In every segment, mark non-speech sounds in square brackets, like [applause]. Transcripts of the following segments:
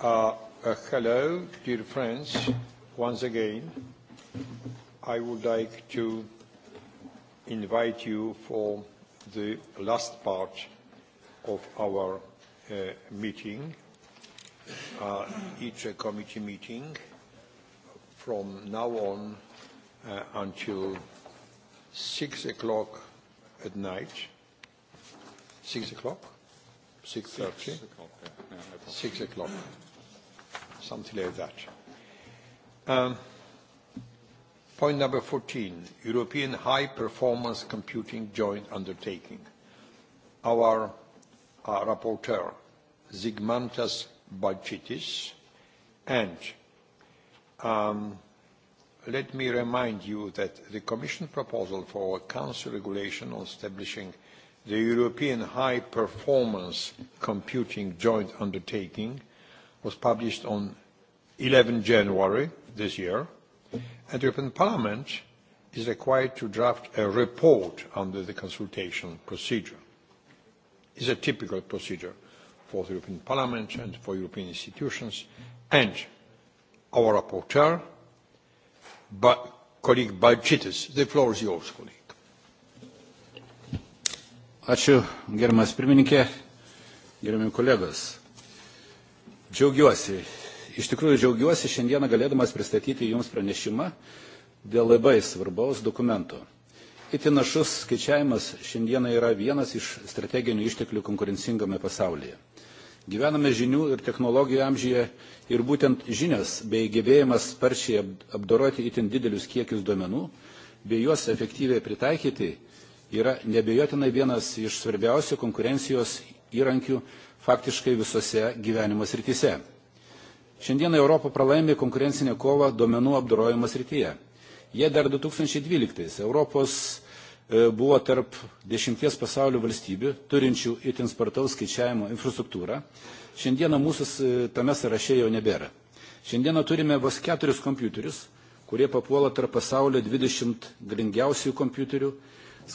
Uh, uh, hello, dear friends. Once again, I would like to invite you for the last part of our uh, meeting, uh, each committee meeting from now on uh, until 6 o'clock at night. 6 o'clock? 6.30? 6 o'clock. Yeah, 6 o'clock something like that. Um, point number 14, European High Performance Computing Joint Undertaking. Our uh, rapporteur, Zygmantas Balchitis, and um, let me remind you that the Commission proposal for a Council regulation on establishing the European High Performance Computing Joint Undertaking was published on 11 January this year, and the European Parliament is required to draft a report under the consultation procedure. It's a typical procedure for the European Parliament and for European institutions, and our rapporteur, but colleague Balčytis. The floor is yours, colleague. Ačiū, gerbiamas pirmininkė, gerbiami kolegos. Džiaugiuosi, iš tikrųjų džiaugiuosi šiandieną galėdamas pristatyti Jums pranešimą dėl labai svarbaus dokumento. Itin našus skaičiavimas šiandieną yra vienas iš strateginių išteklių konkurencingame pasaulyje. Gyvename žinių ir technologijų amžyje ir būtent žinios bei gebėjimas sparčiai apdoroti itin didelius kiekius duomenų bei juos efektyviai pritaikyti yra nebejotinai vienas iš svarbiausių konkurencijos įrankių faktiškai visose gyvenimo srityse. Šiandien Europą pralaimė konkurencinę kovą duomenų apdorojimo srityje. Jie dar 2012 Europos e, buvo tarp dešimties pasaulio valstybių, turinčių itin spartaus skaičiavimo infrastruktūrą. Šiandieną mūsų e, tame sąraše jau nebėra. Šiandieną turime vos keturis kompiuterius, kurie papuola tarp pasaulio 20 galingiausių kompiuterių.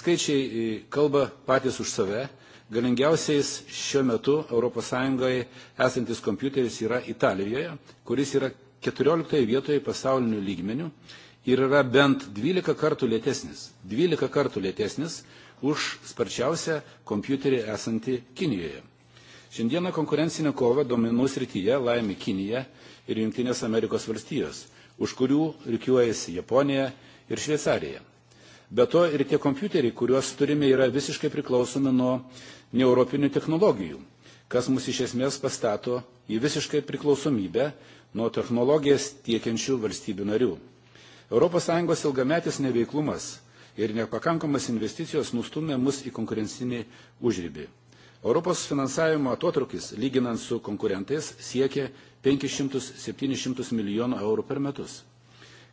Skaičiai e, kalba patys už save Galingiausiais šiuo metu ES esantis kompiuteris yra Italijoje, kuris yra 14 vietoje pasaulinių lygmenių ir yra bent 12 kartų lėtesnis. 12 kartų lėtesnis už sparčiausią kompiuterį esantį Kinijoje. Šiandieną konkurencinę kovą domenų srityje laimi Kinija ir Junktinės Amerikos valstijos, už kurių rikiuojasi Japonija ir Šveicarija. Be to ir tie kompiuteriai, kuriuos turime, yra visiškai priklausomi nuo neeuropinių technologijų, kas mus iš esmės pastato į visiškai priklausomybę nuo technologijas tiekiančių valstybių narių. ES ilgametis neveiklumas ir nepakankamas investicijos nustumė mus į konkurencinį užrybį. Europos finansavimo atotrukis, lyginant su konkurentais, siekia 500-700 milijonų eurų per metus.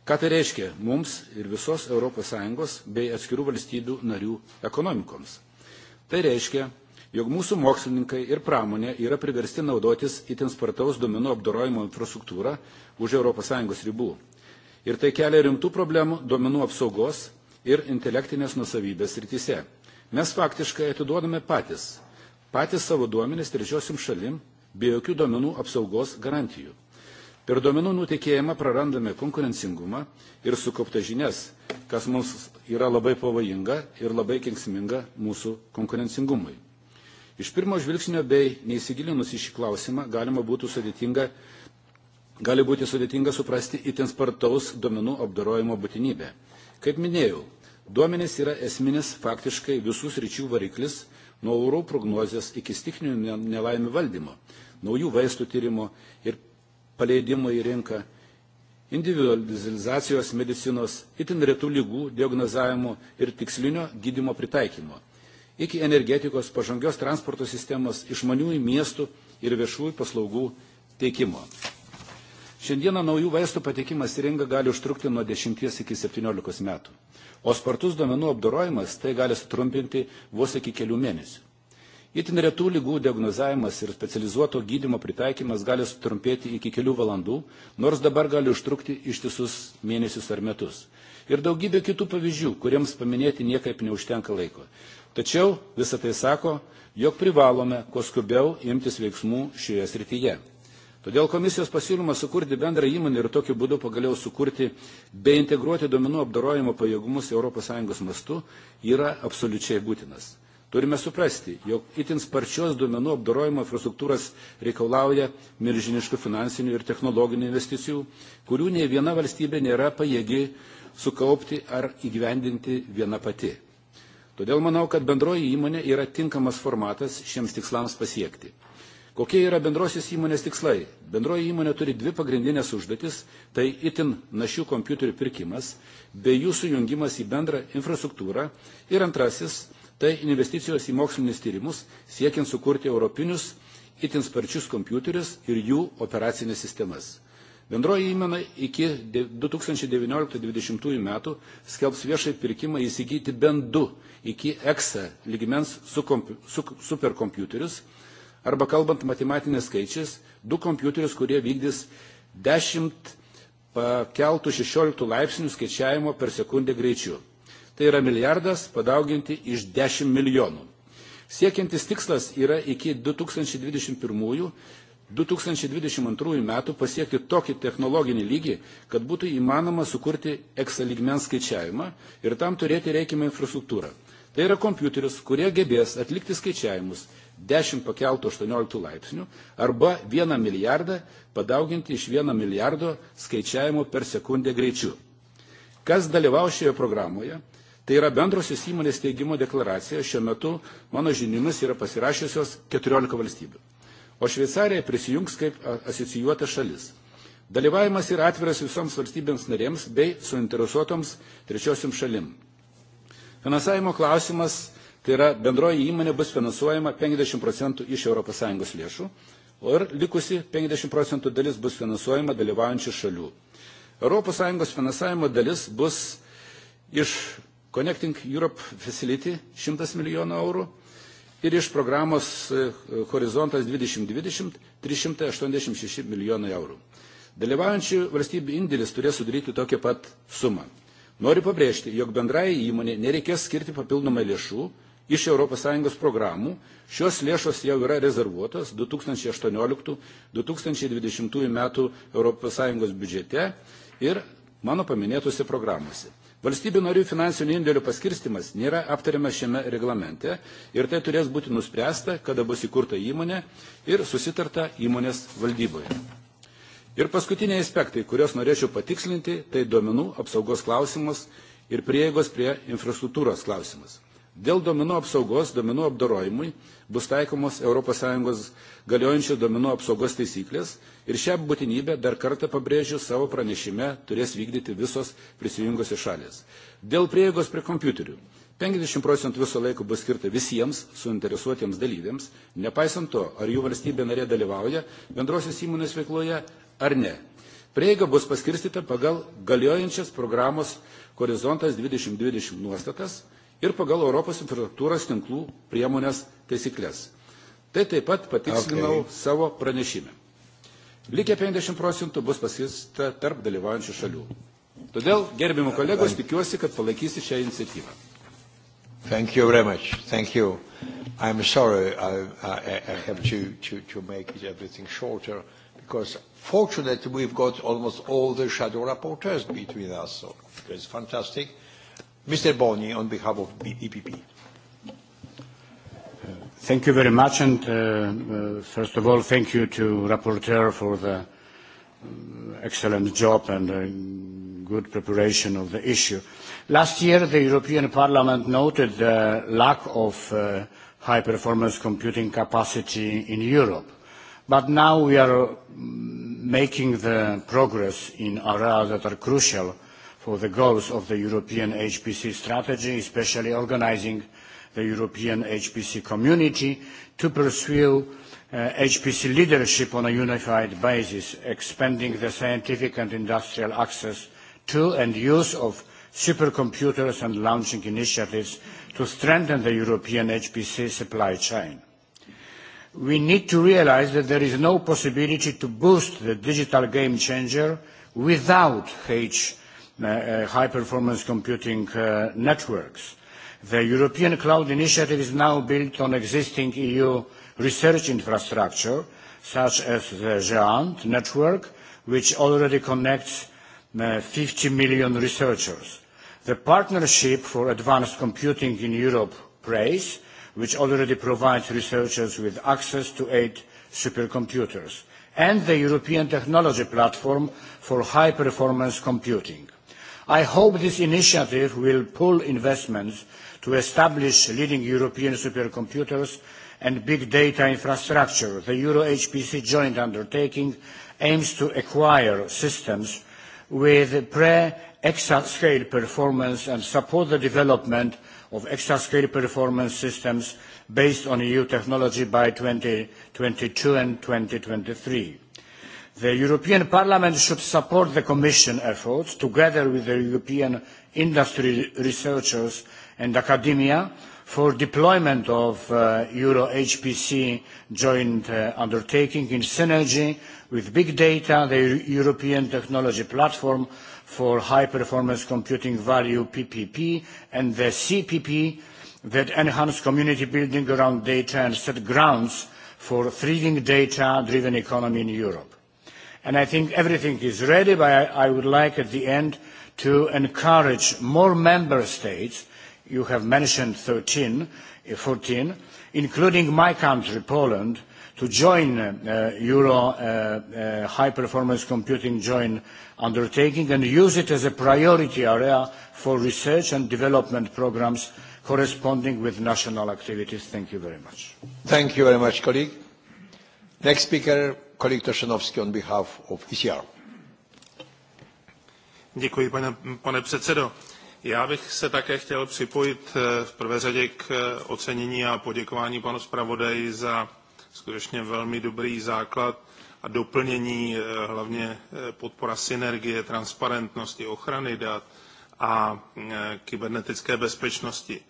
Ką tai reiškia mums ir visos ES bei atskirų valstybių narių ekonomikoms? Tai reiškia, jog mūsų mokslininkai ir pramonė yra priversti naudotis itin spartaus duomenų apdorojimo infrastruktūrą už ES ribų. Ir tai kelia rimtų problemų duomenų apsaugos ir intelektinės nusavybės rytise. Mes faktiškai atiduodame patys, patys savo duomenis trečiosiam šalim, be jokių duomenų apsaugos garantijų. Per duomenų nutekėjimą prarandame konkurencingumą ir sukauptą žinias, kas mums yra labai pavojinga ir labai kengsminga mūsų konkurencingumui. Iš pirmo žvilgsnio bei neįsigilinus į šį klausimą galima būtų sudėtinga, gali būti sudėtinga suprasti itin spartaus duomenų apdarojimo būtinybę. Kaip minėjau, duomenys yra esminis faktiškai visų sričių variklis nuo orų prognozės iki stikinių nelaimių valdymo, naujų vaistų tyrimo ir paleidimo į rinką, individualizacijos medicinos, itin retų lygų diagnozavimo ir tikslinio gydimo pritaikymo iki energetikos pažangios transporto sistemos išmaniųjų miestų ir viešųjų paslaugų teikimo. Šiandieną naujų vaistų patekimas į rinką gali užtrukti nuo 10 iki 17 metų, o spartus duomenų apdorojimas tai gali sutrumpinti vos iki kelių mėnesių. Itin retų lygų diagnozavimas ir specializuoto gydimo pritaikymas gali sutrumpėti iki kelių valandų, nors dabar gali užtrukti ištisus mėnesius ar metus. Ir daugybė kitų pavyzdžių, kuriems paminėti niekaip neužtenka laiko. Tačiau visą tai sako, jog privalome kuo skubiau imtis veiksmų šioje srityje. Todėl komisijos pasiūlymas sukurti bendrą įmonę ir tokiu būdu pagaliau sukurti bei integruoti duomenų apdarojimo pajėgumus ES mastu yra absoliučiai būtinas. Turime suprasti, jog itin sparčios duomenų apdarojimo infrastruktūras reikalauja milžiniškų finansinių ir technologinių investicijų, kurių nei viena valstybė nėra pajėgi sukaupti ar įgyvendinti viena pati. Todėl manau, kad bendroji įmonė yra tinkamas formatas šiems tikslams pasiekti. Kokie yra bendrosios įmonės tikslai? Bendroji įmonė turi dvi pagrindinės užduotis – tai itin našių kompiuterių pirkimas, bei jų sujungimas į bendrą infrastruktūrą ir antrasis – tai investicijos į mokslinis tyrimus, siekiant sukurti europinius itin sparčius kompiuterius ir jų operacinės sistemas. Bendroji įmena iki 2019-2020 metų skelbs viešai pirkimą įsigyti bent du iki EXA lygmens su su superkompiuterius arba kalbant matematinės skaičiais, du kompiuterius, kurie vykdys 10 pakeltų 16 laipsnių skaičiavimo per sekundę greičiu. Tai yra milijardas padauginti iš 10 milijonų. Siekiantis tikslas yra iki 2021 2022 metų pasiekti tokį technologinį lygį, kad būtų įmanoma sukurti eksaligmens skaičiavimą ir tam turėti reikiamą infrastruktūrą. Tai yra kompiuteris, kurie gebės atlikti skaičiavimus 10 pakeltų 18 laipsnių arba 1 milijardą padauginti iš 1 milijardo skaičiavimo per sekundę greičiu. Kas dalyvau šioje programoje? Tai yra bendrosios įmonės teigimo deklaracija šiuo metu, mano žinimis, yra pasirašiusios 14 valstybių o Šveicarija prisijungs kaip asocijuota šalis. Dalyvavimas yra atviras visoms valstybėms narėms bei suinteresuotoms trečiosiam šalim. Finansavimo klausimas, tai yra bendroji įmonė bus finansuojama 50 procentų iš ES lėšų, o ir likusi 50 procentų dalis bus finansuojama dalyvaujančių šalių. ES finansavimo dalis bus iš Connecting Europe Facility 100 milijonų eurų, ir iš programos e, Horizontas 2020 386 milijonai eurų. Dalyvaujančių valstybių indėlis turės sudaryti tokią pat sumą. Noriu pabrėžti, jog bendrai įmonė nereikės skirti papildomai lėšų iš ES programų. Šios lėšos jau yra rezervuotos 2018-2020 metų ES biudžete ir mano paminėtose programuose. Valstybių narių finansinių indėlių paskirstimas nėra aptariamas šiame reglamente ir tai turės būti nuspręsta, kada bus įkurta įmonė ir susitarta įmonės valdyboje. Ir paskutiniai aspektai, kuriuos norėčiau patikslinti, tai duomenų apsaugos klausimas ir prieigos prie infrastruktūros klausimas. Dėl domino apsaugos domino apdorojimui bus taikomos ES galiojančių domino apsaugos taisyklės ir šią būtinybę dar kartą pabrėžiu savo pranešime turės vykdyti visos prisijungusios šalės. Dėl prieigos prie kompiuterių. 50 procentų viso laiko bus skirta visiems suinteresuotiems dalyviams, nepaisant to, ar jų valstybė narė dalyvauja bendrosios įmonės veikloje ar ne. Prieiga bus paskirstyta pagal galiojančias programos Horizontas 2020 nuostatas, ir pagal Europos infrastruktūros tinklų priemonės taisyklės. Tai taip pat patikslinau okay. savo pranešime. Likę 50 procentų bus pasista tarp dalyvaujančių šalių. Todėl, gerbimo kolegos, tikiuosi, kad palaikysi šią iniciatyvą. Thank you very much. Thank you. I'm sorry I, I, I have to, to, to make everything shorter because fortunately we've got almost all the shadow rapporteurs between us. So it's fantastic. Mr. Boni, on behalf of EPP. Thank you very much, and uh, uh, first of all, thank you to Rapporteur for the uh, excellent job and uh, good preparation of the issue. Last year, the European Parliament noted the lack of uh, high-performance computing capacity in Europe. But now we are mm, making the progress in areas that are crucial for the goals of the European HPC strategy, especially organizing the European HPC community to pursue uh, HPC leadership on a unified basis, expanding the scientific and industrial access to and use of supercomputers and launching initiatives to strengthen the European HPC supply chain. We need to realize that there is no possibility to boost the digital game changer without HPC Uh, high-performance computing uh, networks. The European Cloud Initiative is now built on existing EU research infrastructure, such as the GEANT network, which already connects 50 uh, million researchers. The Partnership for Advanced Computing in Europe, PRAISE, which already provides researchers with access to eight supercomputers, and the European Technology Platform for High Performance Computing. I hope this initiative will pull investments to establish leading European supercomputers and big data infrastructure. The Euro-HPC joint undertaking aims to acquire systems with pre-exascale performance and support the development of exascale performance systems based on EU technology by 2022 and 2023. The European Parliament should support the Commission efforts, together with the European industry researchers and academia, for deployment of uh, Euro-HPC joint uh, undertaking in synergy with big data, the European Technology Platform for High-Performance Computing Value, PPP, and the CPP that enhance community building around data and set grounds for thriving data-driven economy in Europe. And I think everything is ready, but I, I would like at the end to encourage more member states, you have mentioned 13, 14, eh, including my country, Poland, to join uh, Euro uh, eh, uh, high-performance computing joint undertaking and use it as a priority area for research and development programs corresponding with national activities. Thank you very much. Thank you very much, colleague. Next speaker, colleague Toshenovsky on behalf of ECR. Děkuji, pane, pane předsedo. Já bych se také chtěl připojit eh, v prvé řadě k eh, ocenění a poděkování panu zpravodaji za skutečně velmi dobrý základ a doplnění, eh, hlavně podpora synergie, transparentnosti, ochrany dat a kybernetické bezpečnosti.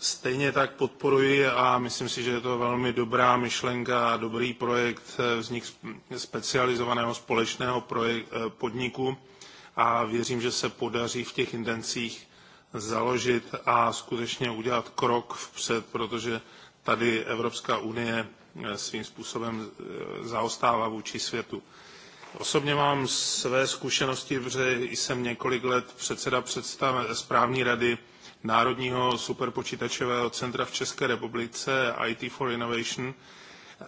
Stejně tak podporuji a myslím si, že je to velmi dobrá myšlenka a dobrý projekt eh, vznik specializovaného společného eh, podniku a věřím, že se podaří v těch intencích založit a skutečně udělat krok vpřed, protože tady Evropská unie eh, svým způsobem zaostává vůči světu. Osobně mám své zkušenosti, protože jsem několik let předseda představ, správní rady Národního superpočítačového centra v České republice IT for Innovation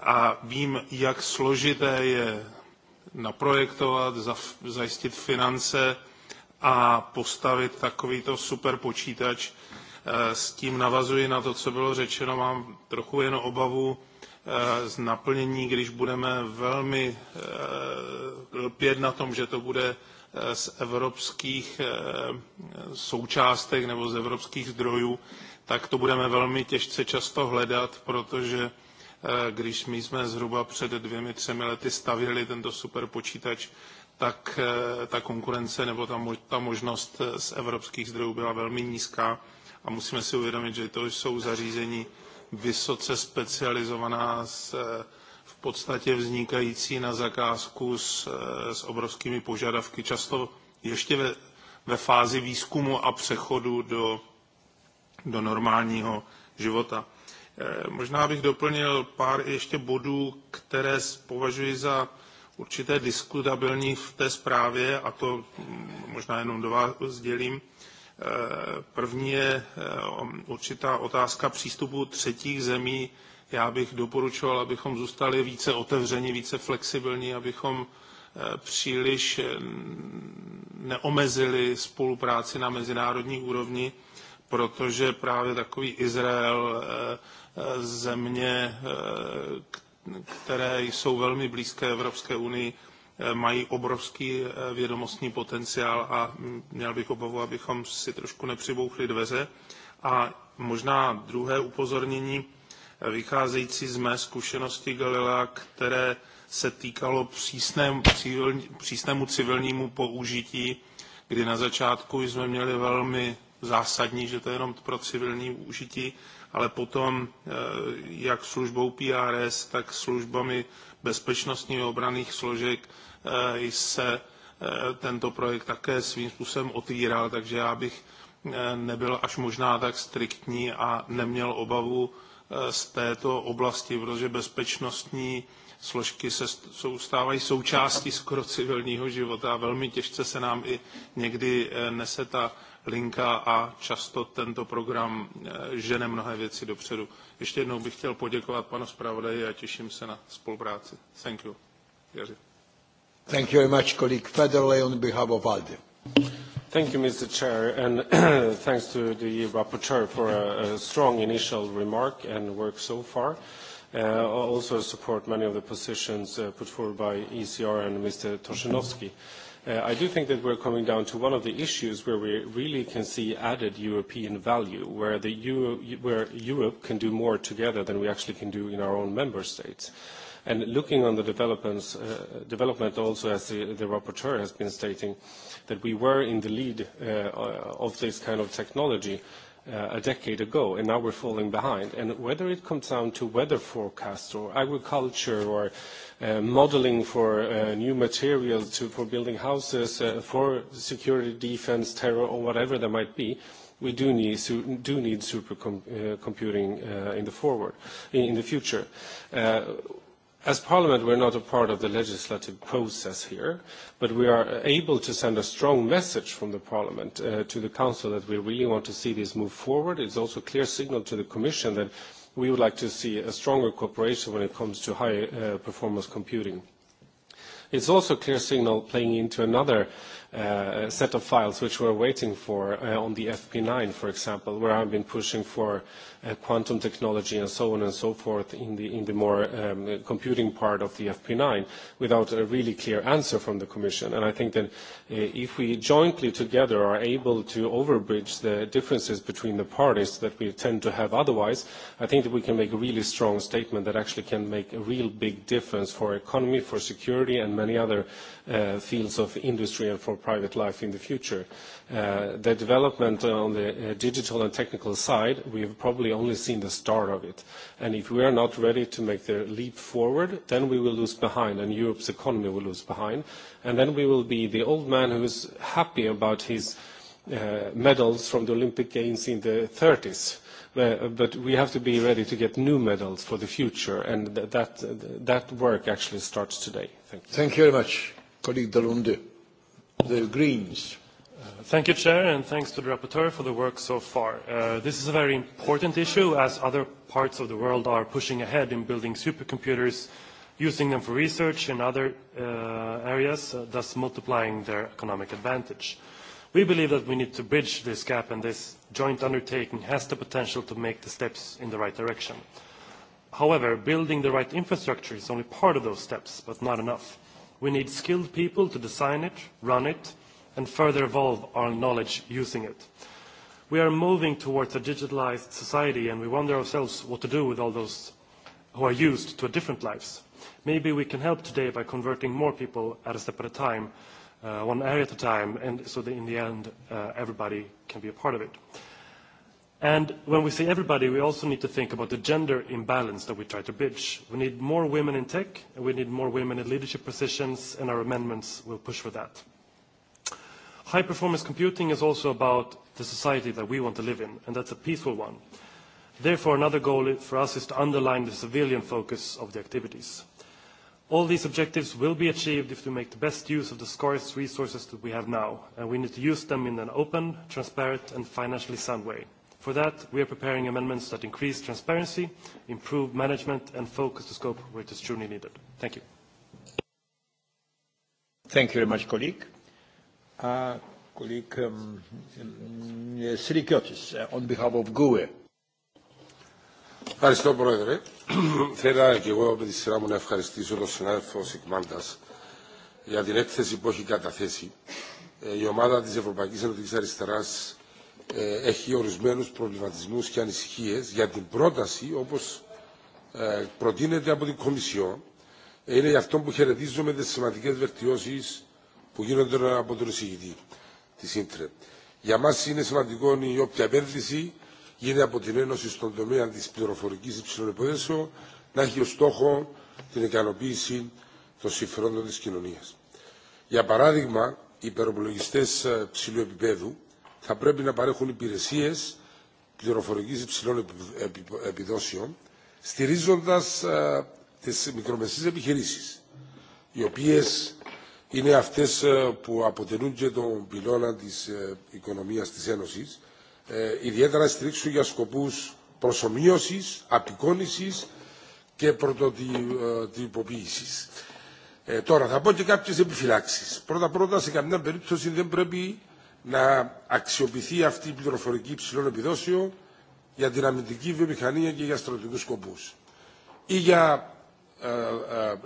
a vím, jak složité je naprojektovat, zajistit finance a postavit takovýto superpočítač. E, s tím navazuji na to, co bylo řečeno, mám trochu jen obavu e, z naplnění, když budeme velmi e, lpět na tom, že to bude Eh, z evropských eh, součástek nebo z evropských zdrojů, tak to budeme velmi těžce často hledat, protože eh, když my jsme zhruba před dvěmi, třemi lety stavili tento superpočítač, tak ta konkurence nebo ta, ta možnost z evropských zdrojů byla velmi nízká a musíme si uvědomit, že to jsou zařízení vysoce specializovaná s podstatě vznikající na zakázku s, e, s obrovskými požadavky, často ještě ve, ve fázi výzkumu a přechodu do, do normálního života. E, možná bych doplnil pár ještě bodů, které považuji za určité diskutabilní v té zprávě, a to možná jenom do vás sdělím. E, první je určitá otázka přístupu třetích zemí já bych doporučoval, abychom zůstali více otevření, více flexibilní, abychom eh, příliš eh, neomezili spolupráci na mezinárodní úrovni, protože právě takový Izrael, eh, země, které jsou velmi blízké Evropské unii, mají obrovský vědomostní potenciál a hm, měl bych obavu, abychom si trošku nepřibouchli dveře. A možná druhé upozornění, vycházející z mé zkušenosti Galilea, které se týkalo přísném, přísnému civilnímu použití, kdy na začátku jsme měli velmi zásadní, že to je jenom pro civilní užití, ale potom eh, jak službou PRS, tak službami bezpečnostních obraných složek eh, se eh, tento projekt také svým způsobem otvíral, takže já bych nebyl až možná tak striktní a neměl obavu Eh, z této oblasti, protože bezpečnostní složky se stávají součástí skoro civilního života a velmi těžce se nám i někdy eh, nese ta linka a často tento program eh, žene mnohé věci dopředu. Ještě jednou bych chtěl poděkovat panu zpravodaji a těším se na spolupráci. Thank you. Jerzy. Thank you very much, colleague Federley, on behalf of ALDE. Thank you, Mr. Chair, and [clears throat] thanks to the rapporteur for a, a strong initial remark and work so far. Uh, also support many of the positions uh, put forward by ECR and Mr. Tosinowski. Uh, I do think that we're coming down to one of the issues where we really can see added European value, where, the Euro, where Europe can do more together than we actually can do in our own member states. And looking on the developments, uh, development also as the, the rapporteur has been stating, uh, that we were in the lead uh, of this kind of technology uh, a decade ago, and now we're falling behind. And whether it comes down to weather forecasts or agriculture or uh, modeling for uh, new materials to, for building houses, uh, for security, defense, terror, or whatever there might be, we do need, do need supercomputing uh, com, uh, in the forward, in, in the future. Uh, As Parliament, we're not a part of the legislative process here, but we are able to send a strong message from the Parliament uh, to the Council that we really want to see this move forward. It's also a clear signal to the Commission that we would like to see a stronger cooperation when it comes to high-performance uh, computing. It's also a clear signal playing into another uh, set of files which we're waiting for uh, on the FP9, for example, where I've been pushing for uh, uh, quantum technology and so on and so forth in the, in the more um, uh, computing part of the FP9 without a really clear answer from the Commission. And I think that uh, if we jointly together are able to overbridge the differences between the parties that we tend to have otherwise, I think that we can make a really strong statement that actually can make a real big difference for economy, for security and many other uh, fields of industry and for private life in the future. Uh, the development on the uh, digital and technical side, we have probably only seen the start of it. And if we are not ready to make the leap forward, then we will lose behind, and Europe's economy will lose behind. And then we will be the old man who is happy about his uh, medals from the Olympic Games in the 30s. Uh, but we have to be ready to get new medals for the future, and th that, th that work actually starts today. Thank you. Thank you very much, colleague Dalunde. The Greens. Thank you, Chair, and thanks to the Rapporteur for the work so far. Uh, this is a very important issue as other parts of the world are pushing ahead in building supercomputers, using them for research in other uh, areas, uh, thus multiplying their economic advantage. We believe that we need to bridge this gap, and this joint undertaking has the potential to make the steps in the right direction. However, building the right infrastructure is only part of those steps, but not enough. We need skilled people to design it, run it, and further evolve our knowledge using it. We are moving towards a digitalized society, and we wonder ourselves what to do with all those who are used to different lives. Maybe we can help today by converting more people at a step at a time, uh, one area at a time, and so that in the end, uh, everybody can be a part of it. And when we say everybody, we also need to think about the gender imbalance that we try to bridge. We need more women in tech, and we need more women in leadership positions, and our amendments will push for that. High performance computing is also about the society that we want to live in, and that's a peaceful one. Therefore, another goal for us is to underline the civilian focus of the activities. All these objectives will be achieved if we make the best use of the scarce resources that we have now, and we need to use them in an open, transparent, and financially sound way. For that, we are preparing amendments that increase transparency, improve management, and focus the scope where it is truly needed. Thank you. Thank you very much, colleague. Uh, colleague um, Sirikiotis eh, on behalf of GUE. Ευχαριστώ Πρόεδρε. Θέλω και εγώ με τη σειρά μου να ευχαριστήσω τον συνάδελφο Σικμάντας για την έκθεση που έχει καταθέσει. Η ομάδα της Ευρωπαϊκής Ενωτικής Αριστεράς έχει ορισμένους προβληματισμούς και ανησυχίες για την πρόταση όπως προτείνεται από την Κομισιό. Είναι γι' αυτό που χαιρετίζουμε τις σημαντικές βελτιώσεις που γίνονται από τον εισηγητή τη ΙΝΤΡΕ. Για μα είναι σημαντικό η όποια επένδυση γίνεται από την Ένωση στον τομέα τη πληροφορική υψηλών υποθέσεων να έχει ω στόχο την ικανοποίηση των συμφερόντων τη κοινωνία. Για παράδειγμα, οι υπεροπολογιστέ ψηλού επίπεδου θα πρέπει να παρέχουν υπηρεσίε πληροφορική υψηλών επιδόσεων, στηρίζοντα τι μικρομεσαίε επιχειρήσει, οι οποίε είναι αυτές που αποτελούν και τον πυλώνα της οικονομίας της Ένωσης, ιδιαίτερα στηρίξουν για σκοπούς προσωμείωσης, απεικόνησης και πρωτοτυποποίησης. Ε, τώρα θα πω και κάποιες επιφυλάξεις. Πρώτα-πρώτα σε καμιά περίπτωση δεν πρέπει να αξιοποιηθεί αυτή η πληροφορική υψηλών επιδόσεων για την αμυντική βιομηχανία και για στρατιωτικούς σκοπούς ή για ε, ε,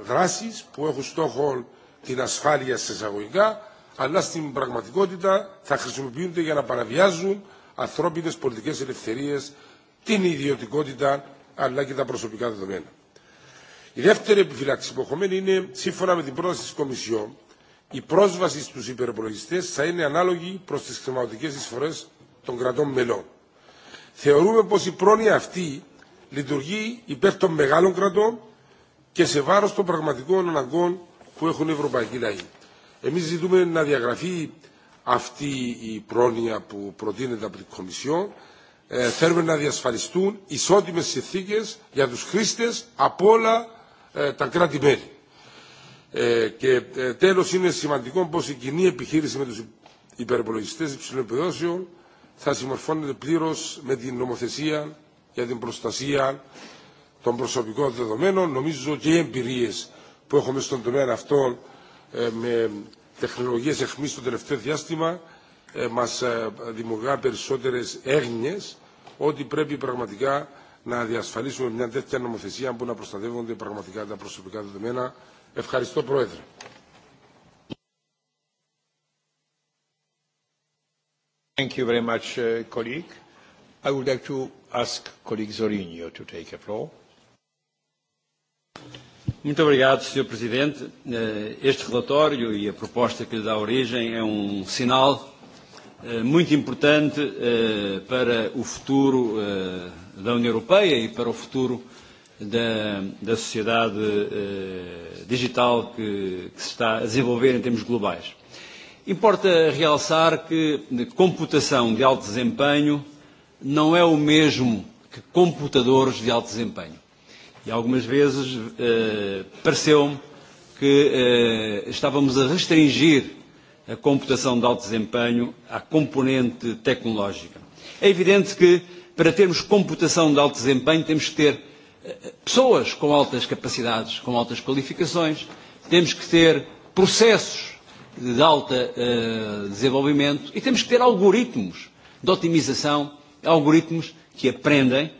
δράσεις που έχουν στόχο την ασφάλεια σε εισαγωγικά, αλλά στην πραγματικότητα θα χρησιμοποιούνται για να παραβιάζουν ανθρώπινες πολιτικές ελευθερίες, την ιδιωτικότητα αλλά και τα προσωπικά δεδομένα. Η δεύτερη επιφυλάξη υποχωμένη είναι, σύμφωνα με την πρόταση της Κομισιόν, η πρόσβαση στους υπερπολογιστές θα είναι ανάλογη προς τις χρηματοδοτικές εισφορές των κρατών μελών. Θεωρούμε πως η πρόνοια αυτή λειτουργεί υπέρ των μεγάλων κρατών και σε βάρος των πραγματικών αναγκών που έχουν ευρωπαϊκή λαοί. Εμείς ζητούμε να διαγραφεί αυτή η πρόνοια που προτείνεται από την Κομισιόν. Ε, θέλουμε να διασφαλιστούν ισότιμες συνθήκες για τους χρήστες από όλα ε, τα κράτη-μέλη. Ε, και ε, τέλος είναι σημαντικό πως η κοινή επιχείρηση με τους υπερπολογιστές υψηλών επιδόσεων θα συμμορφώνεται πλήρως με την νομοθεσία για την προστασία των προσωπικών δεδομένων. Νομίζω και οι εμπειρίες που έχουμε στον τομέα αυτό με τεχνολογίες εχμής το τελευταίο διάστημα μας δημιουργά περισσότερες έγνοιες ότι πρέπει πραγματικά να διασφαλίσουμε μια τέτοια νομοθεσία που να προστατεύονται πραγματικά τα προσωπικά δεδομένα. Ευχαριστώ Πρόεδρε. Thank you very much, uh, colleague. I would like to ask colleague Zorinio to take a floor. Muito obrigado, Sr. Presidente. Eh, este relatório e a proposta que lhe dá origem é um sinal eh, muito importante eh, para o futuro da União Europeia e para o futuro da, da sociedade digital que, que se está a desenvolver em termos globais. Importa realçar que computação de alto desempenho não é o mesmo que computadores de alto desempenho e algumas vezes eh, pareceu-me que eh, estávamos a restringir a computação de alto desempenho à componente tecnológica. É evidente que para termos computação de alto desempenho temos que ter eh, pessoas com altas capacidades, com altas qualificações, temos que ter processos de alta eh, desenvolvimento e temos que ter algoritmos de otimização, algoritmos que aprendem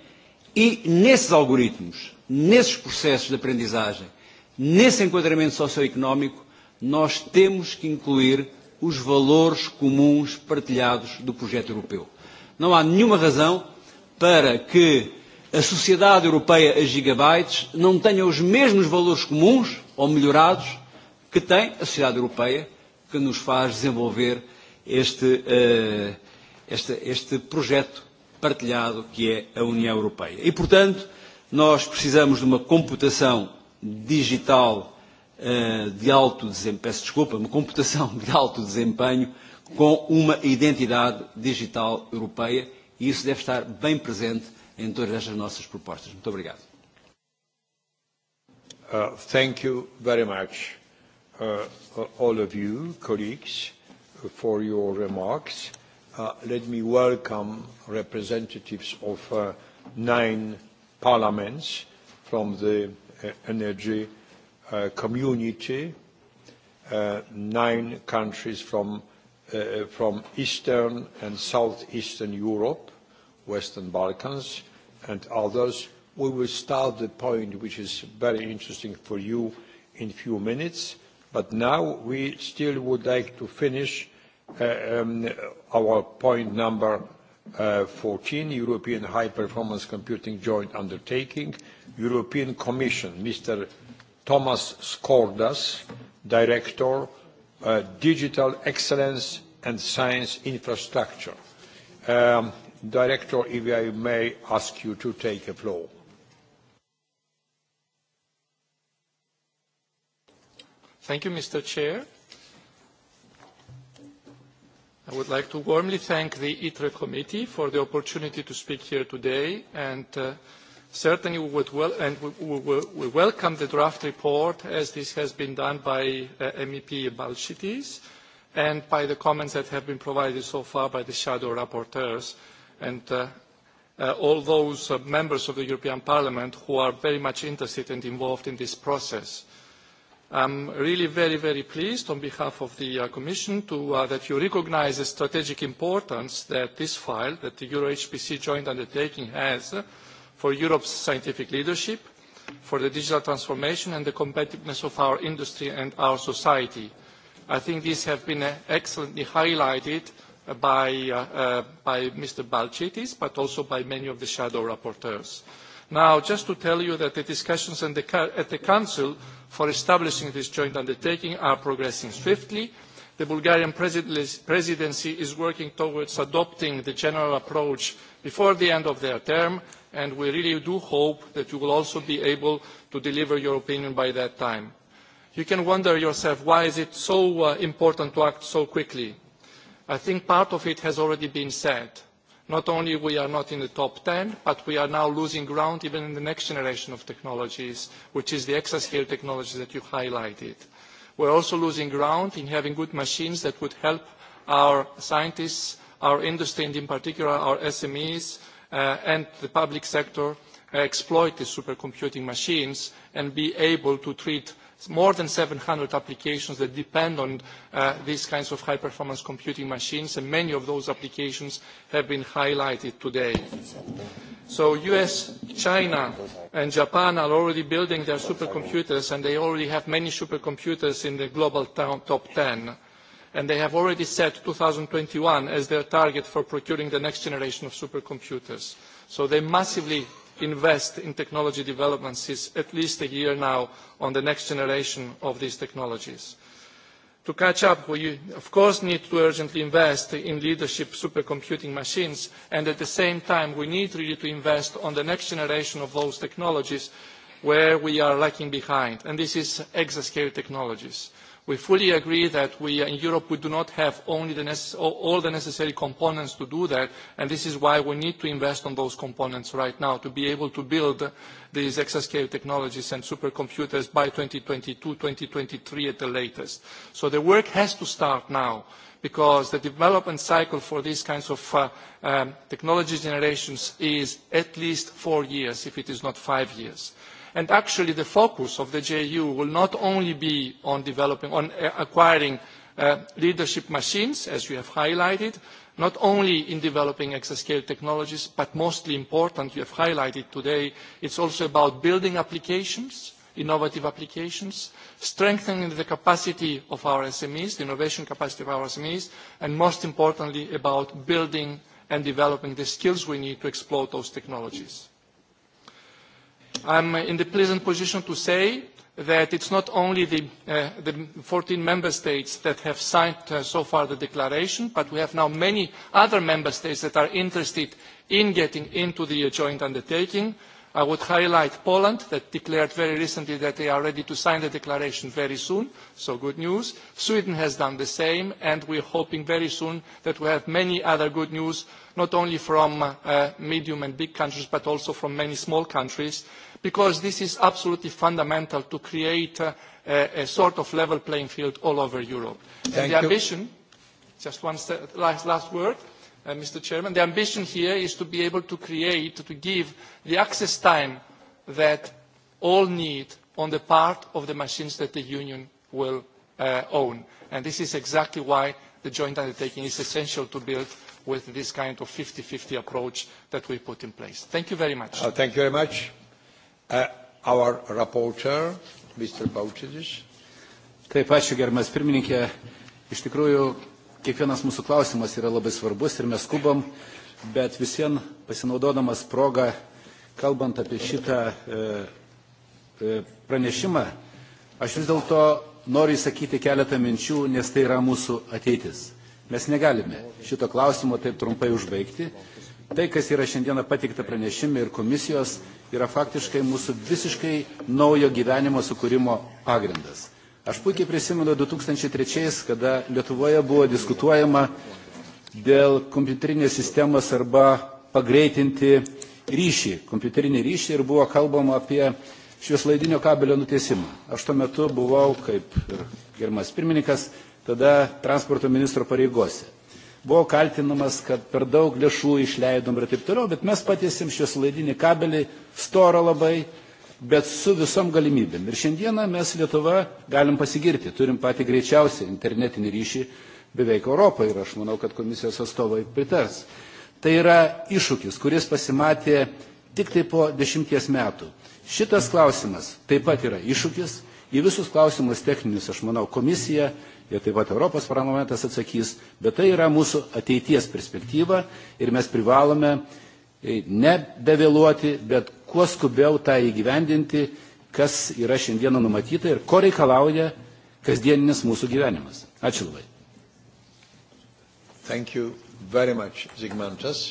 e nesses algoritmos nesses processos de aprendizagem, nesse enquadramento socioeconómico, nós temos que incluir os valores comuns partilhados do projeto europeu. Não há nenhuma razão para que a sociedade europeia a gigabytes não tenha os mesmos valores comuns ou melhorados que tem a sociedade europeia que nos faz desenvolver este, uh, este, este projeto partilhado que é a União Europeia. E, portanto, uh, Nós precisamos de uma computação digital uh, de alto desempenho, peço desculpa, uma computação de alto desempenho com uma identidade digital europeia e isso deve estar bem presente em todas estas nossas propostas. Muito obrigado. Uh, thank you very much, uh, all of you, colleagues, for your remarks. Uh, let me welcome representatives of uh, nine parliaments, from the uh, energy uh, community, uh, nine countries from, uh, from Eastern and Southeastern Europe, Western Balkans, and others. We will start the point which is very interesting for you in a few minutes, but now we still would like to finish uh, um, our point number Uh, 14, European High Performance Computing Joint Undertaking, European Commission, Mr. Thomas Skordas, Director, uh, Digital Excellence and Science Infrastructure. Um, Director, if I may ask you to take the floor. Thank you, Mr. Chair. I would like to warmly thank the ITRE committee for the opportunity to speak here today, and uh, certainly we would well, and we, we, we welcome the draft report as this has been done by uh, MEP Balshitis and by the comments that have been provided so far by the shadow rapporteurs and uh, uh, all those uh, members of the European Parliament who are very much interested and involved in this process. I'm really very, very pleased on behalf of the uh, Commission to, uh, that you recognize the strategic importance that this file, that the Euro-HPC joint undertaking has uh, for Europe's scientific leadership, for the digital transformation and the competitiveness of our industry and our society. I think these have been uh, excellently highlighted uh, by, uh, uh, by Mr. Balchitis, but also by many of the shadow rapporteurs. Now, just to tell you that the discussions the, at the Council for establishing this joint undertaking are progressing swiftly. The Bulgarian presidency is working towards adopting the general approach before the end of their term, and we really do hope that you will also be able to deliver your opinion by that time. You can wonder yourself, why is it so uh, important to act so quickly? I think part of it has already been said not only we are not in the top 10, but we are now losing ground even in the next generation of technologies, which is the exascale technology that you highlighted. We're also losing ground in having good machines that would help our scientists, our industry, and in particular our SMEs uh, and the public sector uh, exploit these supercomputing machines and be able to treat more than 700 applications that depend on uh, these kinds of high-performance computing machines, and many of those applications have been highlighted today. So US, China, and Japan are already building their supercomputers, and they already have many supercomputers in the global top 10 and they have already set 2021 as their target for procuring the next generation of supercomputers. So they massively invest in technology development since at least a year now on the next generation of these technologies. To catch up, we of course need to urgently invest in leadership supercomputing machines, and at the same time, we need really to invest on the next generation of those technologies where we are lacking behind, and this is exascale technologies. Uh, We fully agree that we in Europe we do not have only the all the necessary components to do that, and this is why we need to invest on those components right now to be able to build these exascale technologies and supercomputers by 2022, 2023 at the latest. So the work has to start now because the development cycle for these kinds of uh, um, technology generations is at least four years, if it is not five years. Uh, And actually, the focus of the JU will not only be on developing, on uh, acquiring uh, leadership machines, as you have highlighted, not only in developing exascale technologies, but mostly important, you have highlighted today, it's also about building applications, innovative applications, strengthening the capacity of our SMEs, the innovation capacity of our SMEs, and most importantly, about building and developing the skills we need to exploit those technologies. I'm in the pleasant position to say that it's not only the, uh, the 14 member states that have signed uh, so far the declaration, but we have now many other member states that are interested in getting into the uh, joint undertaking. Uh, I would highlight Poland that declared very recently that they are ready to sign the declaration very soon, so good news. Sweden has done the same, and we're hoping very soon that we have many other good news, not only from uh, medium and big countries, but also from many small countries, because this is absolutely fundamental to create uh, a, a sort of level playing field all over Europe. Thank and the ambition, you. just one last, last word, uh, uh, Mr. Chairman. The ambition here is to be able to create, to give the access time that all need on the part of the machines that the union will uh, own. And this is exactly why the joint undertaking is essential to build with this kind of 50-50 approach that we put in place. Thank you very much. Uh, thank you very much. Uh, our rapporteur, Mr. Bautidis. Taip, ačiū, gerbiamas pirmininkė. Iš tikrųjų, kiekvienas mūsų klausimas yra labai svarbus ir mes skubam, bet visien pasinaudodamas progą, kalbant apie šitą e, e, pranešimą, aš vis dėlto noriu įsakyti keletą minčių, nes tai yra mūsų ateitis. Mes negalime šito klausimo taip trumpai užbaigti. Tai, kas yra šiandieną patikta pranešime ir komisijos, yra faktiškai mūsų visiškai naujo gyvenimo sukūrimo pagrindas. Aš puikiai prisimenu 2003, kada Lietuvoje buvo diskutuojama dėl kompiuterinės sistemos arba pagreitinti ryšį, kompiuterinį ryšį ir buvo kalbama apie švieslaidinio kabelio nutiesimą. Aš tuo metu buvau, kaip ir gerimas pirmininkas, tada transporto ministro pareigose. Buvo kaltinamas, kad per daug lėšų išleidom ir taip toliau, bet mes patiesim švieslaidinį kabelį, storo labai, bet su visom galimybėm. Ir šiandieną mes Lietuva galim pasigirti, turim patį greičiausią internetinį ryšį beveik Europoje ir aš manau, kad komisijos atstovai pritars. Tai yra iššūkis, kuris pasimatė tik tai po dešimties metų. Šitas klausimas taip pat yra iššūkis. Į visus klausimus techninius, aš manau, komisija ir taip pat Europos parlamentas atsakys, bet tai yra mūsų ateities perspektyva ir mes privalome e, nebevėluoti, bet kuo skubiau tą įgyvendinti, kas yra šiandieną numatyta ir ko reikalauja kasdieninis mūsų gyvenimas. Ačiū labai. Thank you very much, Zygmantas,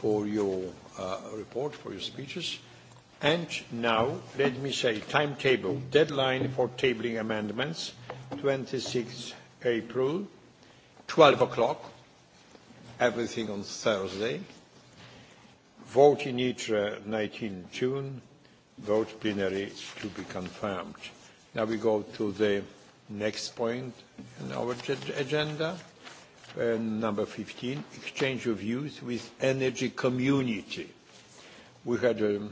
for your uh, report, for your speeches. And now, let me say, timetable, deadline for tabling amendments, 26 April, 12 o'clock, everything on Thursday. Vote in uh, ITRE 19 June, vote plenary to be confirmed. Now we go to the next point in our agenda, uh, number 15, exchange of views with energy community. We had a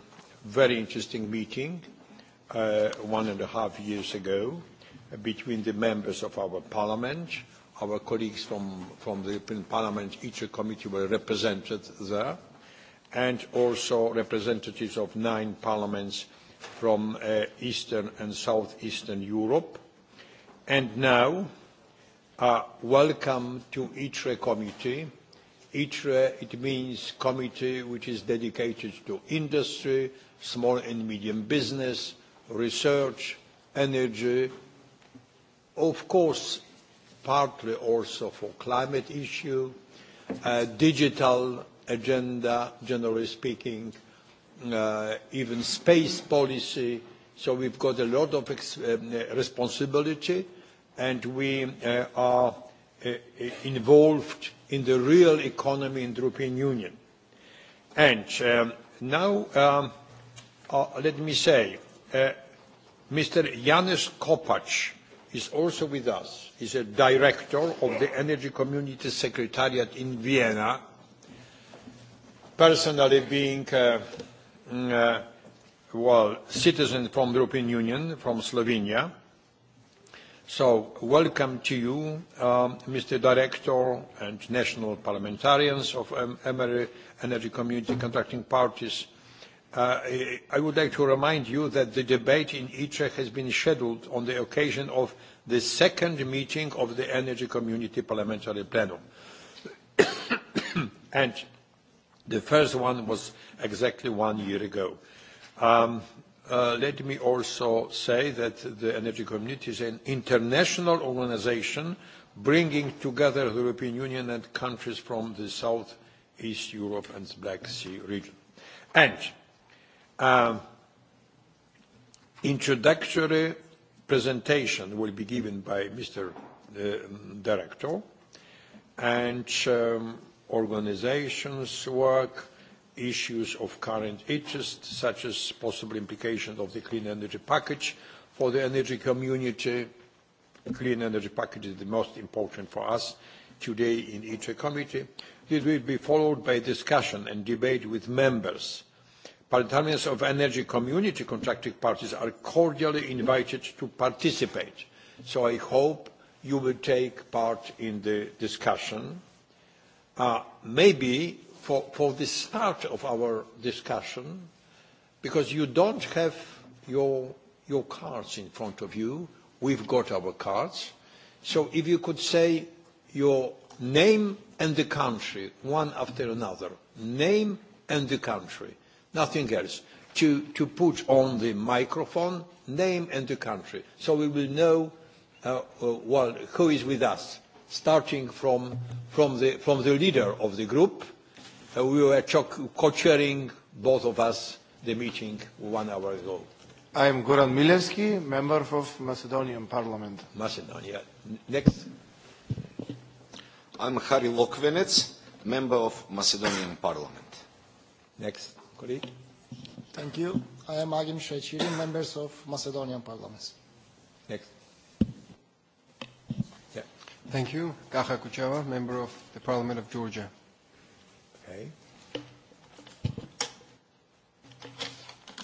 very interesting meeting uh, one and a half years ago uh, between the members of our parliament, our colleagues from, from the European Parliament, each committee were represented there, and also representatives of nine parliaments from uh, Eastern and Southeastern Europe. And now, uh, welcome to ITRE committee. ITRE, it means committee which is dedicated to industry, small and medium business, research, energy, of course, partly also for climate issue, uh, digital agenda, generally speaking, uh, even space policy. So we've got a lot of ex- um, responsibility, and we uh, are uh, uh involved in the real economy in the European Union. And um, now, um, uh, let me say, uh, Mr. Janusz Kopacz is also with us. He's a director of the Energy Community Secretariat in Vienna, personally being, uh, mm, uh, well, citizen from the European Union, from Slovenia. So welcome to you, um, Mr. Director, and national parliamentarians of um, Energy Community Contracting Parties. Uh, I would like to remind you that the debate in ITRE has been scheduled on the occasion of the second meeting of the Energy Community Parliamentary Plenum. [coughs] and The first one was exactly one year ago. Um, uh, let me also say that the Energy Community is an international organization bringing together the European Union and countries from the South East Europe and Black Sea region. And um, introductory presentation will be given by Mr. Uh, Director, and um, organizations' work, issues of current interest, such as possible implications of the clean energy package for the energy community. The clean energy package is the most important for us today in each committee. This will be followed by discussion and debate with members. Parliamentarians of energy community contracting parties are cordially invited to participate. So I hope you will take part in the discussion. Uh, maybe for, for the start of our discussion, because you don't have your, your cards in front of you, we've got our cards. So if you could say your name and the country, one after another. Name and the country, nothing else. To, to put on the microphone, name and the country, so we will know uh, uh, well, who is with us starting from, from, the, from the leader of the group. Uh, we were co-chairing, both of us, the meeting one hour ago. I am Goran Milevski, member of Macedonian Parliament. Macedonia. Next. I'm Harry Lokvenets, member of Macedonian Parliament. Next, colleague. Thank you. I am Agim Shechiri, member of Macedonian Parliament. Thank you. Kaha Kuchava, member of the Parliament of Georgia. Okay.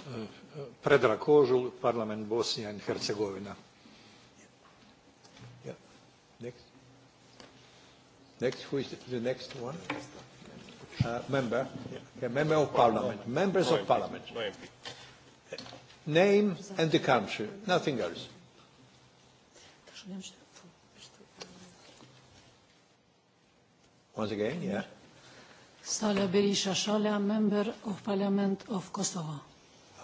Uh, Predrag Kožul, Parlament Bosnia and Herzegovina. Yeah. Next. Next, who is the next one? Uh, member. Yeah. Yeah, member of Parliament. Members of Parliament. Name and the country. Nothing else. once again, yeah. Sala Berisha Shala, Member of Parliament of Kosovo.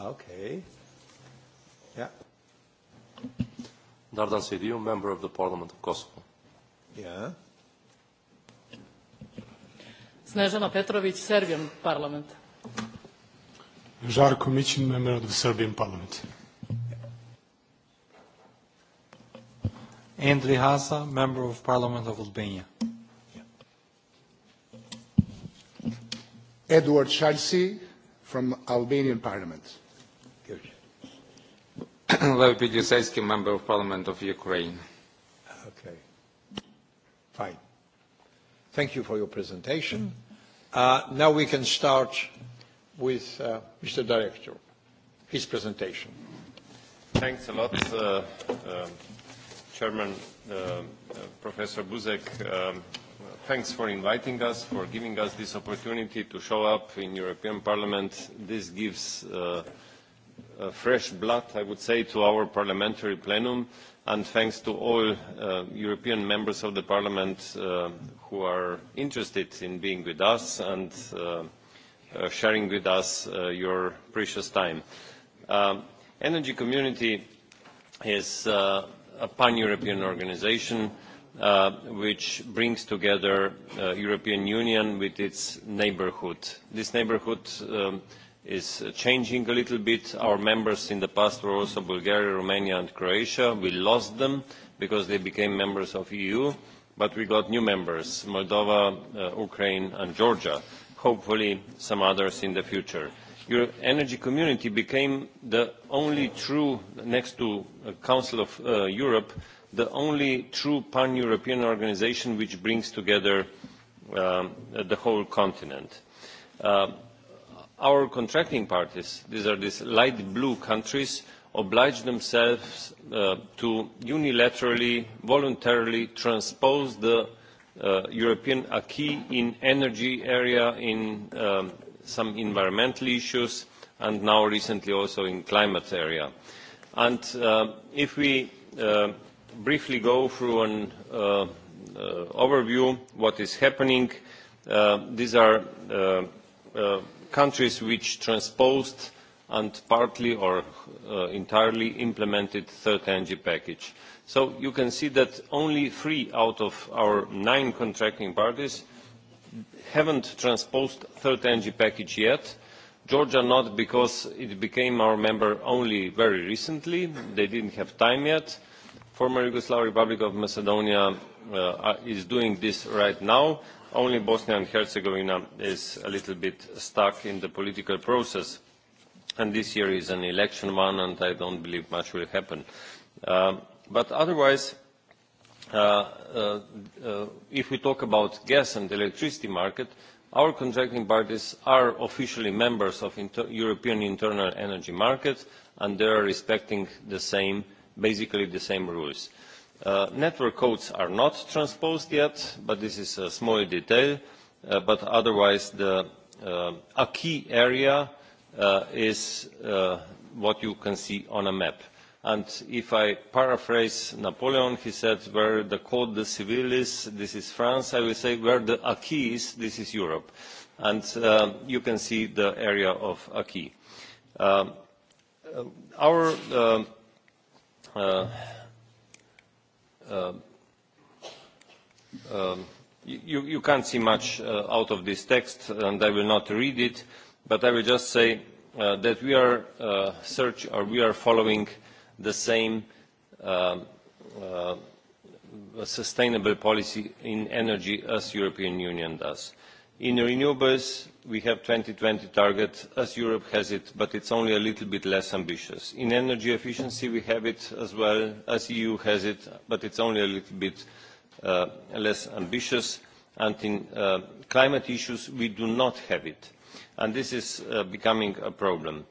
Okay. Yeah. Dardan Sidiu, Member of the Parliament of Kosovo. Yeah. Snežana Petrović, Serbian Parliament. Žarko Mićin, Member of the Serbian Parliament. Andri Hasa, Member of Parliament of Albania. Edward Chalsi from Albanian Parliament. Good. Hello, Pidiuseski, Member of Parliament of Ukraine. Okay. Fine. Thank you for your presentation. Mm-hmm. Uh, now we can start with uh, Mr. Director, his presentation. Thanks a lot, uh, um, uh, Chairman uh, Professor Buzek. Um, Thanks for inviting us, for giving us this opportunity to show up in European Parliament. This gives uh, uh, fresh blood, I would say, to our parliamentary plenum. And thanks to all uh, European members of the Parliament uh, who are interested in being with us and uh, uh, sharing with us uh, your precious time. Um, Energy Community is uh, a pan-European organization uh, uh, which brings together the uh, European Union with its neighbourhood. This neighbourhood um, is changing a little bit. Our members in the past were also Bulgaria, Romania and Croatia. We lost them because they became members of EU, but we got new members, Moldova, uh, Ukraine and Georgia, hopefully some others in the future. Your energy community became the only true, next to uh, Council of uh, Europe, uh, the only true pan-European organization which brings together um, the whole continent. Uh, our contracting parties, these are these light blue countries, oblige themselves uh, to unilaterally, voluntarily transpose the uh, European acquis in energy area, in um, some environmental issues, and now recently also in climate area. And uh, if we uh, briefly go through an uh, uh, overview what is happening. Uh, these are uh, uh, countries which transposed and partly or uh, entirely implemented third energy package. So you can see that only three out of our nine contracting parties haven't transposed third energy package yet. Georgia not because it became our member only very recently. They didn't have time yet. Uh, former Yugoslav Republic of Macedonia uh, uh, is doing this right now. Only Bosnia and Herzegovina is a little bit stuck in the political process. And this year is an election one, and I don't believe much will happen. Uh, but otherwise, uh, uh, uh, if we talk about gas and electricity market, our contracting parties are officially members of inter european internal energy market and they are respecting the same basically the same rules. Uh, network codes are not transposed yet, but this is a small detail. Uh, but otherwise, the uh, a key area uh, is uh, what you can see on a map. And if I paraphrase Napoleon, he said, where the code de civil is, this is France. I will say, where the acquis is, this is Europe. And uh, you can see the area of acquis. Um, uh, our uh, uh, uh, um, you, you can't see much uh, out of this text, and I will not read it, but I will just say uh, that we are uh, search or we are following the same uh, uh, sustainable policy in energy as European Union does. In renewables, we have 2020 target as Europe has it, but it's only a little bit less ambitious. In energy efficiency, we have it as well as EU has it, but it's only a little bit uh, less ambitious. And in uh, climate issues, we do not have it. And this is uh, becoming a problem.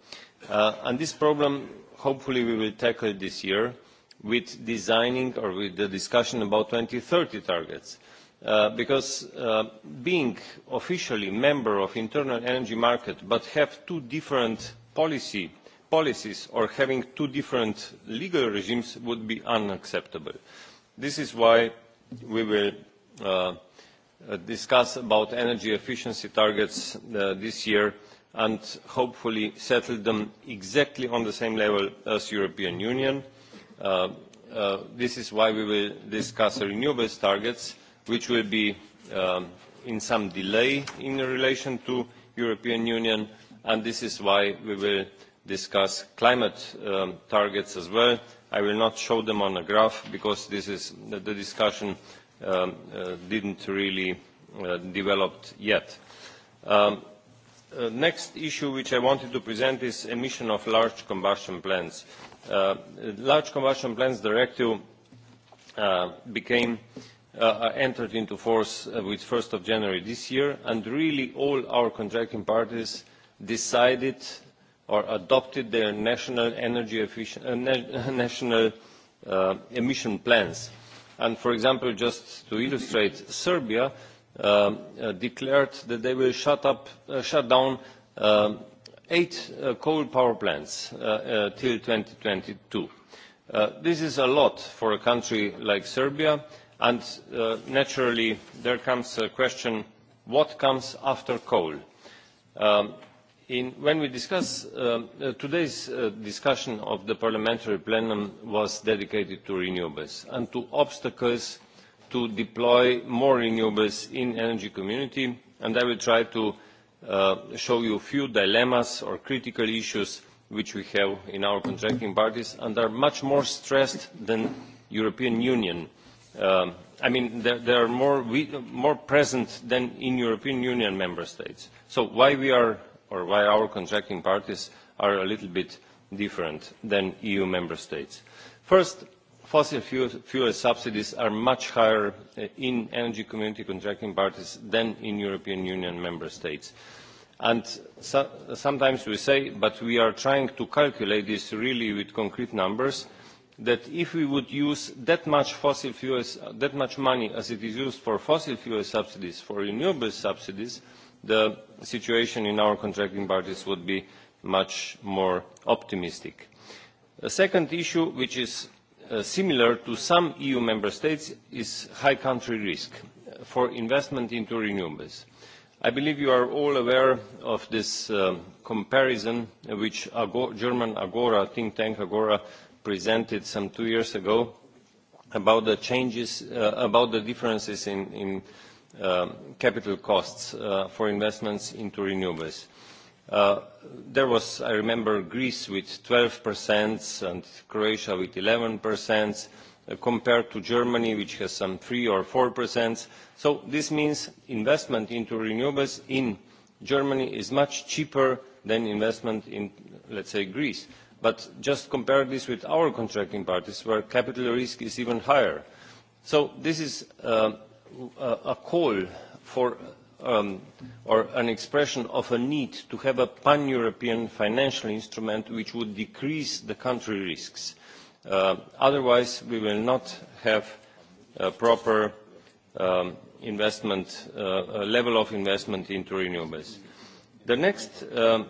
Uh, and this problem, hopefully, we will tackle this year with designing or with the discussion about 2030 targets. Uh, Uh, because uh, being officially a member of the internal energy market but having two different policy, policies or having two different legal regimes would be unacceptable. this is why we will uh, uh discuss energy efficiency targets uh, this year and hopefully settle them exactly on the same level as the european union. Uh, this is why we will discuss renewables targets which will be um, in some delay in relation to European Union, and this is why we will discuss climate um, targets as well. I will not show them on a graph because this is, the discussion um, uh, didn't really uh, develop yet. Um, uh, next issue which I wanted to present is emission of large combustion plants. Uh, large combustion plants directive uh, became uh, Uh, uh, entered into force uh, with 1st of January this year, and really all our contracting parties decided or adopted their national energy efficient, uh, na [laughs] national uh, emission plans. And for example, just to illustrate, Serbia uh, uh, declared that they will shut, up, uh, shut down uh, eight uh, coal power plants uh, uh, till 2022. Uh, this is a lot for a country like Serbia, And uh, naturally, there comes a question, what comes after coal? Um, in, when we discuss, uh, uh, today's uh, discussion of the parliamentary plenum was dedicated to renewables and to obstacles to deploy more renewables in energy community, and I will try to uh, show you a few dilemmas or critical issues which we have in our contracting parties and are much more stressed than European Union Um, I mean, there, there are more, we, more present than in European Union member states. So why we are, or why our contracting parties are a little bit different than EU member states. First, fossil fuel, fuel subsidies are much higher uh, in energy community contracting parties than in European Union member states. And so, sometimes we say, but we are trying to calculate this really with concrete numbers, uh, that if we would use that much fossil fuels, uh, that much money as it is used for fossil fuel subsidies, for renewable subsidies, the situation in our contracting parties would be much more optimistic. A second issue, which is uh, similar to some EU member states, is high country risk uh, for investment into renewables. I believe you are all aware of this um, comparison uh, which Agor German Agora think tank Agora presented some two years ago about the changes, uh, about the differences in, in uh, capital costs uh, for investments into renewables. Uh, there was, I remember, Greece with 12% and Croatia with 11%, uh, compared to Germany, which has some 3 or 4%. So this means investment into renewables in Germany is much cheaper than investment in, let's say, Greece but just compare this with our contracting parties where capital risk is even higher. so this is uh, a call for um, or an expression of a need to have a pan european financial instrument which would decrease the country risks. Uh, otherwise we will not have a proper um, investment uh, level of investment into renewables. the next um,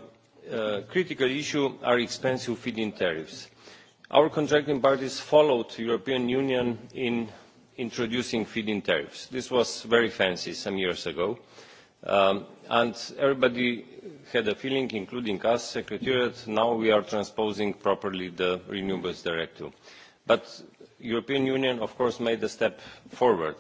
uh, critical issue are expensive feed-in tariffs. Our contracting parties followed the European Union in introducing feed-in tariffs. This was very fancy some years ago. Um, and everybody had a feeling, including us, Secretariat, now we are transposing properly the Renewables Directive. But European Union, of course, made a step forward.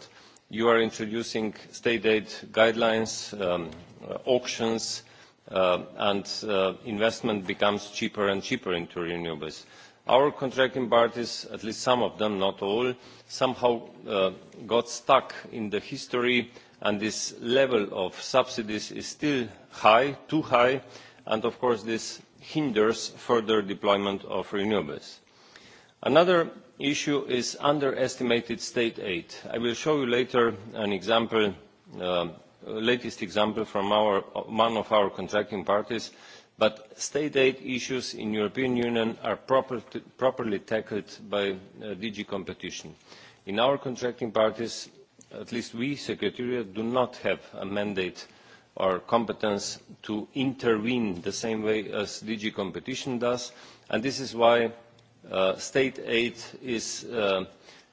You are introducing state aid guidelines, um, uh, auctions, uh, uh, and uh, investment becomes cheaper and cheaper into renewables. Our contracting parties, at least some of them, not all, somehow uh, got stuck in the history and this level of subsidies is still high, too high, and of course this hinders further deployment of renewables. Another issue is underestimated state aid. I will show you later an example uh, latest example from our, one of our contracting parties but state aid issues in the european union are proper to, properly tackled by uh, dg competition. in our contracting parties at least we secretariat do not have a mandate or competence to intervene the same way as dg competition does and this is why uh, state aid is uh,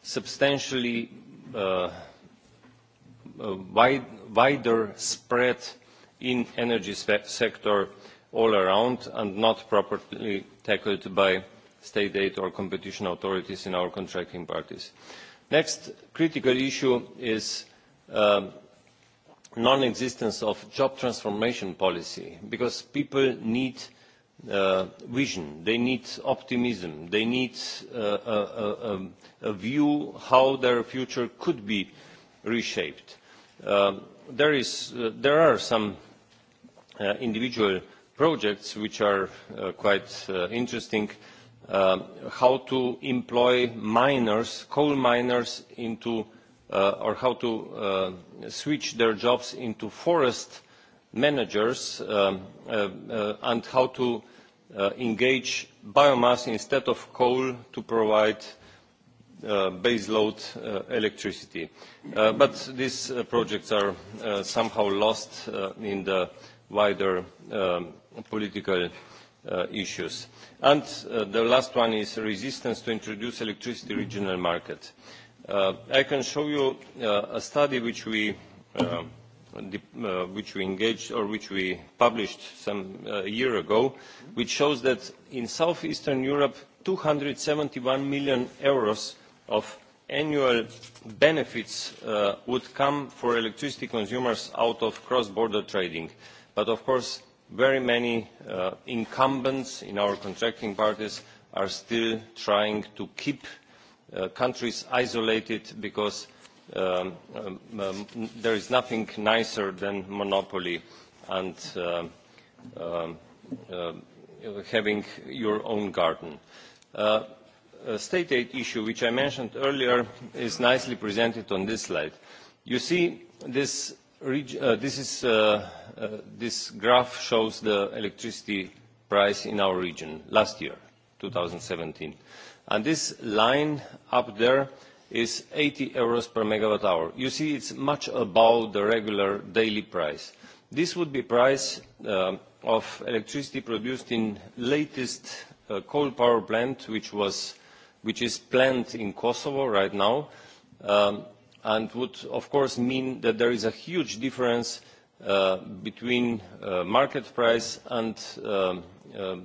substantially uh, wide, wider spread in energy se sector all around and not properly tackled by state aid or competition authorities in our contracting parties. Next critical issue is uh, non-existence of job transformation policy because people need uh, vision, they need optimism, they need uh, a, a, a view how their future could be reshaped Um, there, is, uh, there are some uh, individual projects which are uh, quite uh, interesting. Uh, how to employ miners, coal miners into, uh, or how to uh, switch their jobs into forest managers um, uh, uh, and how to uh, engage biomass instead of coal to provide uh, uh, baseload uh, electricity. Uh, but these uh, projects are uh, somehow lost uh, in the wider um, political uh, issues. And uh, the last one is resistance to introduce electricity regional market. Uh, I can show you uh, a study which we, uh, dip, uh, which we engaged or which we published some uh, year ago, which shows that in southeastern Europe, 271 million euros of annual benefits uh, would come for electricity consumers out of cross-border trading. But of course, very many uh, incumbents in our contracting parties are still trying to keep uh, countries isolated because um, um, um, there is nothing nicer than monopoly and uh, uh, uh, having your own garden. Uh, Uh, state aid issue, which I mentioned earlier, is nicely presented on this slide. You see, this, uh, this, is, uh, uh, this graph shows the electricity price in our region last year, 2017. And this line up there is 80 euros per megawatt hour. You see, it's much above the regular daily price. This would be price uh, of electricity produced in latest uh, coal power plant, which was which is planned in Kosovo right now um, and would of course mean that there is a huge difference uh, between uh, market price and um, uh,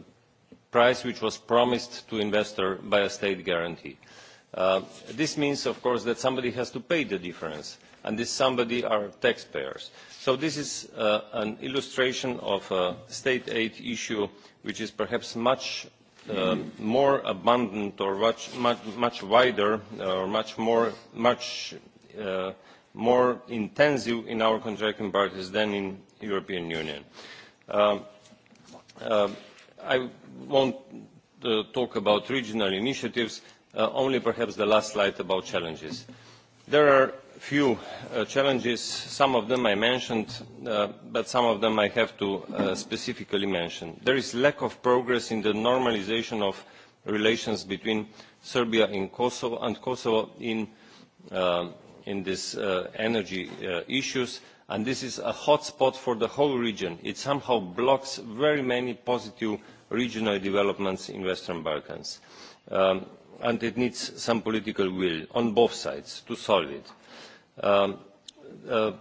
price which was promised to investor by a state guarantee. Uh, this means of course that somebody has to pay the difference and this somebody are taxpayers. So this is uh, an illustration of a state aid issue which is perhaps much uh, more abundant or much, much, much wider or uh, much more, much, uh, more intensive in our contracting parties than in European Union. Uh, uh, I won't uh, talk about regional initiatives, uh, only perhaps the last slide about challenges. There are few uh, challenges. Some of them I mentioned, uh, but some of them I have to uh, specifically mention. There is lack of progress in the normalization of relations between Serbia and Kosovo, and Kosovo in, uh, in these uh, energy uh, issues, and this is a hotspot for the whole region. It somehow blocks very many positive regional developments in Western Balkans. Um, and it needs some political will on both sides to solve it Um, uh,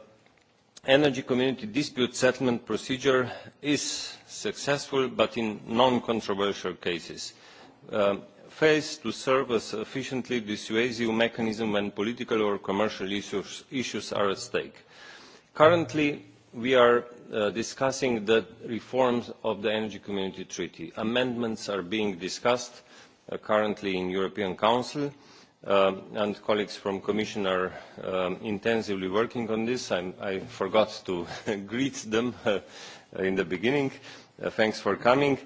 energy community dispute settlement procedure is successful but in non controversial cases. Um, fails to serve as an efficiently dissuasive mechanism when political or commercial issues, issues are at stake. currently we are uh, discussing the reforms of the energy community treaty. amendments are being discussed uh, currently in the european council um, and colleagues from Commission are um, intensively working on this. I'm, I forgot to [laughs] greet them uh, in the beginning. Uh, thanks for coming.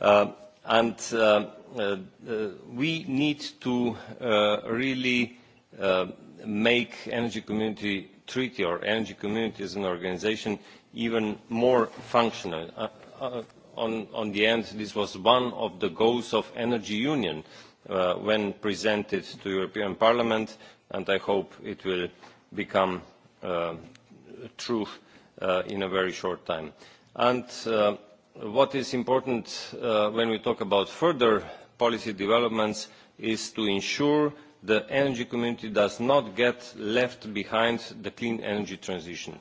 Uh, and uh, uh, uh, we need to uh, really uh, make Energy Community Treaty or Energy Community as an organization even more functional. Uh, uh, on, on the end, this was one of the goals of Energy Union. Uh, uh, when presented to European Parliament, and I hope it will become uh, true uh, in a very short time. And uh, what is important uh, when we talk about further policy developments is to ensure the energy community does not get left behind the clean energy transition.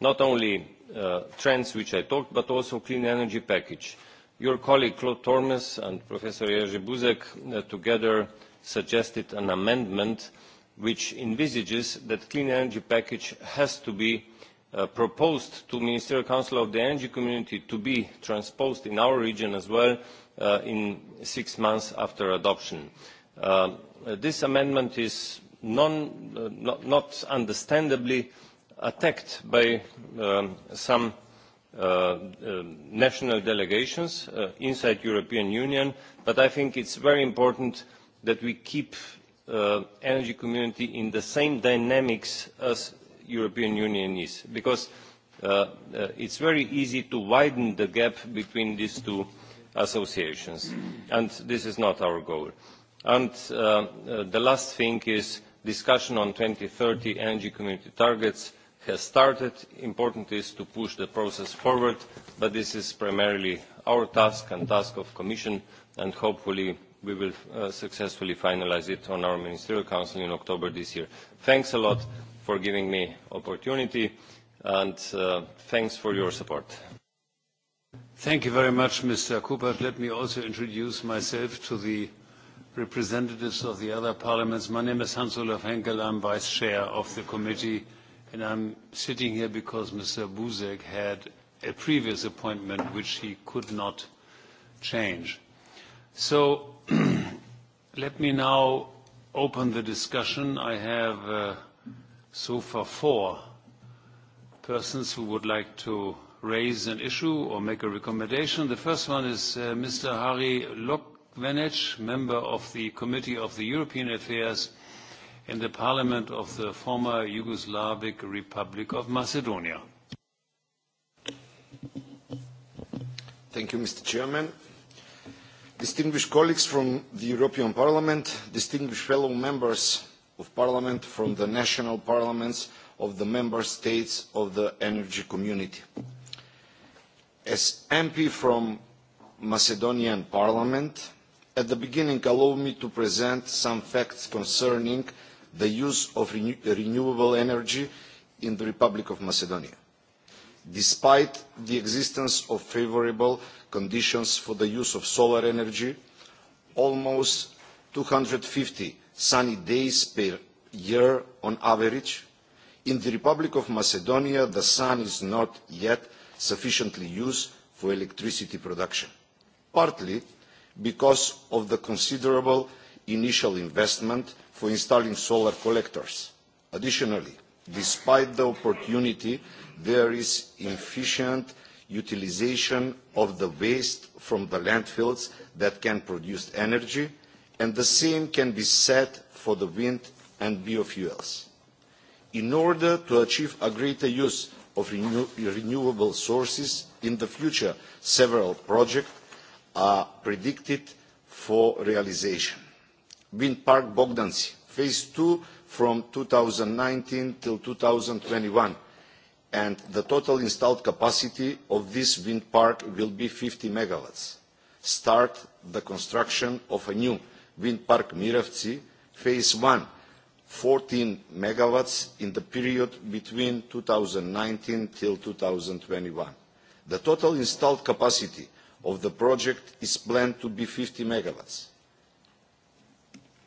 Not only uh, trends which I talked, but also clean energy package. Uh, Your colleague Claude Tormes and Professor Jerzy Buzek uh, together suggested an amendment which envisages that clean energy package has to be uh, proposed to Ministerial Council of the Energy Community to be transposed in our region as well uh, in six months after adoption. Uh, this amendment is non, uh, not, not understandably attacked by um, some Uh, uh, national delegations uh, inside the European Union, but I think it's very important that we keep uh, energy community in the same dynamics as European Union is, because uh, uh, it's very easy to widen the gap between these two associations, and this is not our goal. And uh, uh, the last thing is discussion on 2030 energy community targets has started. important is to push the process forward but this is primarily our task and task of the commission and hopefully we will uh, successfully finalise it on our ministerial council in october this year. thanks a lot for giving me the opportunity and uh, thanks for your support. thank you very much mr kupat. let me also introduce myself to the representatives of the other parliaments. my name is hans olaf henkel. i'm vice chair of the committee and I'm sitting here because Mr. Buzek had a previous appointment which he could not change. So [clears throat] let me now open the discussion. I have uh, so far four persons who would like to raise an issue or make a recommendation. The first one is uh, Mr. Harry Lokvenec, member of the Committee of the European Affairs in the parliament of the former Yugoslavic Republic of Macedonia. Thank you, Mr. Chairman. Distinguished colleagues from the European Parliament, distinguished fellow members of Parliament from the national parliaments of the member states of the energy community. As MP from Macedonian Parliament, at the beginning allow me to present some facts concerning the use of renew renewable energy in the Republic of Macedonia, despite the existence of favorable conditions for the use of solar energy, almost 250 sunny days per year on average. In the Republic of Macedonia, the sun is not yet sufficiently used for electricity production, partly because of the considerable initial investment for installing solar collectors. Additionally, despite the opportunity, there is efficient utilization of the waste from the landfills that can produce energy, and the same can be said for the wind and biofuels. In order to achieve a greater use of renew renewable sources in the future, several projects are predicted for realization wind park Bogdanci, phase two from 2019 till 2021, and the total installed capacity of this wind park will be 50 MW. Start the construction of a new wind park Mirovci, phase one, 14 MW in the period between 2019 till 2021. The total installed capacity of the project is planned to be 50 MW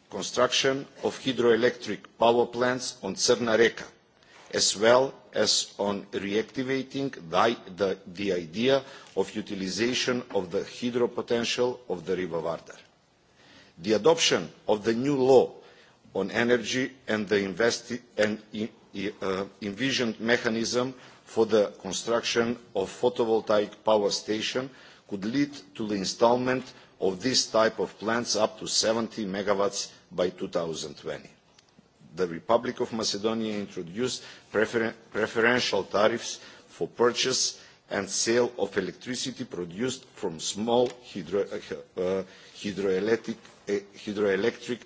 construction of hydroelectric power plants on Cerna Reka, as well as on reactivating the, the, the idea of utilization of the hydro potential of the River Vardar. The adoption of the new law on energy and the investi and in, uh, envisioned mechanism for the construction of photovoltaic power station could lead to the installment of this type of plants up to 70 megawatts by 2020. The Republic of Macedonia introduced prefer preferential tariffs for purchase and sale of electricity produced from small hydro, uh, uh, hydroelectric, uh, hydroelectric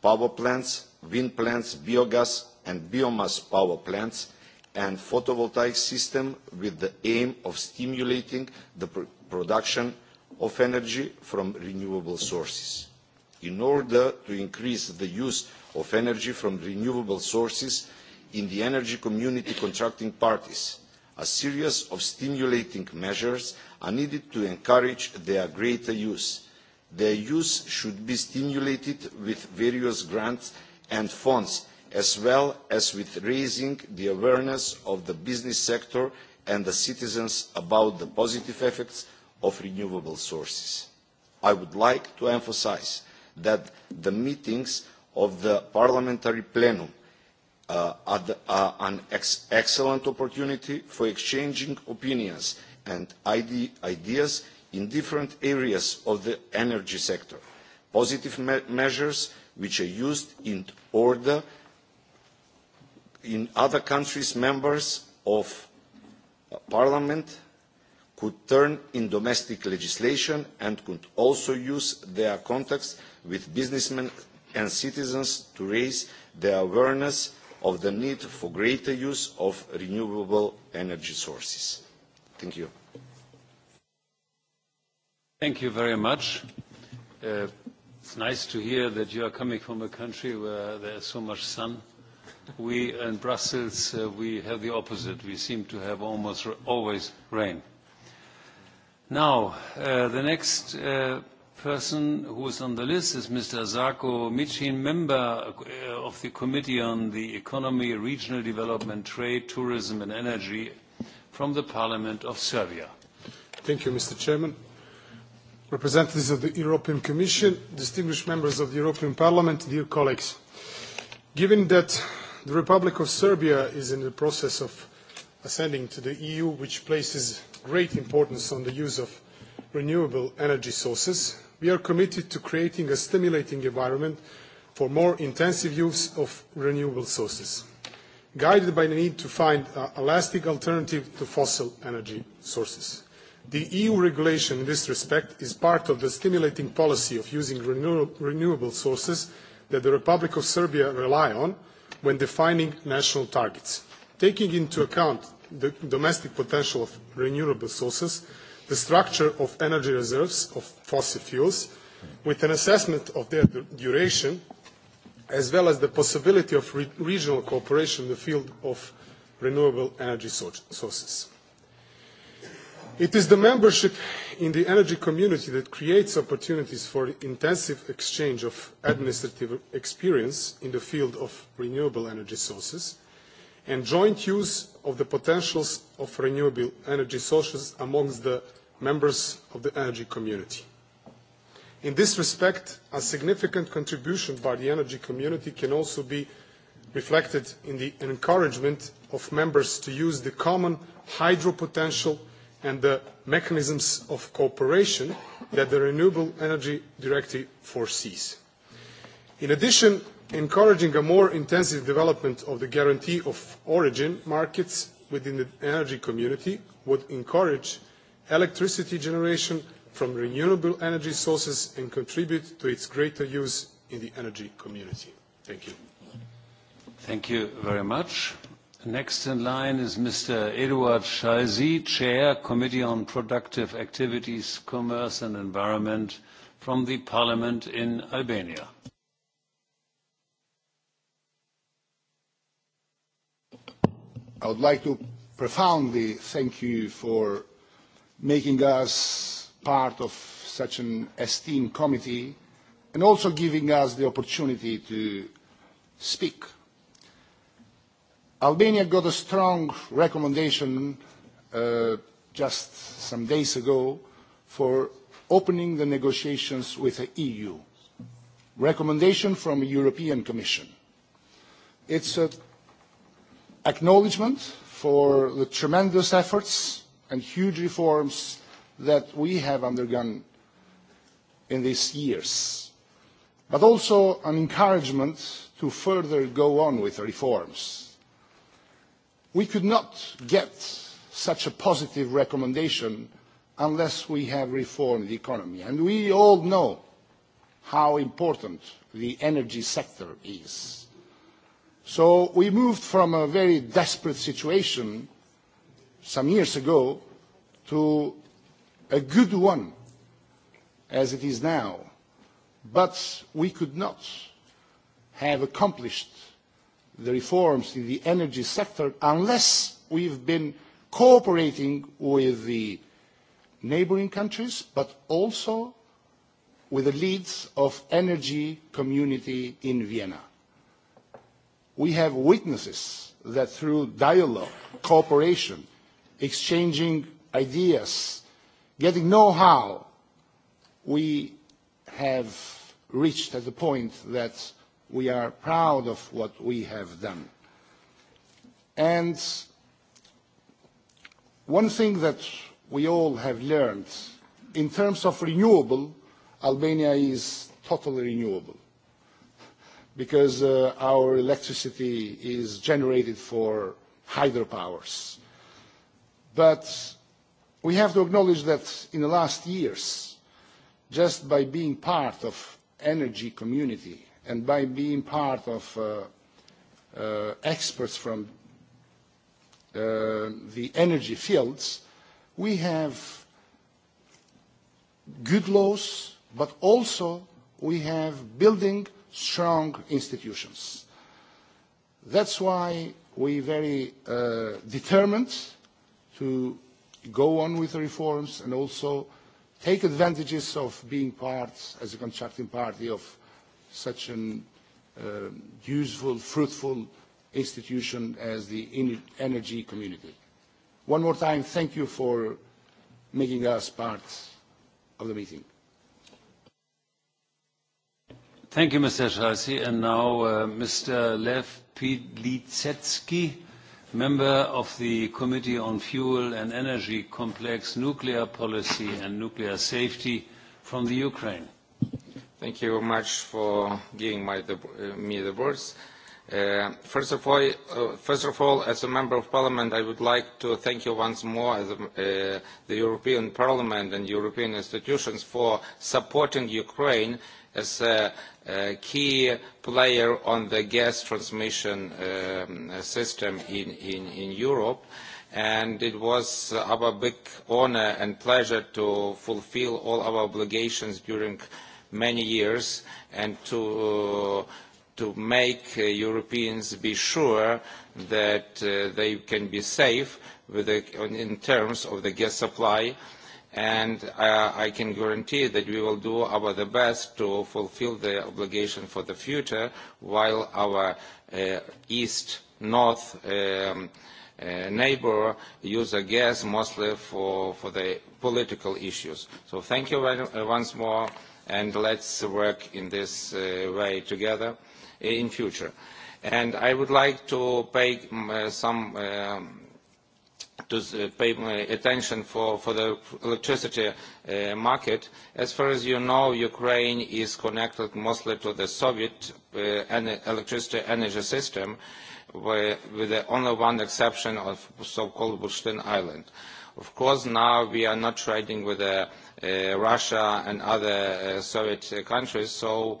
power plants, wind plants, biogas and biomass power plants, and photovoltaic system with the aim of stimulating the pr production of energy from renewable sources. In order to increase the use of energy from renewable sources in the energy community contracting parties, a series of stimulating measures are needed to encourage their greater use. Their use should be stimulated with various grants and funds, as well as with raising the awareness of the business sector and the citizens about the positive effects of renewable sources. I would like to emphasize that the meetings of the parliamentary plenum uh, are, the, are an ex excellent opportunity for exchanging opinions and ide ideas in different areas of the energy sector. Positive me measures which are used in order in other countries members of uh, parliament could turn in domestic legislation and could also use their contacts with businessmen and citizens to raise their awareness of the need for greater use of renewable energy sources. Thank you. Thank you very much. Uh, it's nice to hear that you are coming from a country where there is so much sun. We in Brussels, uh, we have the opposite. We seem to have almost always rain. Now, uh, the next uh, person who is on the list is Mr. Zako Michin, member uh, of the Committee on the Economy, Regional Development, Trade, Tourism and Energy from the Parliament of Serbia. Thank you, Mr. Chairman. Representatives of the European Commission, distinguished members of the European Parliament, dear colleagues. Given that the Republic of Serbia is in the process of ascending to the EU, which places great importance on the use of renewable energy sources, we are committed to creating a stimulating environment for more intensive use of renewable sources, guided by the need to find a lasting alternative to fossil energy sources. The EU regulation in this respect is part of the stimulating policy of using renew renewable sources that the Republic of Serbia rely on when defining national targets. Taking into account the domestic potential of renewable sources, the structure of energy reserves of fossil fuels, with an assessment of their duration, as well as the possibility of re regional cooperation in the field of renewable energy so sources. It is the membership in the energy community that creates opportunities for intensive exchange of administrative experience in the field of renewable energy sources, and joint use of the potentials of renewable energy sources amongst the members of the energy community. In this respect, a significant contribution by the energy community can also be reflected in the encouragement of members to use the common hydro potential and the mechanisms of cooperation that the Renewable Energy Directive foresees. In addition, encouraging a more intensive development of the guarantee of origin markets within the energy community would encourage electricity generation from renewable energy sources and contribute to its greater use in the energy community. Thank you. Thank you very much. Next in line is Mr. Eduard Schaizi, Chair, Committee on Productive Activities, Commerce and Environment from the Parliament in Albania. I would like to profoundly thank you for making us part of such an esteemed committee and also giving us the opportunity to speak. Albania got a strong recommendation uh, just some days ago for opening the negotiations with the EU. Recommendation from the European Commission. It's a acknowledgement for the tremendous efforts and huge reforms that we have undergone in these years, but also an encouragement to further go on with the reforms. We could not get such a positive recommendation unless we have reformed the economy. And we all know how important the energy sector is. So we moved from a very desperate situation some years ago to a good one as it is now. But we could not have accomplished the reforms in the energy sector unless we've been cooperating with the neighboring countries, but also with the leads of energy community in Vienna. We have witnesses that through dialogue, cooperation, exchanging ideas, getting know-how, we have reached at the point that we are proud of what we have done. And one thing that we all have learned in terms of renewable, Albania is totally renewable because uh, our electricity is generated for hydropowers. But we have to acknowledge that in the last years, just by being part of energy community and by being part of uh, uh, experts from uh, the energy fields, we have good laws, but also we have building strong institutions. That's why we very uh, determined to go on with the reforms and also take advantages of being part, as a contracting party, of such an uh, useful, fruitful institution as the energy community. One more time, thank you for making us part of the meeting. Thank you, Mr. Sharsi. And now uh, Mr. Lev Pidlitsetsky, member of the Committee on Fuel and Energy Complex Nuclear Policy and Nuclear Safety from the Ukraine. Thank you very much for giving my, the, uh, me the words. Uh, first, of all, uh, first of all, as a member of parliament, I would like to thank you once more as a, uh, the European Parliament and European institutions for supporting Ukraine as a, a key player on the gas transmission um, system in, in, in Europe. And it was our big honor and pleasure to fulfill all our obligations during many years and to, uh, to make uh, Europeans be sure that uh, they can be safe with the, in terms of the gas supply uh, and uh, I can guarantee that we will do our the best to fulfill the obligation for the future while our uh, east-north um, uh, neighbor uses gas mostly for, for the political issues. So thank you uh, once more and let's work in this uh, way together uh, in future. And I would like to pay um, mm, uh, some um, to the, uh, pay attention for, for the electricity uh, market. As far as you know, Ukraine is connected mostly to the Soviet uh, en electricity energy system, where, with the only one exception of so-called Bushtin Island. Of course, now we are not trading with uh, uh, Russia and other uh, Soviet uh, countries, so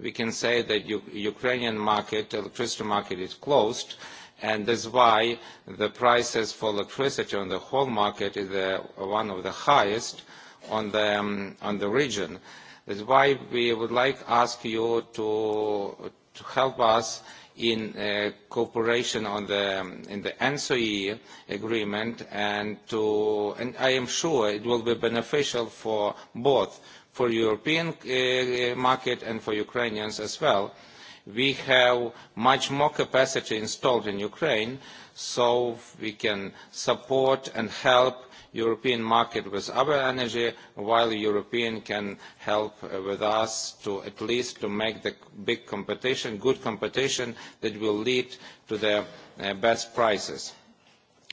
we can say that U Ukrainian market, electricity market is closed. Uh, and that's why the prices for electricity on the whole market is uh, one of the highest on the, um, on the region. That's why we would like ask you to, to help us in uh, cooperation on the, um, in the NSOE agreement, and, to, and I am sure it will be beneficial for both, for European uh, uh market and for Ukrainians as well. Uh, we have much more capacity installed in Ukraine, so we can support and help European market with our energy, while European can help uh, with us to at least to make the big competition, good competition that will lead to the uh, best prices.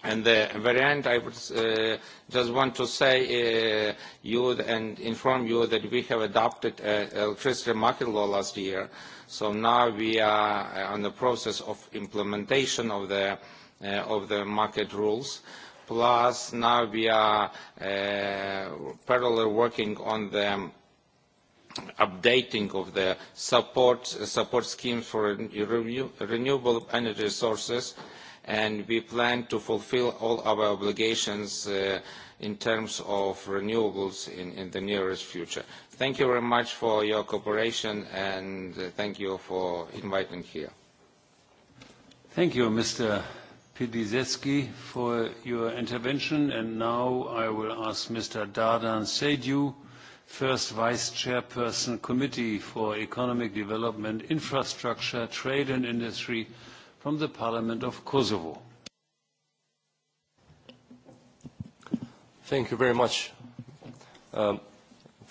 And the very end, I would uh, just want to say uh, you and inform you that we have adopted uh, electricity market law last year, uh, So now we are uh, on the process of implementation of the, uh, of the market rules. Plus, now we are uh, parallel working on the updating of the support, support scheme for renew, renewable energy sources, and we plan to fulfill all our obligations uh, in terms of renewables in, in the nearest future. Thank you very much for your cooperation, and uh, thank you for inviting here. Thank you, Mr. Pidiszewski, for your intervention. And now I will ask Mr. Dardan Seydiu, first Vice Chairperson, Committee for Economic Development, Infrastructure, Trade and Industry from the Parliament of Kosovo. Thank you very much. Um, uh,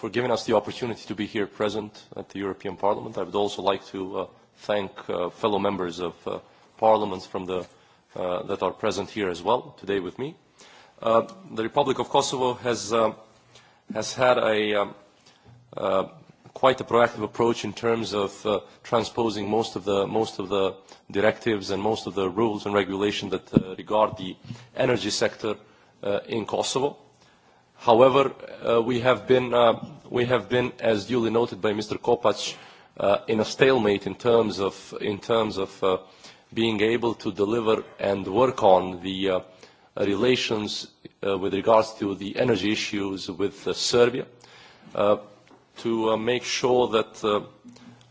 for giving us the opportunity to be here present at the European Parliament. I would also like to uh, thank uh, fellow members of uh, parliaments from the, uh, that are present here as well today with me. Uh, the Republic of Kosovo has, uh, has had a, um, uh, quite a proactive approach in terms of uh, transposing most of, the, most of the directives and most of the rules and regulation that uh, regard the energy sector uh, in Kosovo. Uh, However, uh, we, have been, uh, we have been, as duly noted by Mr. Kopacz, uh, in a stalemate in terms of, in terms of uh, being able to deliver and work on the uh, relations uh, with regards to the energy issues with uh, Serbia, uh, to uh, make sure that uh,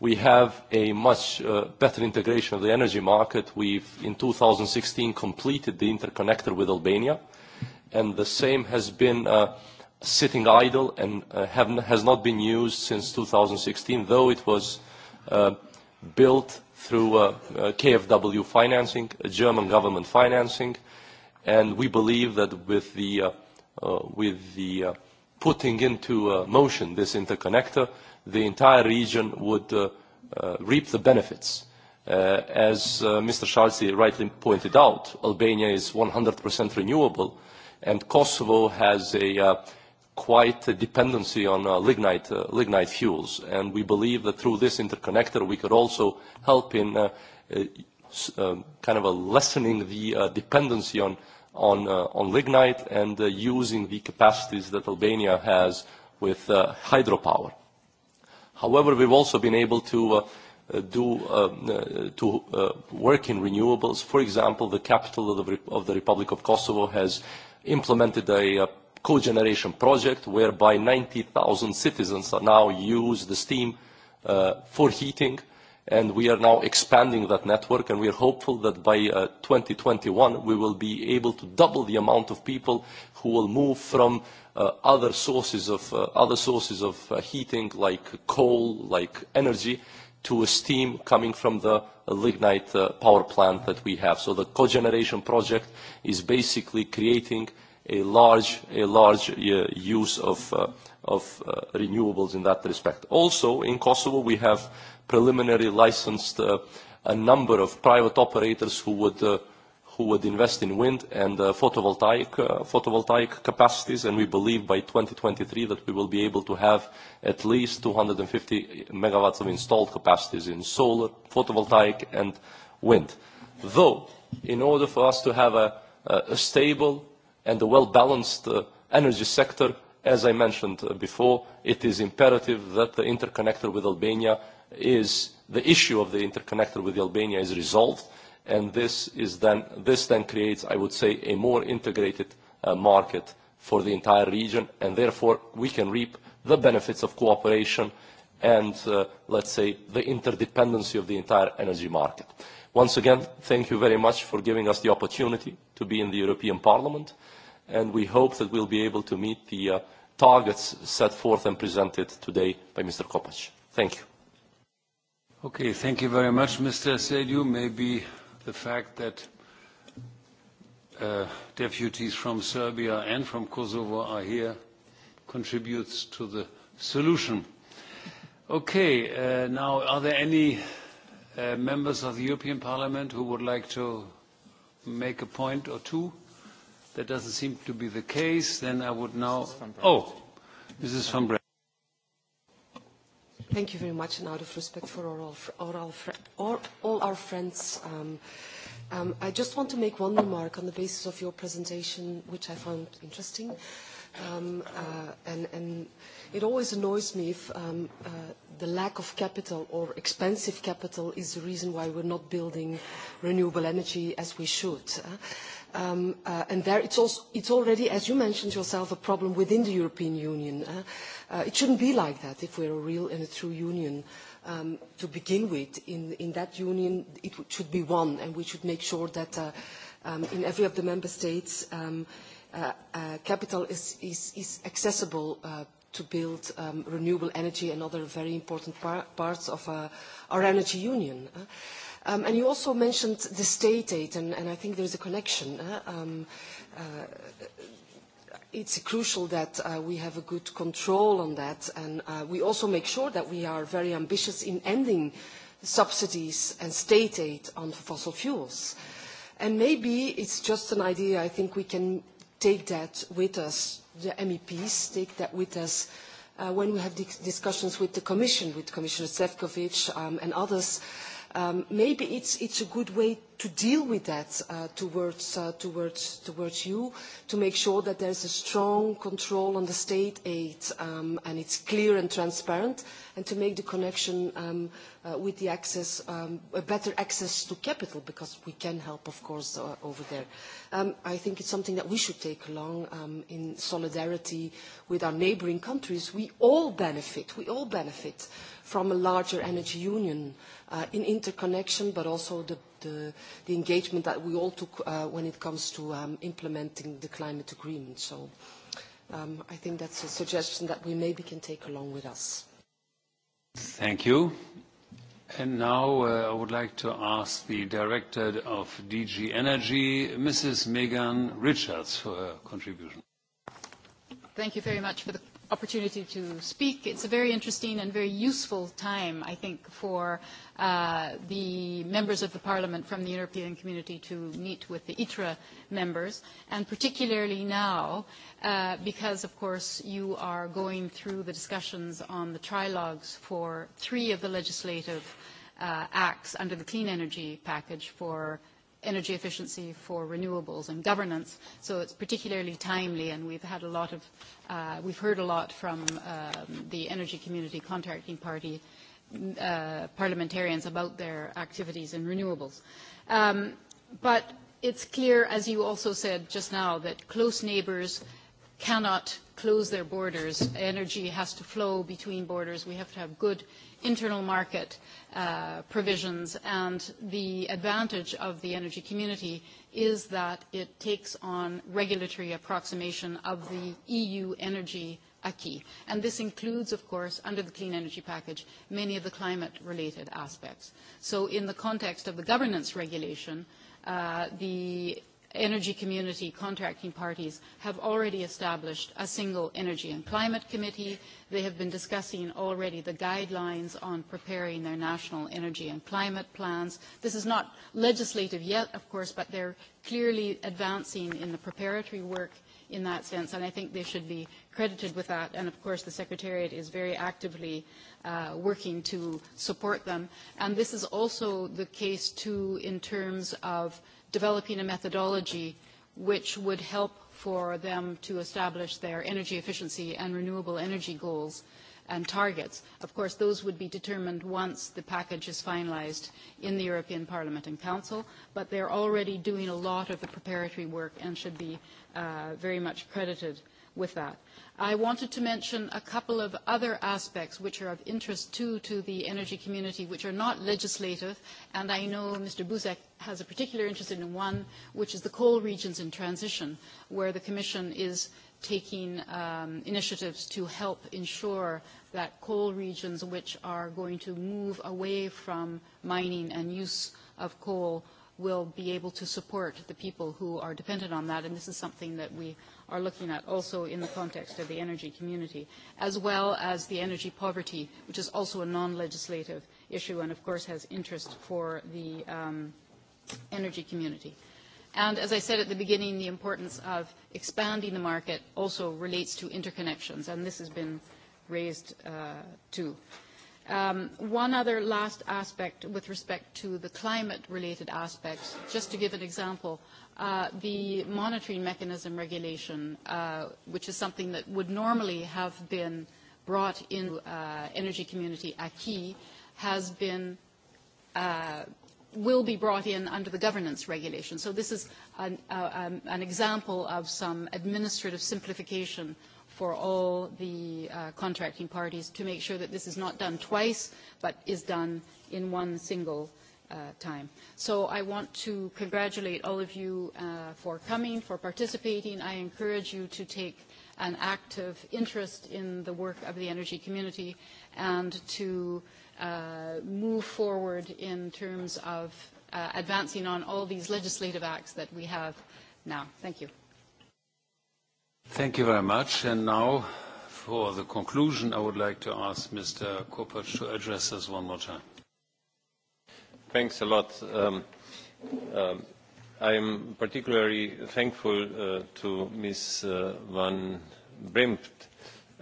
we have a much uh, better integration of the energy market. We've, in 2016, completed the interconnector with Albania. Uh, and the same has been uh, sitting idle and uh, have, has not been used since 2016, though it was uh, built through uh, uh, KfW financing, uh, German government financing, and we believe that with the, uh, uh, with the uh, putting into uh, motion this interconnector, the entire region would uh, uh, reap the benefits. Uh, as uh, Mr. Schalzi rightly pointed out, Albania is 100% renewable, uh, and Kosovo has a uh, quite a dependency on uh, lignite, uh, lignite fuels, and we believe that through this interconnector we could also help in uh, uh, um, kind of a lessening the uh, dependency on, on, uh, on lignite and uh, using the capacities that Albania has with uh, hydropower. However, we've also been able to uh, uh do um, uh, to uh, work in renewables. For example, the capital of the, of the Republic of Kosovo has uh, implemented a uh, cogeneration project whereby 90,000 citizens now use the steam uh, for heating, and we are now expanding that network, and we are hopeful that by uh, 2021 we will be able to double the amount of people who will move from uh, other sources of, uh, other sources of uh, heating like coal, like energy, uh, to steam coming from the lignite uh, power plant that we have. So the cogeneration project is basically creating a large, a large uh, use of, uh, of uh, renewables in that respect. Also, in Kosovo, we have preliminary licensed uh, a number of private operators who would uh, who would invest in wind and uh, photovoltaic, uh, photovoltaic capacities, and we believe by 2023 that we will be able to have at least 250 megawatts of installed capacities in solar, photovoltaic, and wind. Though, in order for us to have a, a stable and a well-balanced uh, energy sector, as I mentioned uh, before, it is imperative that the interconnector with Albania is, the issue of the interconnector with Albania is resolved, and this, is then, this then creates, I would say, a more integrated uh, market for the entire region, and therefore we can reap the benefits of cooperation and, uh, let's say, the interdependency of the entire energy market. Once again, thank you very much for giving us the opportunity to be in the European Parliament, and we hope that we'll be able to meet the uh, targets set forth and presented today by Mr. Kopacz. Thank you. Okay, thank you very much, Mr. Seydiu. Maybe the fact that uh, deputies from Serbia and from Kosovo are here contributes to the solution. Okay, uh, now are there any uh, members of the European Parliament who would like to make a point or two? That doesn't seem to be the case. Then I would now... Oh, Mrs. van Bremst. Thank you very much, and out of respect for all, all, all, all, all our friends, um, um, I just want to make one remark on the basis of your presentation, which I found interesting. Um, uh, and, and it always annoys me if um, uh, the lack of capital or expensive capital is the reason why we're not building renewable energy as we should. Uh, Um, uh, and there it's, also, it's already, as you mentioned yourself, a problem within the European Union. Uh, uh, it shouldn't be like that if we're a real and a true union. Um, to begin with, in, in that union, it should be one, and we should make sure that uh, um, in every of the member states, um, uh, uh, capital is, is, is accessible uh, to build um, renewable energy and other very important par parts of uh, our energy union. Uh, Um, and you also mentioned the state aid, and, and I think there's a connection. Uh, um, uh, it's crucial that uh, we have a good control on that, and uh, we also make sure that we are very ambitious in ending subsidies and state aid on fossil fuels. And maybe it's just an idea. I think we can take that with us, the MEPs take that with us uh, when we have discussions with the Commission, with Commissioner Sefcovic um, and others, uh, Um, maybe it's, it's a good way to deal with that uh, towards, uh, towards, towards you, to make sure that there's a strong control on the state aid um, and it's clear and transparent, and to make the connection um, uh, with the access, um, a better access to capital, because we can help, of course, uh, over there. Um, I think it's something that we should take along um, in solidarity with our neighboring countries. We all benefit, we all benefit from a larger energy union. Uh, uh, in interconnection, but also the, the, the engagement that we all took uh, when it comes to um, implementing the climate agreement. So um, I think that's a suggestion that we maybe can take along with us. Thank you. And now uh, I would like to ask the Director of DG Energy, Mrs. Megan Richards, for her contribution. Thank you very much for the opportunity to speak. It's a very interesting and very useful time, I think, for uh, the members of the Parliament from the European Community to meet with the ITRA members, and particularly now, uh, because, of course, you are going through the discussions on the trilogues for three of the legislative uh, acts under the Clean Energy Package for uh, energy efficiency for renewables and governance. So it's particularly timely, and we've had a lot of, uh, we've heard a lot from um, the Energy Community Contracting Party uh, parliamentarians about their activities in renewables. Um, but it's clear, as you also said just now, that close neighbors cannot close their borders. Energy has to flow between borders. We have to have good internal market uh, provisions and the advantage of the energy community is that it takes on regulatory approximation of the EU energy acquis. And this includes, of course, under the clean energy package, many of the climate-related aspects. So in the context of the governance regulation, uh, the energy community contracting parties have already established a single energy and climate committee. They have been discussing already the guidelines on preparing their national energy and climate plans. This is not legislative yet, of course, but they're clearly advancing in the preparatory work in that sense, and I think they should be credited with that. And of course, the Secretariat is very actively uh, working to support them. And this is also the case, too, in terms of developing a methodology which would help for them to establish their energy efficiency and renewable energy goals and targets. Of course, those would be determined once the package is finalized in the European Parliament and Council, but they're already doing a lot of the preparatory work and should be uh, very much credited with that. I wanted to mention a couple of other aspects which are of interest too to the energy community, which are not legislative, and I know Mr. Buzek has a particular interest in one, which is the coal regions in transition, where the Commission is taking um, initiatives to help ensure that coal regions which are going to move away from mining and use of coal will be able to support the people who are dependent on that, and this is something that we are looking at also in the context of the energy community, as well as the energy poverty, which is also a non-legislative issue and, of course, has interest for the um, energy community. And as I said at the beginning, the importance of expanding the market also relates to interconnections, and this has been raised uh, too. Uh, Um, one other last aspect with respect to the climate-related aspects, just to give an example, uh, the monitoring mechanism regulation, uh, which is something that would normally have been brought into uh, energy community acquis, has been uh, will be brought in under the governance regulation. So this is an, uh, um, an example of some administrative simplification for all the uh, contracting parties to make sure that this is not done twice, but is done in one single uh, time. So I want to congratulate all of you uh, for coming, for participating. I encourage you to take an active interest in the work of the energy community and to uh, move forward in terms of uh, advancing on all these legislative acts that we have now. Thank you. Thank you very much. And now, for the conclusion, I would like to ask Mr. Kopacz to address us one more time. Thanks a lot. Um, um, I am particularly thankful uh, to Ms. Uh, Van Brempt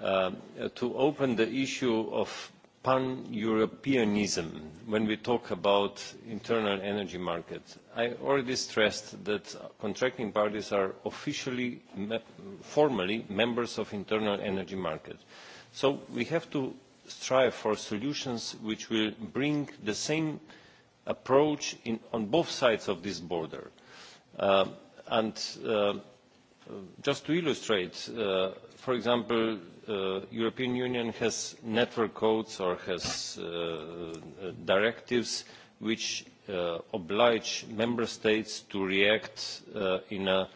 uh, to open the issue of pan-Europeanism when we talk about internal energy market. I already stressed that contracting parties are officially, me formally members of internal energy market. So we have to strive for solutions which will bring the same approach in, on both sides of this border. Uh, and uh, just to illustrate, uh, for example, uh, European Union has network codes or has uh, uh, directives which uh, oblige member states to react uh, in a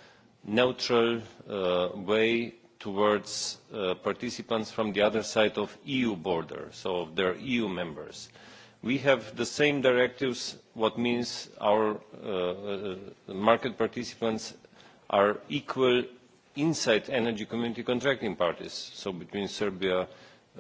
neutral uh, way towards uh, participants from the other side of EU border, so of their EU members. We have the same directives, what means our uh, uh, market participants are equal inside energy community contracting parties, so between Serbia,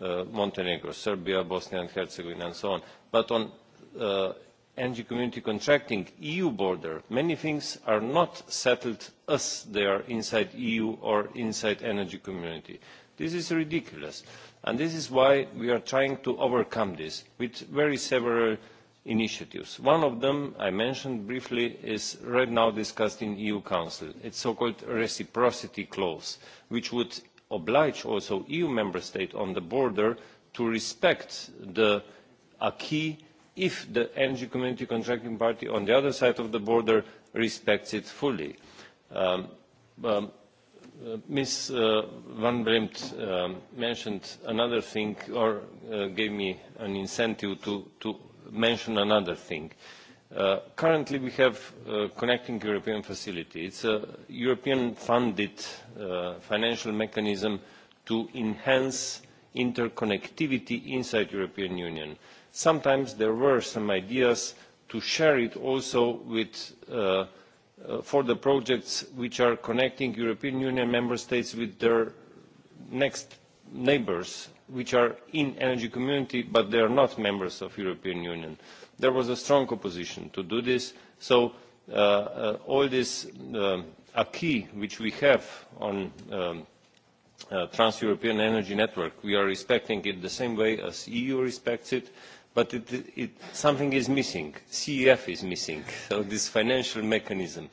uh, Montenegro, Serbia, Bosnia and Herzegovina, and so on. But on uh, energy community contracting EU border, many things are not settled as they are inside EU or inside energy community. This is ridiculous. And this is why we are trying to overcome this with very several uh, initiatives. One of them I mentioned briefly is right now discussed in EU Council. It's so-called reciprocity clause, which would oblige also EU member state on the border to respect the acquis if the energy community contracting party on the other side of the border respects it fully. Um, um, uh, Ms. Uh, Van Bremt um, mentioned another thing or uh, gave me an incentive to, to mention another thing. Uh, currently we have uh, connecting european facility it's a european funded uh, financial mechanism to enhance interconnectivity inside european union sometimes there were some ideas to share it also with uh, uh, for the projects which are connecting european union member states with their next neighbors which are in energy community but they are not members of european union. there was a strong opposition to do this so uh, uh, all this uh, acquis which we have on um, uh, trans-european energy network we are respecting it the same way as eu respects it but it, it, something is missing. cef is missing, [laughs] so this financial mechanism.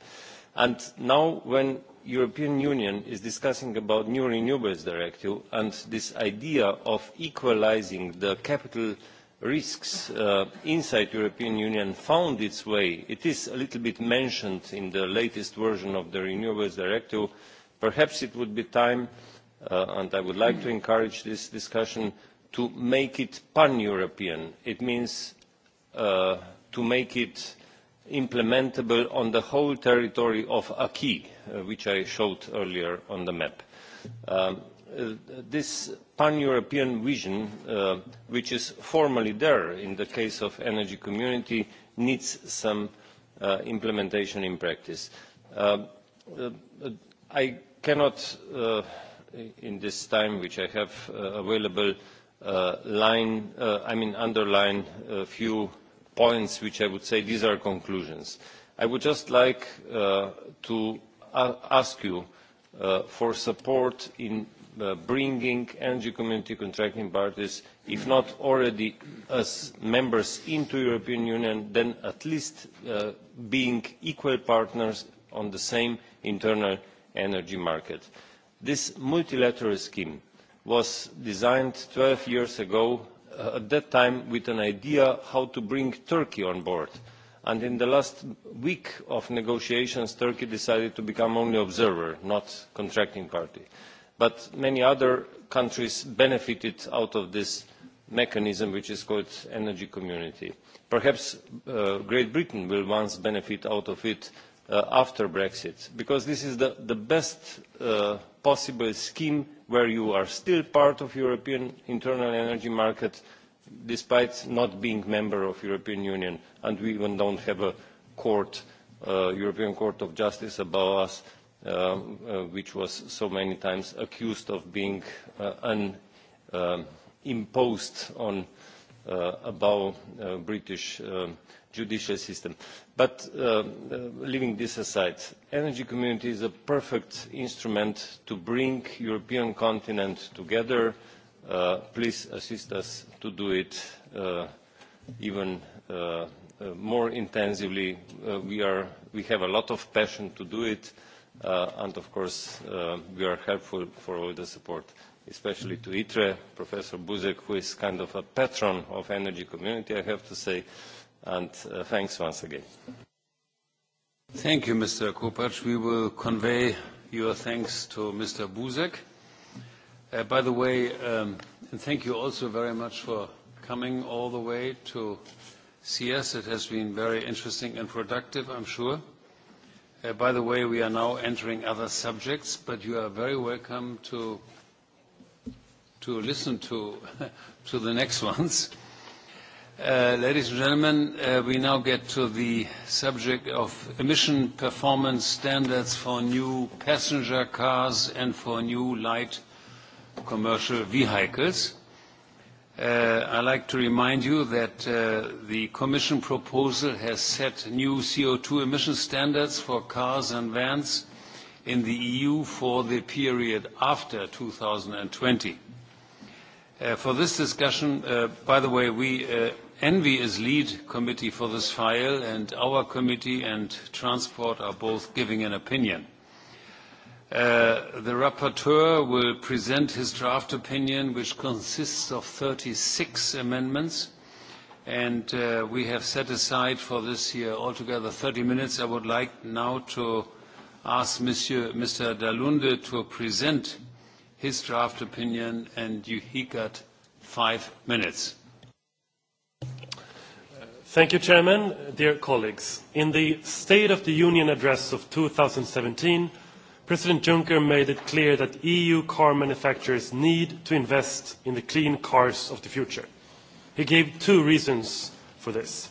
and now when european union is discussing about new renewables directive and this idea of equalising the capital risks uh, inside the european union found its way it is a little bit mentioned in the latest version of the renewables directive perhaps it would be time uh, and i would like to encourage this discussion to make it pan european it means uh, to make it implementable on the whole territory of acquis Uh, which I showed earlier on the map. Um, Uh, this pan-European vision, uh, which is formally there in the case of energy community, needs some uh, implementation in practice. Um, uh, uh, I cannot, uh, in this time which I have uh, available, uh, line, uh, I mean underline a few points which I would say these are conclusions. I would just like uh, to ask you uh, for support in uh, bringing energy community contracting parties, if not already as members into European Union, then at least uh, being equal partners on the same internal energy market. This multilateral scheme was designed 12 years ago, uh, at that time with an idea how to bring Turkey on board. Uh, and in the last week of negotiations turkey decided to become only an observer not a contracting party but many other countries benefited from this mechanism which is called the energy community. perhaps uh, great britain will once benefit out of it uh, after brexit because this is the, the best uh, possible scheme where you are still part of the european internal energy market despite not being member of European Union, and we even don't have a court, uh, European Court of Justice above us, uh, uh, which was so many times accused of being uh, un, uh, imposed on uh, above uh, British uh, judicial system. But uh, uh, leaving this aside, energy community is a perfect instrument to bring European continent together, uh, Uh, please assist us to do it uh, even uh, uh more intensively. Uh, we, are, we have a lot of passion to do it, uh, and of course, we are helpful for all the support, especially to ITRE, Professor Buzek, who is kind of a patron of energy community, I have to say, and thanks once again. Thank you, Mr. Kopacz. We will convey your thanks to Mr. Buzek. Uh, by the way, um, and thank you also very much for coming all the way to see us. It has been very interesting and productive, I'm sure. Uh, by the way, we are now entering other subjects, but you are very welcome to to listen to [laughs] to the next ones. Uh, ladies and gentlemen, uh, we now get to the subject of emission performance standards for new passenger cars and for new light commercial vehicles. Uh, I'd like to remind you that uh, the Commission proposal has set new CO2 emission standards for cars and vans in the EU for the period after 2020. Uh, for this discussion, uh, by the way, we, uh, ENVI is lead committee for this file, and our committee and Transport are both giving an opinion. Uh, Uh, the rapporteur will present his draft opinion, which consists of 36 amendments, and uh, we have set aside for this year altogether 30 minutes. I would like now to ask Monsieur, Mr. Dalunde to present his draft opinion, and you, he got five minutes. Thank you, Chairman. Dear colleagues, in the State of the Union address of 2017, President Juncker made it clear that EU car manufacturers need to invest in the clean cars of the future. He gave two reasons for this.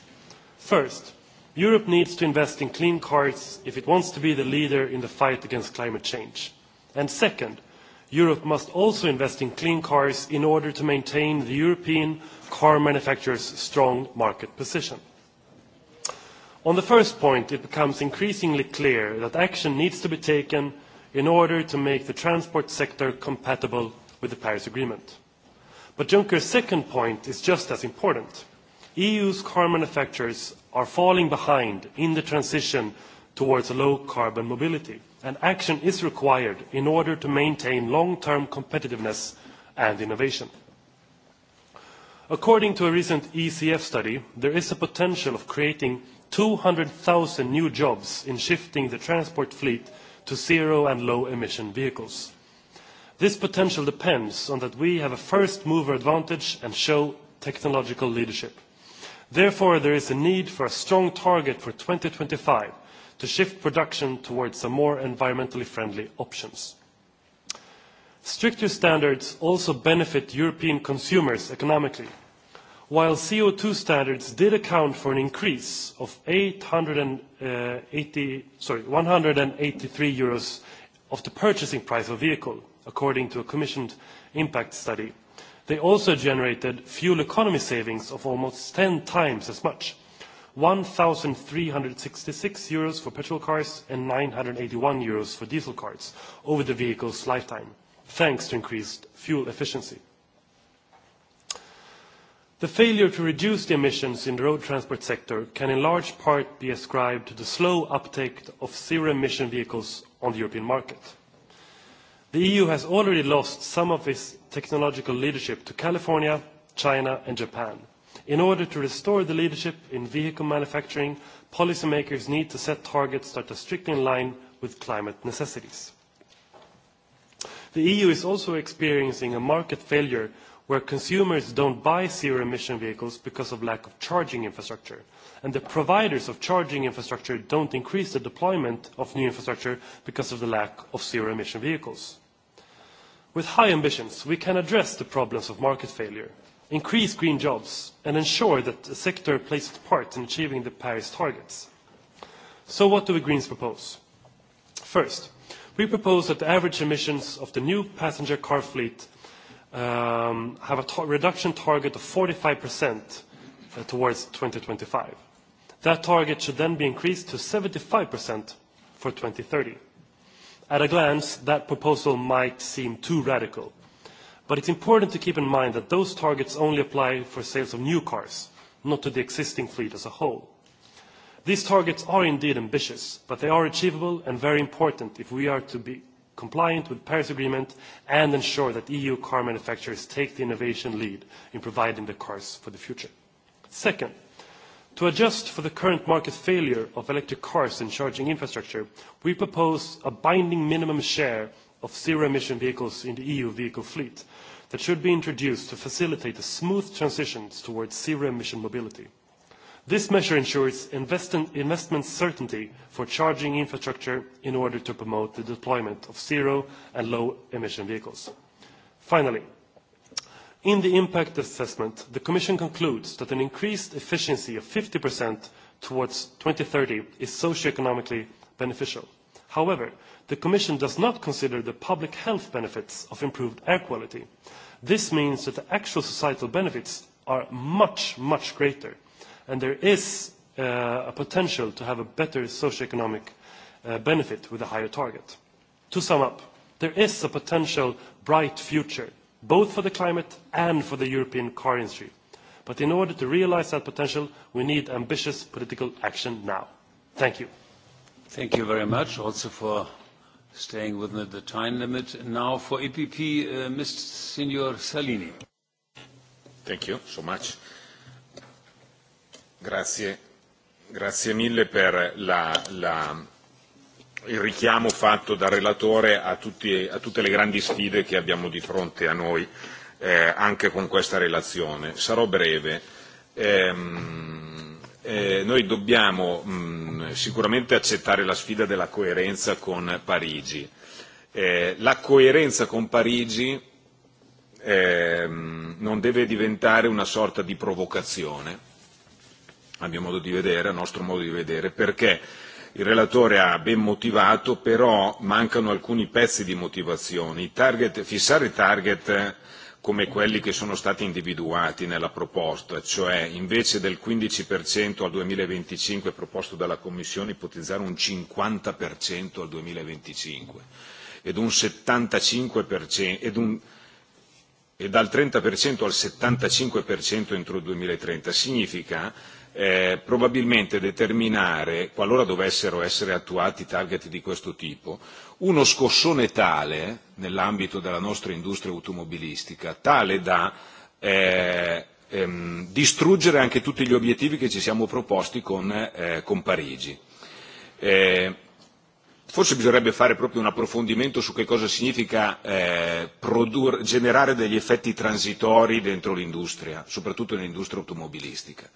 First, Europe needs to invest in clean cars if it wants to be the leader in the fight against climate change. And second, Europe must also invest in clean cars in order to maintain the European car manufacturer's strong market position. On the first point, it becomes increasingly clear that action needs to be taken in order to make the transport sector compatible with the Paris Agreement. But Juncker's second point is just as important. EU's car manufacturers are falling behind in the transition towards low-carbon mobility, and action is required in order to maintain long-term competitiveness and innovation. According to a recent ECF study, there is a potential of creating 200,000 new jobs in shifting the transport fleet to zero and low-emission vehicles. This potential depends on that we have a first-mover advantage and show technological leadership. Therefore, there is a need for a strong target for 2025 to shift production towards some more environmentally friendly options. Stricter standards also benefit European consumers economically While CO2 standards did account for an increase of 880, uh, sorry, 183 euros of the purchasing price of vehicle, according to a commissioned impact study, they also generated fuel economy savings of almost 10 times as much, 1,366 euros for petrol cars and 981 euros for diesel cars over the vehicle's lifetime, thanks to increased fuel efficiency. The failure to reduce the emissions in the road transport sector can in large part be ascribed to the slow uptake of zero-emission vehicles on the European market. The EU has already lost some of its technological leadership to California, China and Japan. In order to restore the leadership in vehicle manufacturing, policymakers need to set targets that are strictly in line with climate necessities. The EU is also experiencing a market failure where consumers don't buy zero-emission vehicles because of lack of charging infrastructure, and the providers of charging infrastructure don't increase the deployment of new infrastructure because of the lack of zero-emission vehicles. With high ambitions, we can address the problems of market failure, increase green jobs, and ensure that the sector plays its part in achieving the Paris targets. So what do we Greens propose? First, we propose that the average emissions of the new passenger car fleet um, have a ta reduction target of 45% uh, towards 2025. That target should then be increased to 75% for 2030. At a glance, that proposal might seem too radical, but it's important to keep in mind that those targets only apply for sales of new cars, not to the existing fleet as a whole. These targets are indeed ambitious, but they are achievable and very important if we are to be compliant with Paris Agreement and ensure that EU car manufacturers take the innovation lead in providing the cars for the future. Second, to adjust for the current market failure of electric cars and charging infrastructure, we propose a binding minimum share of zero-emission vehicles in the EU vehicle fleet that should be introduced to facilitate a smooth transition towards zero-emission mobility. This measure ensures invest investment certainty for charging infrastructure in order to promote the deployment of zero and low-emission vehicles. Finally, in the impact assessment, the Commission concludes that an increased efficiency of 50% towards 2030 is socioeconomically beneficial. However, the Commission does not consider the public health benefits of improved air quality. This means that the actual societal benefits are much, much greater – and there is uh, a potential to have a better socioeconomic uh, benefit with a higher target. To sum up, there is a potential bright future, both for the climate and for the European car industry. But in order to realize that potential, we need ambitious political action now. Thank you. Thank you very much also for staying within the time limit. And now for EPP, uh, Mr. Signor Salini. Thank you so much. Grazie, grazie mille per la, la, il richiamo fatto dal relatore a, tutti, a tutte le grandi sfide che abbiamo di fronte a noi eh, anche con questa relazione. Sarò breve. Ehm, eh, noi dobbiamo mh, mm, sicuramente accettare la sfida della coerenza con Parigi. Eh, la coerenza con Parigi ehm, non deve diventare una sorta di provocazione a mio modo di vedere, a nostro modo di vedere, perché il relatore ha ben motivato, però mancano alcuni pezzi di motivazione. I target, fissare i target come quelli che sono stati individuati nella proposta, cioè invece del 15% al 2025 proposto dalla Commissione ipotizzare un 50% al 2025 ed un 75% ed un, e dal 30% al 75% entro il 2030, significa eh, probabilmente determinare, qualora dovessero essere attuati target di questo tipo, uno scossone tale nell'ambito della nostra industria automobilistica, tale da eh, ehm, distruggere anche tutti gli obiettivi che ci siamo proposti con, eh, con Parigi. Eh, forse bisognerebbe fare proprio un approfondimento su che cosa significa eh, produr- generare degli effetti transitori dentro l'industria, soprattutto nell'industria automobilistica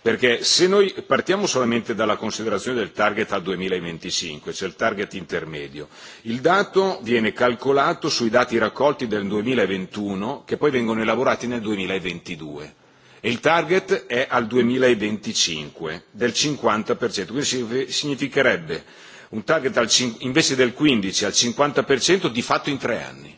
perché se noi partiamo solamente dalla considerazione del target al 2025, cioè il target intermedio, il dato viene calcolato sui dati raccolti del 2021 che poi vengono elaborati nel 2022 e il target è al 2025 del 50%, quindi significherebbe un target al, invece del 15 al 50% di fatto in tre anni.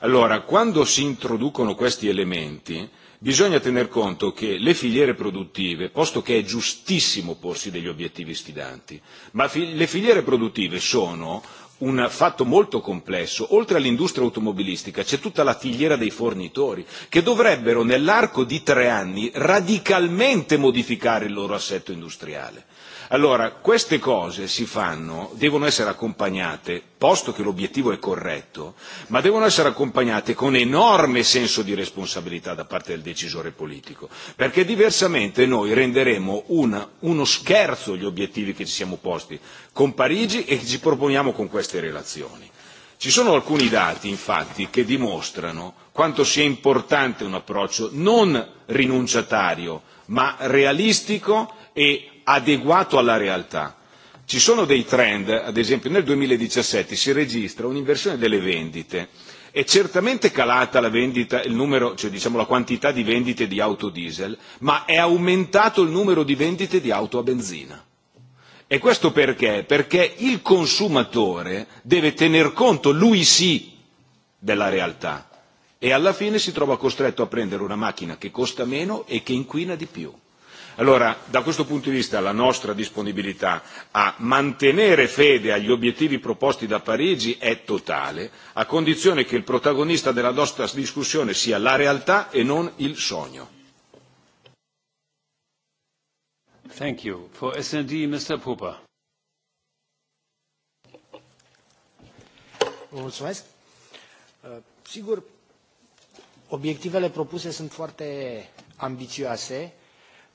Allora, quando si introducono questi elementi, Bisogna tener conto che le filiere produttive, posto che è giustissimo porsi degli obiettivi sfidanti, ma fi- le filiere produttive sono un fatto molto complesso. Oltre all'industria automobilistica c'è tutta la filiera dei fornitori che dovrebbero nell'arco di tre anni radicalmente modificare il loro assetto industriale. Allora, queste cose si fanno, devono essere accompagnate, posto che l'obiettivo è corretto, ma devono essere accompagnate con enorme senso di responsabilità da parte del decisore politico, perché diversamente noi renderemo una, uno scherzo gli obiettivi che ci siamo posti con Parigi e che ci proponiamo con queste relazioni. Ci sono alcuni dati, infatti, che dimostrano quanto sia importante un approccio non rinunciatario, ma realistico e adeguato alla realtà. Ci sono dei trend, ad esempio nel 2017 si registra un'inversione delle vendite. È e certamente calata la vendita, il numero, cioè diciamo la quantità di vendite di auto diesel, ma è aumentato il numero di vendite di auto a benzina. E questo perché? Perché il consumatore deve tener conto, lui sì, della realtà e alla fine si trova costretto a prendere una macchina che costa meno e che inquina di più. Allora, da questo punto di vista, la nostra disponibilità a mantenere fede agli obiettivi proposti da Parigi è totale, a condizione che il protagonista della nostra discussione sia la realtà e non il sogno. Thank you. For SD, Mr. Pupa. Mulțumesc. Uh, sigur, obiectivele propuse sunt foarte ambițioase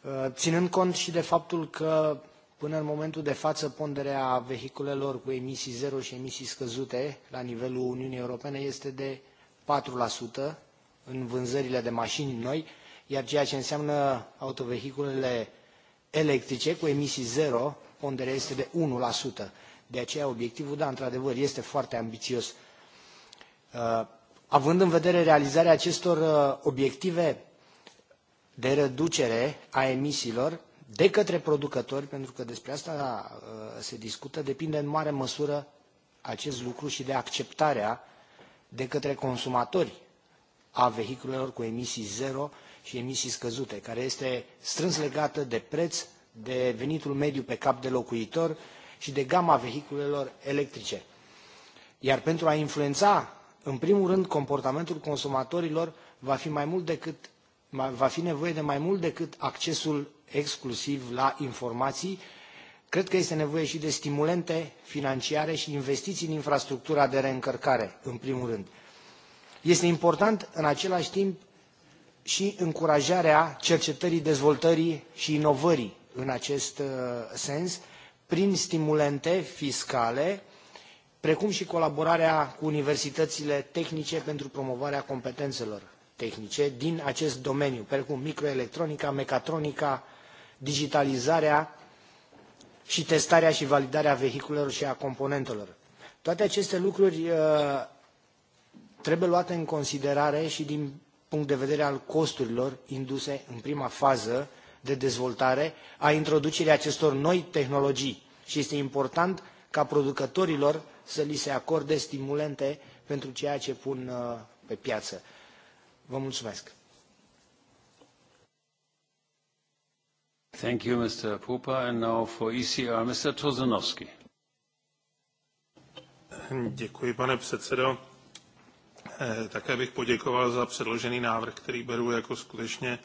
Uh, ținând cont și de faptul că până în momentul de față ponderea vehiculelor cu emisii zero și emisii scăzute la nivelul Uniunii Europene este de 4% în vânzările de mașini noi, iar ceea ce înseamnă autovehiculele electrice cu emisii zero, ponderea este de 1%. De aceea obiectivul, da, într-adevăr, este foarte ambițios. Uh, având în vedere realizarea acestor uh, obiective, de reducere a emisiilor de către producători, pentru că despre asta uh, se discută, depinde în mare măsură acest lucru și de acceptarea de către consumatori a vehiculelor cu emisii zero și emisii scăzute, care este strâns legată de preț, de venitul mediu pe cap de locuitor și de gama vehiculelor electrice. Iar pentru a influența, în primul rând, comportamentul consumatorilor, va fi mai mult decât va fi nevoie de mai mult decât accesul exclusiv la informații. Cred că este nevoie și de stimulente financiare și investiții în infrastructura de reîncărcare, în primul rând. Este important, în același timp, și încurajarea cercetării, dezvoltării și inovării în acest uh, sens, prin stimulente fiscale, precum și colaborarea cu universitățile tehnice pentru promovarea competențelor tehnice din acest domeniu, precum microelectronica, mecatronica, digitalizarea și testarea și validarea vehiculelor și a componentelor. Toate aceste lucruri uh, trebuie luate în considerare și din punct de vedere al costurilor induse în prima fază de dezvoltare a introducerii acestor noi tehnologii. Și este important ca producătorilor să li se acorde stimulente pentru ceea ce pun uh, pe piață. Vă mulțumesc! Thank you, Mr. Pupa. And now for ECR, Mr. Tozanovsky. Děkuji, pane předsedo. Eh, také bych poděkoval za předložený návrh, který beru jako skutečně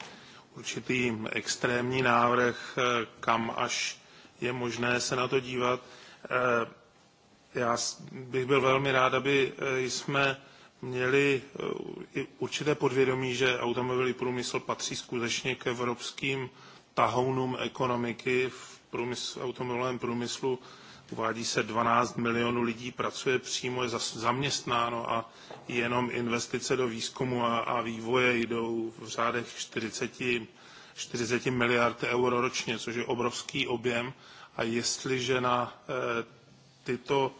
určitý extrémní návrh, eh, kam až je možné se na to dívat. Eh, já bych byl velmi rád, aby jsme měli eh, i určité podvědomí, že automobilový průmysl patří skutečně k evropským tahounům ekonomiky. V průmysl, automobilovém průmyslu uvádí se 12 milionů lidí, pracuje přímo, je zaměstnáno a jenom investice do výzkumu a, a vývoje jdou v řádech 40, 40 miliard euro ročně, což je obrovský objem. A jestliže na e, tyto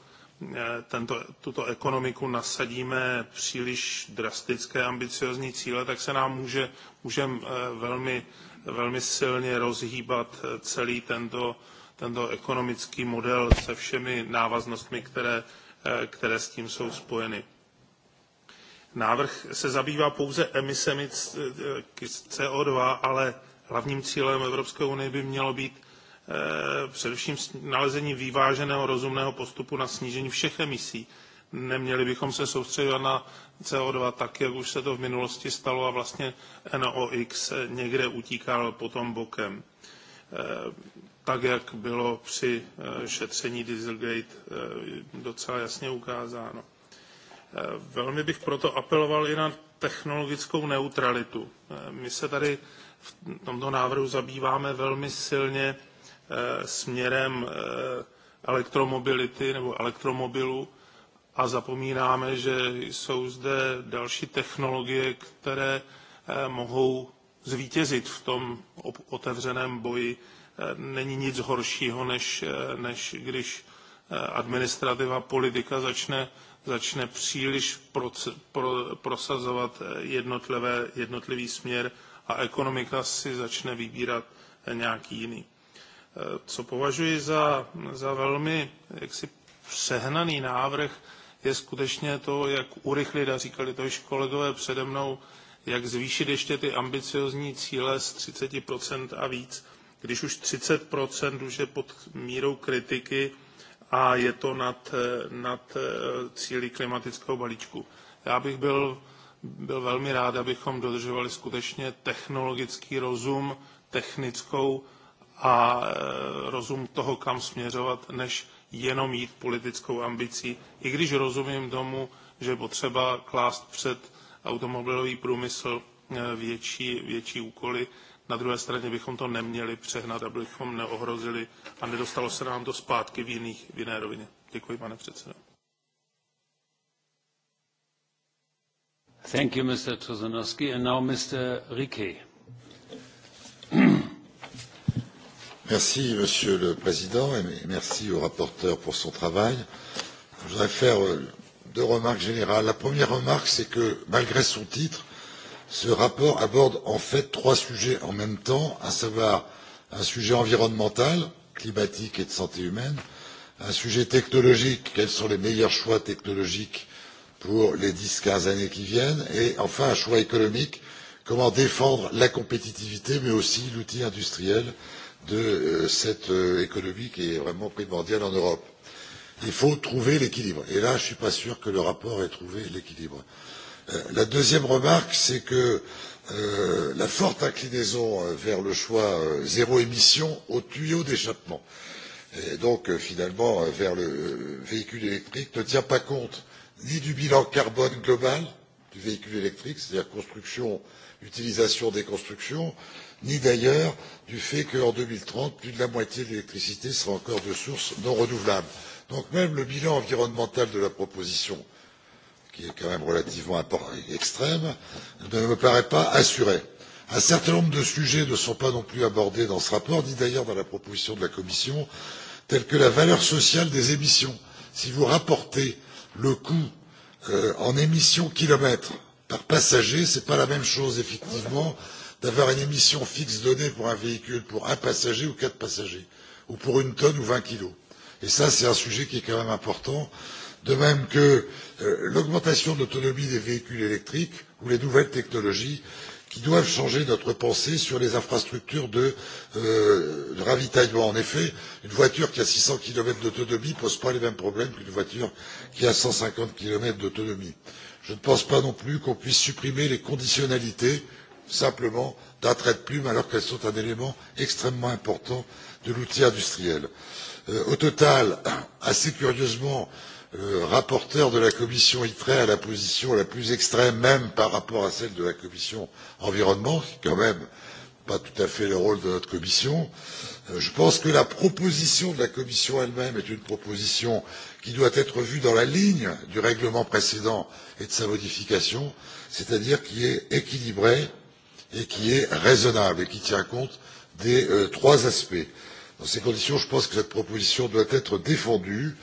Eh, tento, tuto ekonomiku nasadíme příliš drastické ambiciozní cíle, tak se nám může, můžeme eh, velmi, velmi silně rozhýbat eh, celý tento, tento ekonomický model se všemi návaznostmi, které, které s tím jsou spojeny. Návrh se zabývá pouze emisemi CO2, ale hlavním cílem Evropské unie by mělo být Eh, především nalezením vyváženého rozumného postupu na snížení všech emisí. Neměli bychom se soustředovat na CO2 tak, jak už se to v minulosti stalo a vlastně NOx někde utíkal potom bokem. Eh, tak, jak bylo při eh, šetření Dieselgate docela jasně ukázáno. Velmi bych proto apeloval i na technologickou neutralitu. My se tady v tomto návrhu zabýváme velmi silně Eh, směrem eh, elektromobility nebo elektromobilů a zapomínáme, že jsou zde další technologie, které eh, mohou zvítězit v tom otevřeném boji. Není nic horšího, než, než když administrativa politika začne, začne příliš proc, pro, prosazovat jednotlivé, jednotlivý směr a ekonomika si začne vybírat nějaký jiný. Co považuji za, za velmi jaksi přehnaný návrh, je skutečně to, jak urychlit, a říkali to již kolegové přede mnou, jak zvýšit ještě ty ambiciozní cíle z 30% a víc, když už 30% už je pod mírou kritiky a je to nad, nad eh, cíly klimatického balíčku. Já bych byl, byl velmi rád, abychom dodržovali skutečně technologický rozum, technickou a eh, rozum toho, kam směřovat, než jenom jít politickou ambicí, i když rozumím tomu, že je potřeba klást před automobilový průmysl eh, větší, větší úkoly. Na druhé straně bychom to neměli přehnat, abychom neohrozili a nedostalo se nám to zpátky v, jiných, v jiné rovině. Děkuji, pane předsedo. Thank you, Mr. Tozanovsky. And now Mr. Riquet. Merci, Monsieur le Président, et merci au rapporteur pour son travail. Je voudrais faire euh, deux remarques générales. La première remarque, c'est que, malgré son titre, ce rapport aborde en fait trois sujets en même temps, à savoir un sujet environnemental, climatique et de santé humaine, un sujet technologique, quels sont les meilleurs choix technologiques pour les 10-15 années qui viennent, et enfin un choix économique, comment défendre la compétitivité, mais aussi l'outil industriel euh, de euh, cette euh, économie qui est vraiment primordiale en Europe. Il faut trouver l'équilibre. Et là, je ne suis pas sûr que le rapport ait trouvé l'équilibre. Euh, la deuxième remarque, c'est que euh, la forte inclinaison vers le choix zéro émission au tuyau d'échappement, et donc finalement vers le véhicule électrique, ne tient pas compte ni du bilan carbone global du véhicule électrique, c'est-à-dire construction, utilisation des constructions, euh, ni d'ailleurs du fait qu'en deux mille trente plus de la moitié de l'électricité sera encore de sources non renouvelables. donc même le bilan environnemental de la proposition qui est quand même relativement extrême ne me paraît pas assuré. un certain nombre de sujets ne sont pas non plus abordés dans ce rapport ni d'ailleurs dans la proposition de la commission tels que la valeur sociale des émissions. si vous rapportez le coût euh, en émissions kilomètres par passager ce n'est pas la même chose effectivement que d'avoir une émission fixe donnée pour un véhicule pour un passager ou quatre passagers, ou pour une tonne ou vingt kilos. Et ça, c'est un sujet qui est quand même important. De même que euh, l'augmentation de l'autonomie des véhicules électriques ou les nouvelles technologies qui doivent changer notre pensée sur les infrastructures de, euh, de ravitaillement. En effet, une voiture qui a 600 km d'autonomie ne pose pas les mêmes problèmes qu'une voiture qui a 150 km d'autonomie. Je ne pense pas non plus qu'on puisse supprimer les conditionnalités simplement d'un trait de plume alors qu'elles sont un élément extrêmement important de l'outil industriel. Euh, au total, [clears throat] assez curieusement, euh, rapporteur de la commission ITRE à la position la plus extrême même par rapport à celle de la commission environnement, qui quand même pas tout à fait le rôle de notre commission. Euh, je pense que la proposition de la commission elle-même est une proposition qui doit être vue dans la ligne du règlement précédent et de sa modification, c'est-à-dire qui est équilibrée, et qui est raisonnable et qui tient compte des euh, trois aspects. Dans ces conditions, je pense que cette proposition doit être défendue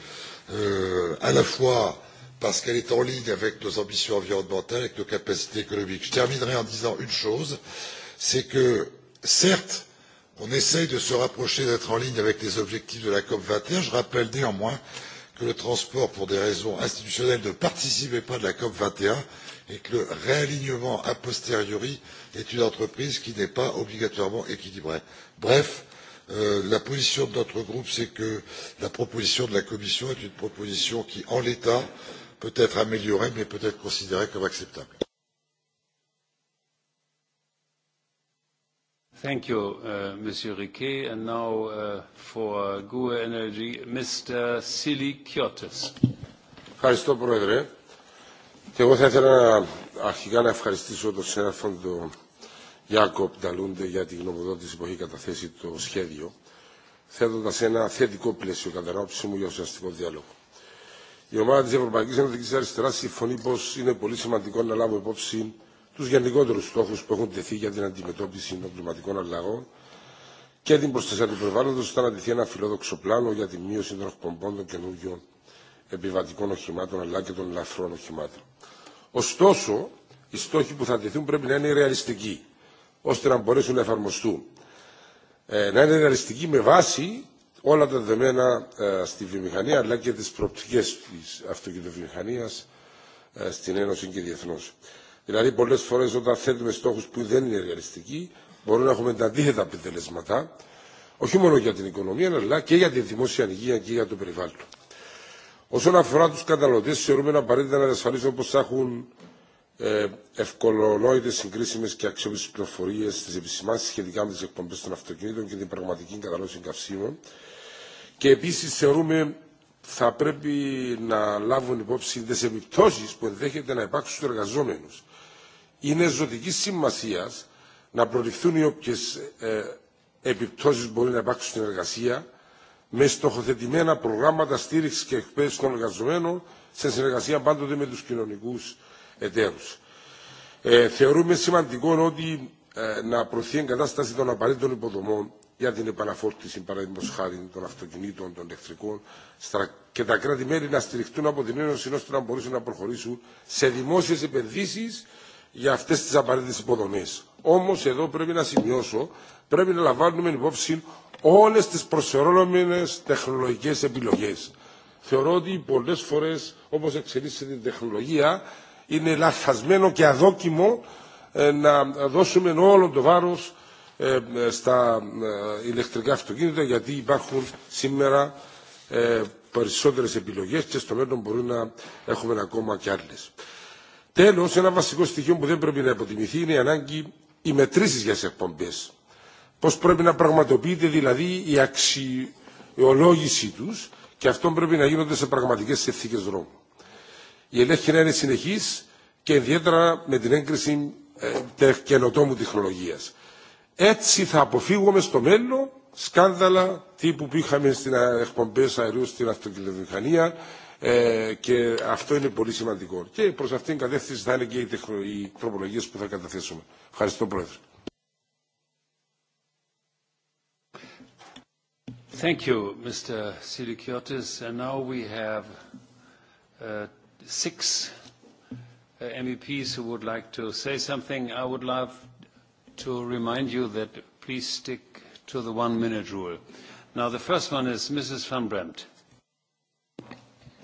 euh, à la fois parce qu'elle est en ligne avec nos ambitions environnementales, avec nos capacités économiques. Je terminerai en disant une chose, c'est que certes, on essaye de se rapprocher d'être en ligne avec les objectifs de la COP 21. Je rappelle néanmoins que le transport, pour des raisons institutionnelles, ne participait pas de la COP 21 et que le réalignement a posteriori est une entreprise qui n'est pas obligatoirement équilibrée. Bref, euh, la position de notre groupe, c'est que la proposition de la Commission est une proposition qui, en l'état, peut être améliorée, mais peut être considérée comme acceptable. Thank you, uh, Monsieur Riquet. And now uh, for uh, GUE Energy, Mr. Silikiotis. Ευχαριστώ, Πρόεδρε. Και εγώ θα ήθελα αρχικά να ευχαριστήσω τον συνάδελφο τον Ιάκοπ Νταλούντε για την γνωμοδότηση που έχει καταθέσει το σχέδιο, θέτοντας ένα θετικό πλαίσιο κατά άποψή μου για ουσιαστικό διάλογο. Η ομάδα της Ευρωπαϊκής Ενωτικής Αριστεράς συμφωνεί πως είναι πολύ σημαντικό να λάβουμε υπόψη τους γενικότερους στόχους που έχουν τεθεί για την αντιμετώπιση των κλιματικών αλλαγών και την προστασία του περιβάλλοντος θα αναδυθεί ένα φιλόδοξο πλάνο για τη μείωση των εκπομπών των καινούριων επιβατικών οχημάτων αλλά και των ελαφρών οχημάτων. Ωστόσο, οι στόχοι που θα τεθούν πρέπει να είναι ρεαλιστικοί, ώστε να μπορέσουν να εφαρμοστούν. Ε, να είναι ρεαλιστικοί με βάση όλα τα δεδομένα ε, στη βιομηχανία αλλά και τις προοπτικές της αυτοκινητοβιομηχανίας ε, στην Ένωση και διεθνώς. Δηλαδή πολλές φορές όταν θέτουμε στόχους που δεν είναι ρεαλιστικοί μπορούμε να έχουμε τα αντίθετα αποτελέσματα όχι μόνο για την οικονομία αλλά και για τη δημόσια υγεία και για το περιβάλλον. Όσον αφορά τους καταναλωτές θεωρούμε απαραίτητα να διασφαλίσουμε πως θα έχουν ε, ευκολολόγητες συγκρίσιμες και αξιόπιστες πληροφορίες στις επισημάνσεις σχετικά με τις εκπομπές των αυτοκινήτων και την πραγματική κατανάλωση καυσίμων και επίσης θεωρούμε θα πρέπει να λάβουν υπόψη τις επιπτώσεις που ενδέχεται να υπάρξουν στους εργαζόμενους είναι ζωτική σημασία να προληφθούν οι όποιε ε, επιπτώσει μπορεί να υπάρξουν στην εργασία με στοχοθετημένα προγράμματα στήριξη και εκπαίδευση των εργαζομένων σε συνεργασία πάντοτε με του κοινωνικού εταίρου. Ε, θεωρούμε σημαντικό ότι ε, να προωθεί η εγκατάσταση των απαραίτητων υποδομών για την επαναφόρτιση, παραδείγματο χάρη των αυτοκινήτων, των ηλεκτρικών στα, και τα κράτη-μέλη να στηριχτούν από την Ένωση ώστε να μπορέσουν να προχωρήσουν σε δημόσιε επενδύσει για αυτές τις απαραίτητες υποδομές. Όμως εδώ πρέπει να σημειώσω, πρέπει να λαμβάνουμε υπόψη όλες τις προσφερόμενες τεχνολογικές επιλογές. Θεωρώ ότι πολλές φορές όπως εξελίσσεται η τεχνολογία είναι λαθασμένο και αδόκιμο ε, να δώσουμε όλο το βάρος ε, στα ε, ηλεκτρικά αυτοκίνητα γιατί υπάρχουν σήμερα ε, περισσότερες επιλογές και στο μέλλον μπορεί να έχουμε ακόμα και άλλες. Τέλο, ένα βασικό στοιχείο που δεν πρέπει να υποτιμηθεί είναι η ανάγκη οι μετρήσει για τι εκπομπέ. Πώ πρέπει να πραγματοποιείται δηλαδή η αξιολόγησή του και αυτό πρέπει να γίνονται σε πραγματικέ συνθήκε δρόμου. Η ελέγχη να είναι συνεχή και ιδιαίτερα με την έγκριση ε, καινοτόμου τεχνολογία. Έτσι θα αποφύγουμε στο μέλλον σκάνδαλα τύπου που είχαμε στι εκπομπέ αερίου στην αυτοκινητοβιομηχανία Ε, και αυτό είναι πολύ σημαντικό. Και προς αυτήν την κατεύθυνση θα είναι και οι, τεχνο, οι τροπολογίες που θα καταθέσουμε. Ευχαριστώ Πρόεδρε. Thank you, Mr. Silikiotis. And now we have uh, six uh, MEPs who would like to say something. I would love to remind you that please stick to the one-minute rule. Now, the first one is Mrs. van Bremt.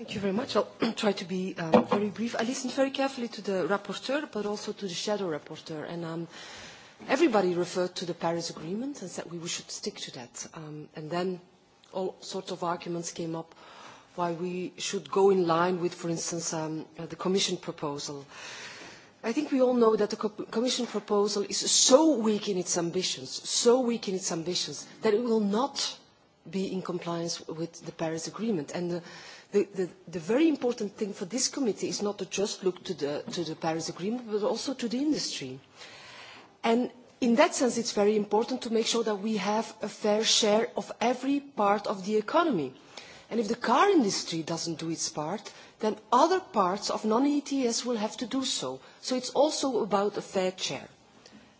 Thank you very much. I'll [clears throat] try to be um, very brief. I listened very carefully to the rapporteur, but also to the shadow rapporteur. And um, everybody referred to the Paris Agreement and said we, we should stick to that. Um, and then all sorts of arguments came up why we should go in line with, for instance, um, uh, the Commission proposal. I think we all know that the co Commission proposal is so weak in its ambitions, so weak in its ambitions, that it will not be in compliance with the Paris Agreement. And the, uh, the, the, the very important thing for this committee is not to just look to the, to the Paris Agreement, but also to the industry. And in that sense, it's very important to make sure that we have a fair share of every part of the economy. And if the car industry doesn't do its part, then other parts of non-ETS will have to do so. So it's also about a fair share.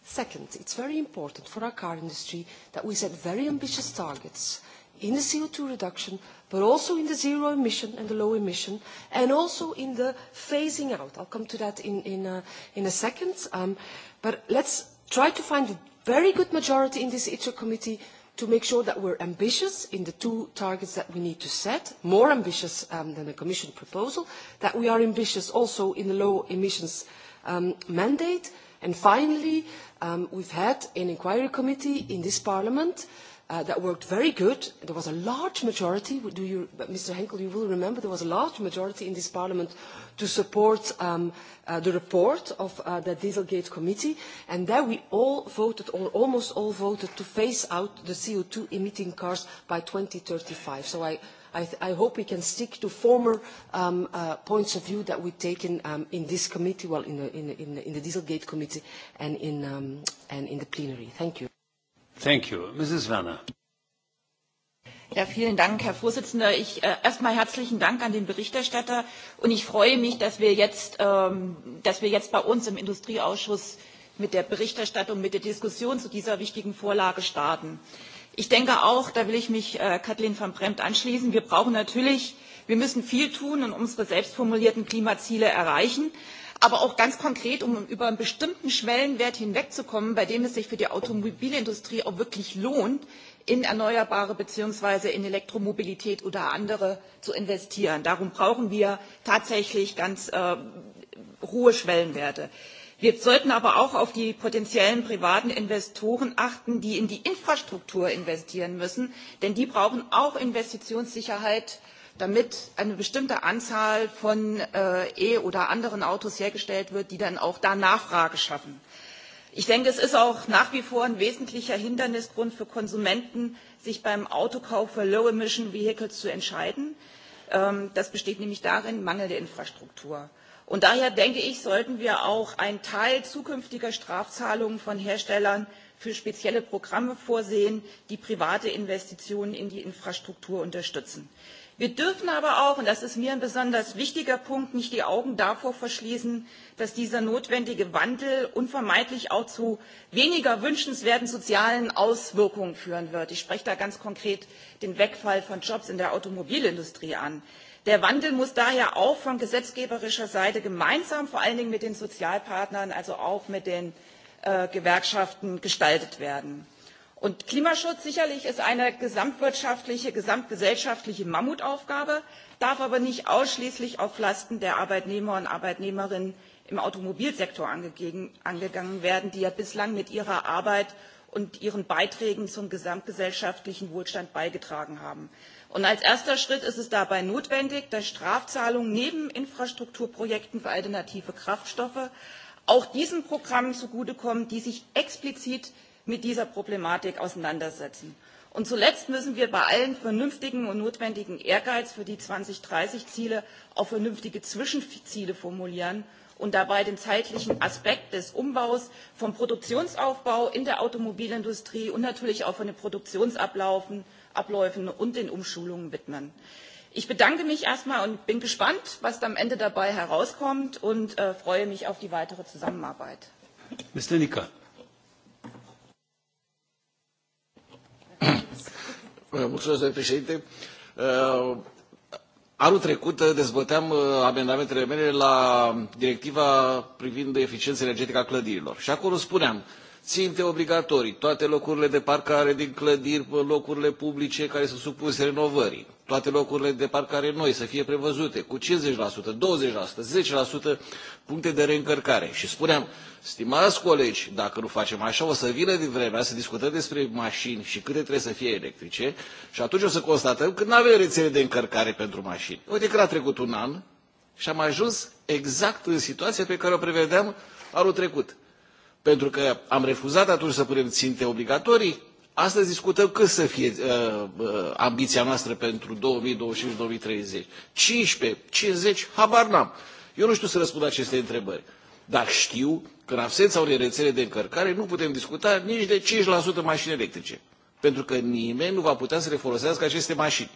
Second, it's very important for our car industry that we set very ambitious targets – in the CO2 reduction, but also in the zero emission and the low emission, and also in the phasing out. I'll come to that in, in, uh, in a second. Um, but let's try to find a very good majority in this ITRE committee to make sure that we're ambitious in the two targets that we need to set, more ambitious um, than the Commission proposal, that we are ambitious also in the low emissions um, mandate, and finally, um, we've had an inquiry committee in this Parliament uh, uh, that worked very good. There was a large majority, do you, Mr. Henkel, you will remember, there was a large majority in this parliament to support um, uh, the report of uh, the Dieselgate committee. And there we all voted, or almost all voted, to phase out the CO2 emitting cars by 2035. So I, I, th- I hope we can stick to former um, uh, points of view that we've taken um, in this committee, well, in the, in, the, in the Dieselgate committee and in, um, and in the plenary. Thank you. Thank you. Mrs. Werner. Ja, vielen Dank, Herr Vorsitzender. Ich, äh, erstmal herzlichen Dank an den Berichterstatter. Und ich freue mich, dass wir jetzt, ähm, dass wir jetzt bei uns im Industrieausschuss mit der Berichterstattung, mit der Diskussion zu dieser wichtigen Vorlage starten. Ich denke auch, da will ich mich äh, Kathleen van Bremt anschließen, wir brauchen natürlich, wir müssen viel tun und um unsere selbst formulierten Klimaziele erreichen aber auch ganz konkret, um über einen bestimmten Schwellenwert hinwegzukommen, bei dem es sich für die Automobilindustrie auch wirklich lohnt, in Erneuerbare bzw. in Elektromobilität oder andere zu investieren. Darum brauchen wir tatsächlich ganz äh, hohe Schwellenwerte. Wir sollten aber auch auf die potenziellen privaten Investoren achten, die in die Infrastruktur investieren müssen, denn die brauchen auch Investitionssicherheit äh, damit eine bestimmte Anzahl von äh, E- oder anderen Autos hergestellt wird, die dann auch da Nachfrage schaffen. Ich denke, es ist auch nach wie vor ein wesentlicher Hindernisgrund für Konsumenten, sich beim Autokauf für Low-Emission Vehicles zu entscheiden. Ähm, das besteht nämlich darin, mangelnde Infrastruktur. Und daher denke ich, sollten wir auch einen Teil zukünftiger Strafzahlungen von Herstellern für spezielle Programme vorsehen, die private Investitionen in die Infrastruktur unterstützen wir dürfen aber auch und das ist mir ein besonders wichtiger punkt nicht die augen davor verschließen dass dieser notwendige wandel unvermeidlich auch zu weniger wünschenswerten sozialen auswirkungen führen wird. ich spreche da ganz konkret den wegfall von jobs in der automobilindustrie an. der wandel muss daher auch von gesetzgeberischer seite gemeinsam vor allen dingen mit den sozialpartnern also auch mit den äh, gewerkschaften gestaltet werden und klimaschutz sicherlich ist eine gesamtwirtschaftliche gesamtgesellschaftliche mammutaufgabe darf aber nicht ausschließlich auf lasten der arbeitnehmer und arbeitnehmerinnen im automobilsektor angegangen werden die ja bislang mit ihrer arbeit und ihren beiträgen zum gesamtgesellschaftlichen wohlstand beigetragen haben. Und als erster schritt ist es dabei notwendig dass strafzahlungen neben infrastrukturprojekten für alternative kraftstoffe auch diesen programmen zugutekommen die sich explizit mit dieser Problematik auseinandersetzen. Und zuletzt müssen wir bei allen vernünftigen und notwendigen Ehrgeiz für die 2030-Ziele auch vernünftige Zwischenziele formulieren und dabei den zeitlichen Aspekt des Umbaus vom Produktionsaufbau in der Automobilindustrie und natürlich auch von den Produktionsabläufen Abläufen und den Umschulungen widmen. Ich bedanke mich erstmal und bin gespannt, was am Ende dabei herauskommt und äh, freue mich auf die weitere Zusammenarbeit. Mr. Nicker. [coughs] domnule președinte uh, anul trecut uh, dezbăteam uh, amendamentele mele la directiva privind eficiența energetică a clădirilor și acolo spuneam că ținte obligatorii toate locurile de parcare din clădiri locurile publice care sunt supuse renovării toate locurile de parcare noi să fie prevăzute cu 50%, 20%, 10% puncte de reîncărcare. Și spuneam, stimați colegi, dacă nu facem așa, o să vină din vremea să discutăm despre mașini și câte trebuie să fie electrice și atunci o să constatăm că nu avem rețele de încărcare pentru mașini. Uite că a trecut un an și am ajuns exact în situația pe care o prevedeam anul trecut pentru că am refuzat atunci să punem ținte obligatorii, astăzi discutăm cât să fie uh, uh, ambiția noastră pentru 2025-2030. 15, 50, habar n-am. Eu nu știu să răspund aceste întrebări. Dar știu că în absența unei rețele de încărcare nu putem discuta nici de 5% mașini electrice. Pentru că nimeni nu va putea să le folosească aceste mașini.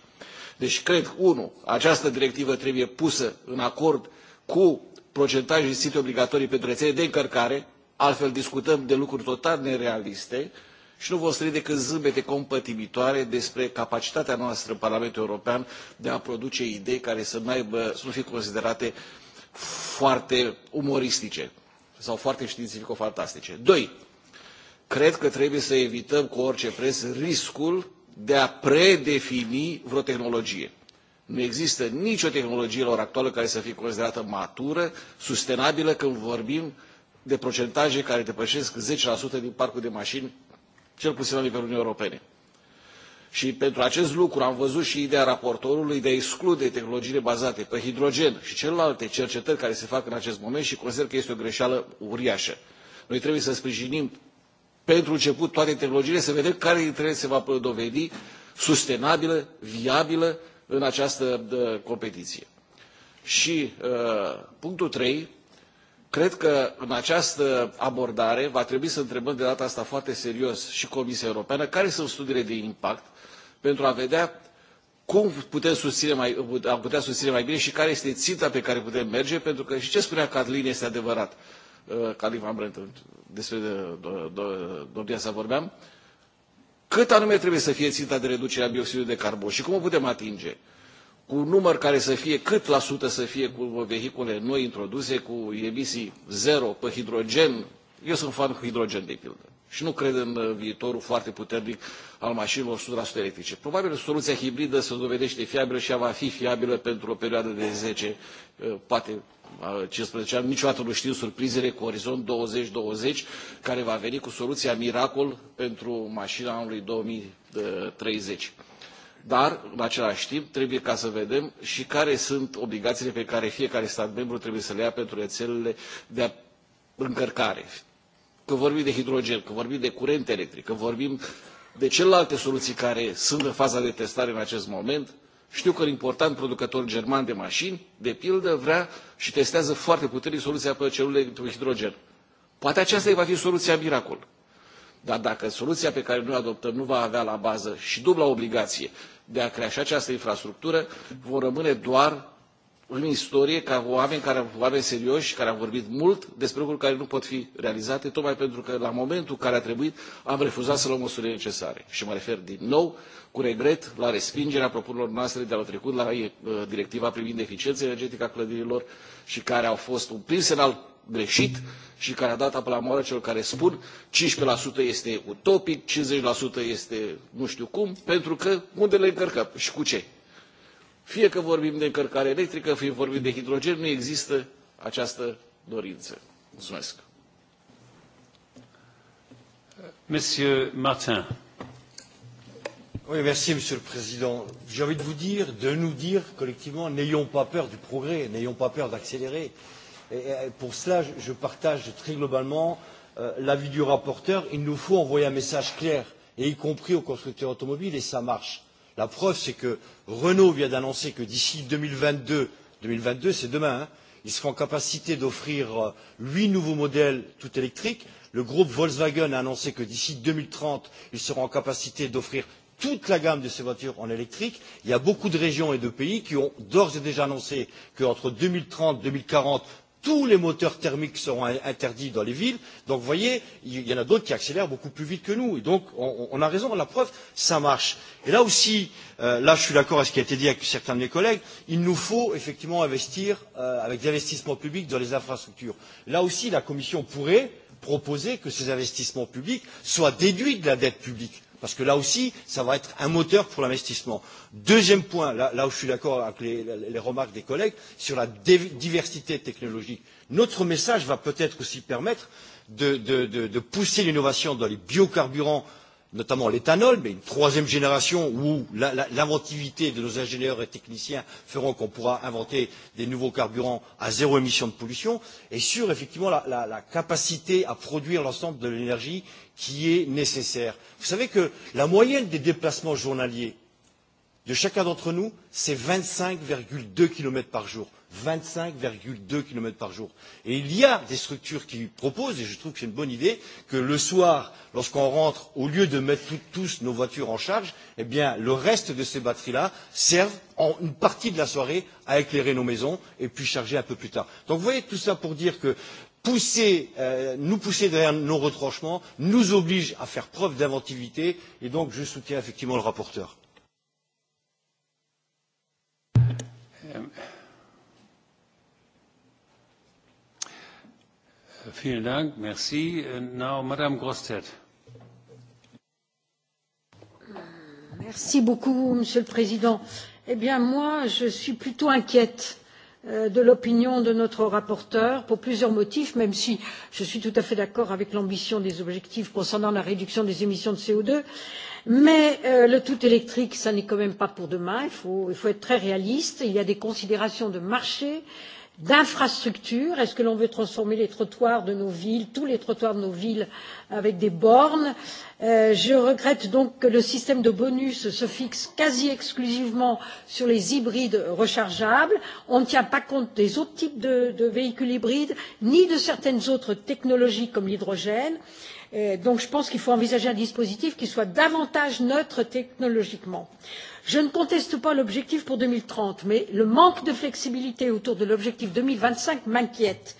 Deci cred, unu, această directivă trebuie pusă în acord cu procentajul ținte obligatorii pentru rețele de încărcare, Altfel discutăm de lucruri total nerealiste și nu vor străi decât zâmbete compătimitoare despre capacitatea noastră în Parlamentul European de a produce idei care să, aibă, să nu fie considerate foarte umoristice sau foarte științifico-fantastice. Doi, cred că trebuie să evităm cu orice preț riscul de a predefini vreo tehnologie. Nu există nicio tehnologie la ora actuală care să fie considerată matură, sustenabilă când vorbim de procentaje care depășesc 10% din parcul de mașini, cel puțin la nivelul Uniunii Europene. Și pentru acest lucru am văzut și ideea raportorului de a exclude tehnologiile bazate pe hidrogen și celelalte cercetări care se fac în acest moment și consider că este o greșeală uriașă. Noi trebuie să sprijinim pentru început toate tehnologiile, să vedem care dintre ele se va dovedi sustenabilă, viabilă în această uh, competiție. Și uh, punctul 3, Cred că în această abordare va trebui să întrebăm de data asta foarte serios și Comisia Europeană care sunt studiile de impact pentru a vedea cum putem susține mai, am putea susține mai bine și care este ținta pe care putem merge, pentru că și ce spunea Catlin este adevărat. Uh, Calif Ambrent, despre uh, domnia sa vorbeam, cât anume trebuie să fie ținta de reducere a dioxidului de carbon și cum o putem atinge? cu un număr care să fie cât la sută să fie cu vehicule noi introduse, cu emisii zero pe hidrogen. Eu sunt fan cu hidrogen, de pildă. Și nu cred în uh, viitorul foarte puternic al mașinilor 100% electrice. Probabil soluția hibridă se dovedește fiabilă și ea va fi fiabilă pentru o perioadă de 10, uh, poate 15 uh, ani. Niciodată nu știu surprizele cu Orizont 2020, care va veni cu soluția miracol pentru mașina anului 2030 dar în același timp trebuie ca să vedem și care sunt obligațiile pe care fiecare stat membru trebuie să le ia pentru rețelele de încărcare. Că vorbim de hidrogen, că vorbim de curent electric, că vorbim de celelalte soluții care sunt în faza de testare în acest moment, știu că un important producător german de mașini, de pildă, vrea și testează foarte puternic soluția pe celule cu hidrogen. Poate aceasta va fi soluția miracol. Dar dacă soluția pe care noi o adoptăm nu va avea la bază și dubla obligație de a crea și această infrastructură, vom rămâne doar în istorie ca oameni, care, oameni serioși care au vorbit mult despre lucruri care nu pot fi realizate, tocmai pentru că la momentul care a trebuit am refuzat să luăm măsurile necesare. Și mă refer din nou cu regret la respingerea propunerilor noastre de anul trecut la e, uh, directiva privind eficiența energetică a clădirilor și care au fost un prim semnal greșit și care a dat apă la moară celor care spun 15% este utopic, 50% este nu știu cum, pentru că unde le încărcăm și cu ce? Fie că vorbim de încărcare electrică, fie vorbim de hidrogen, nu există această dorință. Mulțumesc. Monsieur Martin. Oui, merci, Monsieur le Président. J'ai envie de vous dire, de nous dire collectivement, n'ayons pas peur du progrès, n'ayons pas peur d'accélérer. Euh, Et, et pour cela, je, je partage très globalement euh, l'avis du rapporteur. Il nous faut envoyer un message clair, et y compris aux constructeurs automobiles, et ça marche. La preuve, c'est que Renault vient d'annoncer que d'ici 2022, 2022 c'est demain, hein, ils seront en capacité d'offrir euh, huit nouveaux modèles tout électriques. Le groupe Volkswagen a annoncé que d'ici 2030, ils seront en capacité d'offrir toute la gamme de ces voitures en électrique. Il y a beaucoup de régions et de pays qui ont d'ores et déjà annoncé qu'entre 2030 et 2040, tous les moteurs thermiques seront interdits dans les villes. Donc, vous voyez, il y en a d'autres qui accélèrent beaucoup plus vite que nous. Et donc, on, on a raison, la preuve, ça marche. Et là aussi, euh, là, je suis d'accord avec ce qui a été dit avec certains de mes collègues, il nous faut effectivement investir euh, avec des investissements publics dans les infrastructures. Là aussi, la Commission pourrait proposer que ces investissements publics soient déduits de la dette publique parce que là aussi, ça va être un moteur pour l'investissement. Deuxième point, là, là où je suis d'accord avec les, les remarques des collègues, sur la diversité technologique. Notre message va peut-être aussi permettre de, de, de, de pousser l'innovation dans les biocarburants notamment l'éthanol, mais une troisième génération où l'inventivité de nos ingénieurs et techniciens feront qu'on pourra inventer des nouveaux carburants à zéro émission de pollution, et sur effectivement la, la, la capacité à produire l'ensemble de l'énergie qui est nécessaire. Vous savez que la moyenne des déplacements journaliers de chacun d'entre nous, c'est 25,2 km par jour. 25,2 km par jour. Et il y a des structures qui proposent, et je trouve que c'est une bonne idée, que le soir, lorsqu'on rentre, au lieu de mettre tout, tous nos voitures en charge, eh bien, le reste de ces batteries-là servent en une partie de la soirée à éclairer nos maisons et puis charger un peu plus tard. Donc vous voyez tout ça pour dire que pousser, euh, nous pousser derrière nos retranchements nous oblige à faire preuve d'inventivité et donc je soutiens effectivement le rapporteur. Vielen Dank, merci. Now, Madame Grostet. Merci beaucoup, Monsieur le Président. Eh bien, moi, je suis plutôt inquiète euh, de l'opinion de notre rapporteur pour plusieurs motifs, même si je suis tout à fait d'accord avec l'ambition des objectifs concernant la réduction des émissions de CO2. Mais euh, le tout électrique, ça n'est quand même pas pour demain. Il faut, il faut être très réaliste. Il y a des considérations de marché, euh, d'infrastructures est ce que l'on veut transformer les trottoirs de nos villes tous les trottoirs de nos villes avec des bornes? Euh, je regrette donc que le système de bonus se fixe quasi exclusivement sur les hybrides rechargeables. on ne tient pas compte des autres types de, de véhicules hybrides ni de certaines autres technologies comme l'hydrogène. Et euh, donc je pense qu'il faut envisager un dispositif qui soit davantage neutre technologiquement. enfin je ne conteste pas l'objectif pour deux mille trente mais le manque de flexibilité autour de l'objectif deux mille vingt cinq m'inquiète.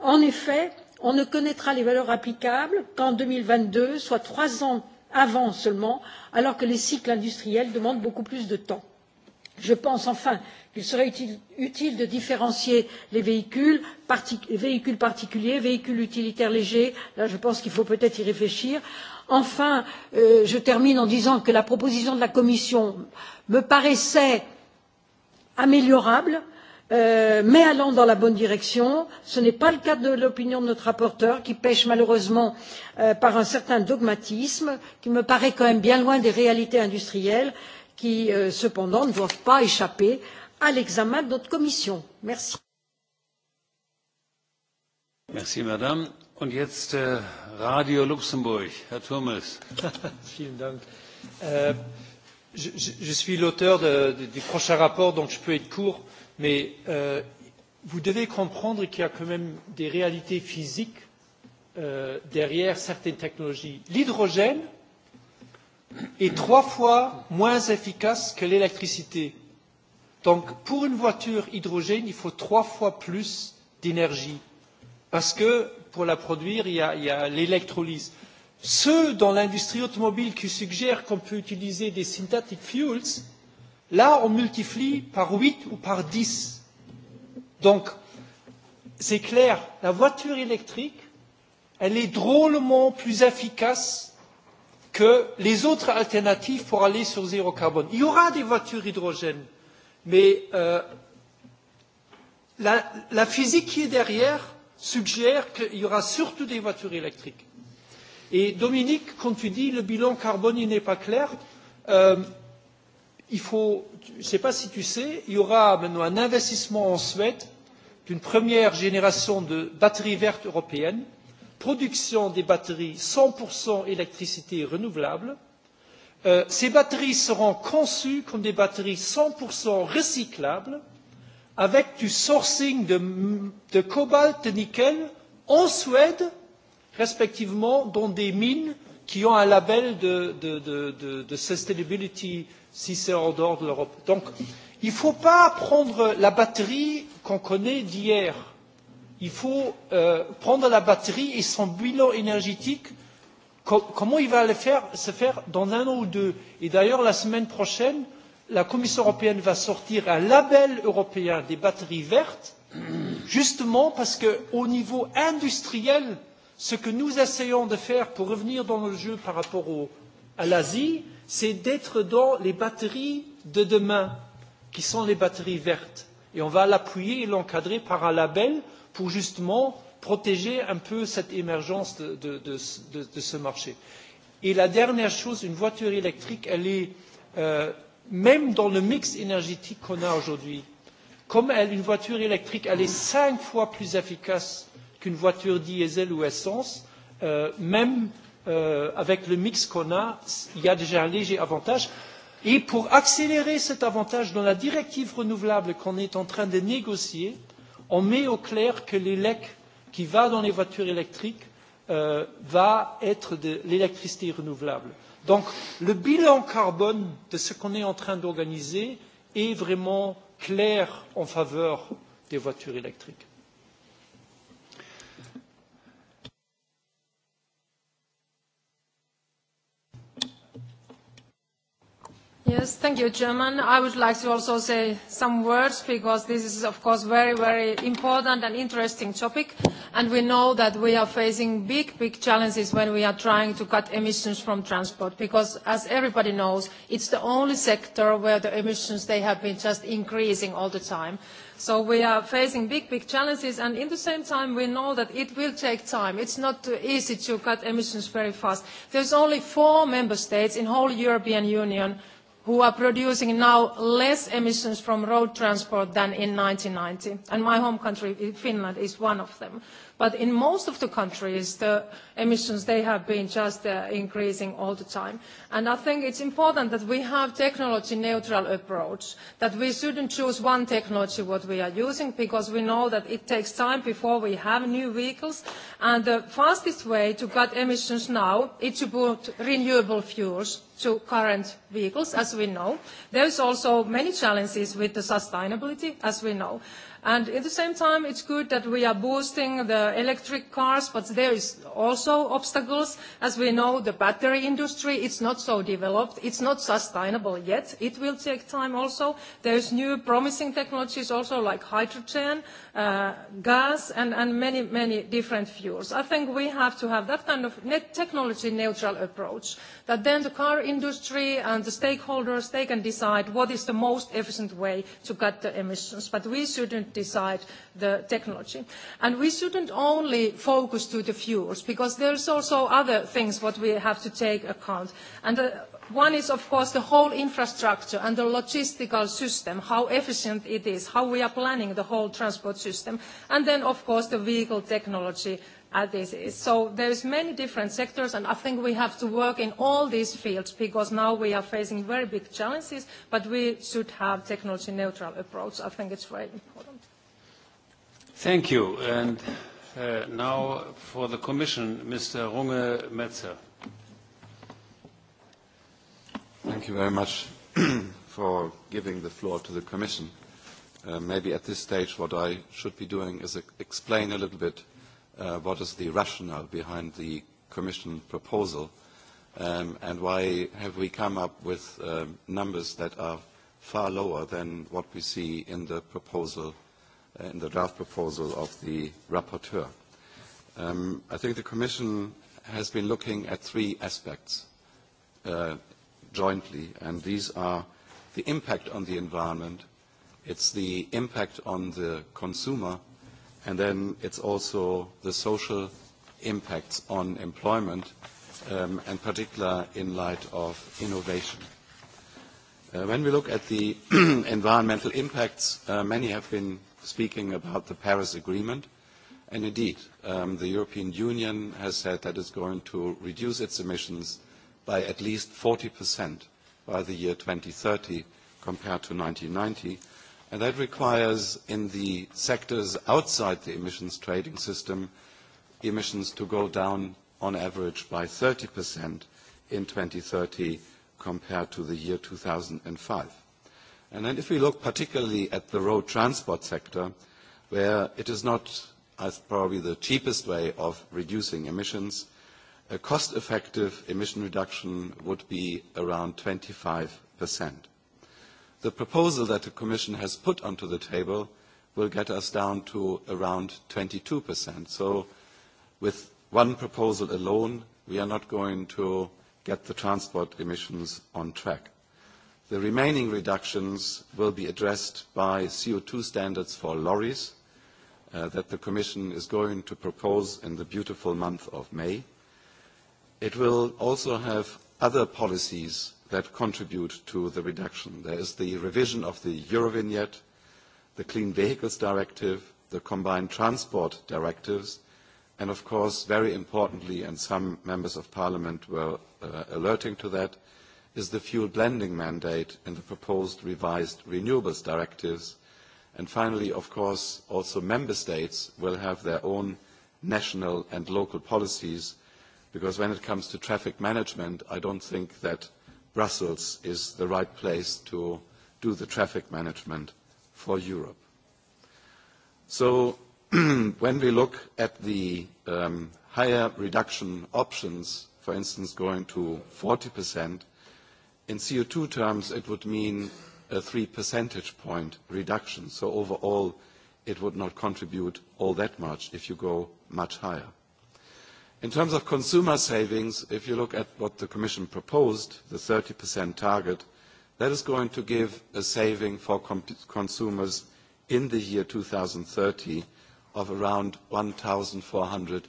en effet on ne connaîtra les valeurs applicables qu'en deux mille vingt deux soit trois ans avant seulement alors que les cycles industriels demandent beaucoup plus de temps. je pense enfin qu'il serait utile de différencier les véhicules véhicules particuliers véhicules utilitaires légers là je pense qu'il faut peut être y réfléchir enfin euh, je termine en disant que la proposition de la commission me paraissait améliorable euh, mais allant dans la bonne direction. ce n'est pas le cas de l'opinion de notre rapporteur qui pèche malheureusement euh, par un certain dogmatisme qui me paraît quand même bien loin des réalités industrielles qui euh, cependant ne doivent pas échapper à l'examen de notre commission. merci. merci madame Und jetzt äh, Radio Luxemburg, Herr Turmes. [laughs] Vielen Dank. Äh, je, je suis l'auteur du prochain rapport, donc je peux être court, mais euh, vous devez comprendre qu'il y a quand même des réalités physiques euh, derrière certaines technologies. L'hydrogène est trois fois moins efficace que l'électricité. Donc pour une voiture hydrogène, il faut trois fois plus d'énergie parce que pour la produire, il y a, il y a l'électrolyse. Ceux dans l'industrie automobile qui suggèrent qu'on peut utiliser des synthetic fuels, là, on multiplie par 8 ou par 10. Donc, c'est clair, la voiture électrique, elle est drôlement plus efficace que les autres alternatives pour aller sur zéro carbone. Il y aura des voitures hydrogènes, mais euh, la, la physique qui est derrière suggère qu'il y aura surtout des voitures électriques. Et Dominique, quand tu dis le bilan carbone n'est pas clair, euh, il faut, je ne sais pas si tu sais, il y aura maintenant un investissement en Suède d'une première génération de batteries vertes européennes, production des batteries 100% électricité renouvelable. Euh, ces batteries seront conçues comme des batteries 100% recyclables avec du sourcing de, de cobalt, de nickel en Suède, respectivement, dans des mines qui ont un label de, de, de, de, de sustainability si c'est en dehors de l'Europe. Donc, il ne faut pas prendre la batterie qu'on connaît d'hier. Il faut euh, prendre la batterie et son bilan énergétique, com comment il va le faire, se faire dans un an ou deux. Et d'ailleurs, la semaine prochaine, euh, la Commission européenne va sortir un label européen des batteries vertes, justement parce qu'au niveau industriel, ce que nous essayons de faire pour revenir dans le jeu par rapport au, à l'Asie, c'est d'être dans les batteries de demain, qui sont les batteries vertes. Et on va l'appuyer et l'encadrer par un label pour justement protéger un peu cette émergence de, de, de, de, de ce marché. Et la dernière chose, une voiture électrique, elle est euh, même dans le mix énergétique qu'on a aujourd'hui, comme elle, une voiture électrique, elle est cinq fois plus efficace qu'une voiture diesel ou essence, euh, même euh, avec le mix qu'on a, il y a déjà un léger avantage. Et pour accélérer cet avantage dans la directive renouvelable qu'on est en train de négocier, on met au clair que l'élec qui va dans les voitures électriques euh, va être de l'électricité renouvelable. Euh, Donc le bilan carbone de ce qu'on est en train d'organiser est vraiment clair en faveur des voitures électriques. Yes, thank you, Chairman. I would like to also say some words because this is, of course, very, very important and interesting topic. And we know that we are facing big, big challenges when we are trying to cut emissions from transport because, as everybody knows, it's the only sector where the emissions, they have been just increasing all the time. So we are facing big, big challenges, and at the same time, we know that it will take time. It's not easy to cut emissions very fast. There's only four member states in whole European Union who are producing now less emissions from road transport than in 1990. And my home country, Finland, is one of them. But in most of the countries, the emissions, they have been just uh, increasing all the time. And I think it's important that we have technology-neutral approach, that we shouldn't choose one technology what we are using, because we know that it takes time before we have new vehicles. And the fastest way to cut emissions now is to put renewable fuels to current vehicles, as we know. There's also many challenges with the sustainability, as we know. And at the same time, it's good that we are boosting the electric cars, but there is also obstacles. As we know, the battery industry, it's not so developed. It's not sustainable yet. It will take time also. There's new promising technologies also like hydrogen uh, gas and, and many, many different fuels. I think we have to have that kind of net technology neutral approach that then the car industry and the stakeholders, they can decide what is the most efficient way to cut the emissions, but we shouldn't decide the technology. And we shouldn't only focus to the fuels because there's also other things what we have to take account. And uh, One is, of course, the whole infrastructure and the logistical system, how efficient it is, how we are planning the whole transport system, and then, of course, the vehicle technology at this. So there's many different sectors, and I think we have to work in all these fields because now we are facing very big challenges, but we should have technology-neutral approach. I think it's very important. Thank you. And, uh, now for the commission, Mr. Runge Metzer. Thank you very much [clears throat] for giving the floor to the Commission. Uh, maybe at this stage what I should be doing is uh, explain a little bit uh, what is the rationale behind the Commission proposal um, and why have we come up with um, numbers that are far lower than what we see in the proposal, uh, in the draft proposal of the rapporteur. Um, I think the Commission has been looking at three aspects uh, jointly, and these are the impact on the environment, it's the impact on the consumer, and then it's also the social impacts on employment, um, and particular in light of innovation. Uh, when we look at the [clears throat] environmental impacts, uh, many have been speaking about the Paris Agreement. And indeed, um, the European Union has said that it's going to reduce its emissions by at least 40% by the year 2030 compared to 1990. And that requires, in the sectors outside the emissions trading system, emissions to go down on average by 30% in 2030 compared to the year 2005. And then if we look particularly at the road transport sector, where it is not as probably the cheapest way of reducing emissions, a cost-effective emission reduction would be around 25%. The proposal that the Commission has put onto the table will get us down to around 22%. So with one proposal alone, we are not going to get the transport emissions on track. The remaining reductions will be addressed by CO2 standards for lorries uh, that the Commission is going to propose in the beautiful month of May it will also have other policies that contribute to the reduction. There is the revision of the Eurovignette, the Clean Vehicles Directive, the Combined Transport Directives, and of course, very importantly, and some members of parliament were uh, alerting to that, is the fuel blending mandate in the proposed revised renewables directives. And finally, of course, also member states will have their own national and local policies because when it comes to traffic management, I don't think that Brussels is the right place to do the traffic management for Europe. So [clears throat] when we look at the um, higher reduction options, for instance, going to 40%, in CO2 terms, it would mean a 3 percentage point reduction. So overall, it would not contribute all that much if you go much higher. In terms of consumer savings, if you look at what the Commission proposed, the 30% target, that is going to give a saving for consumers in the year 2030 of around 1,400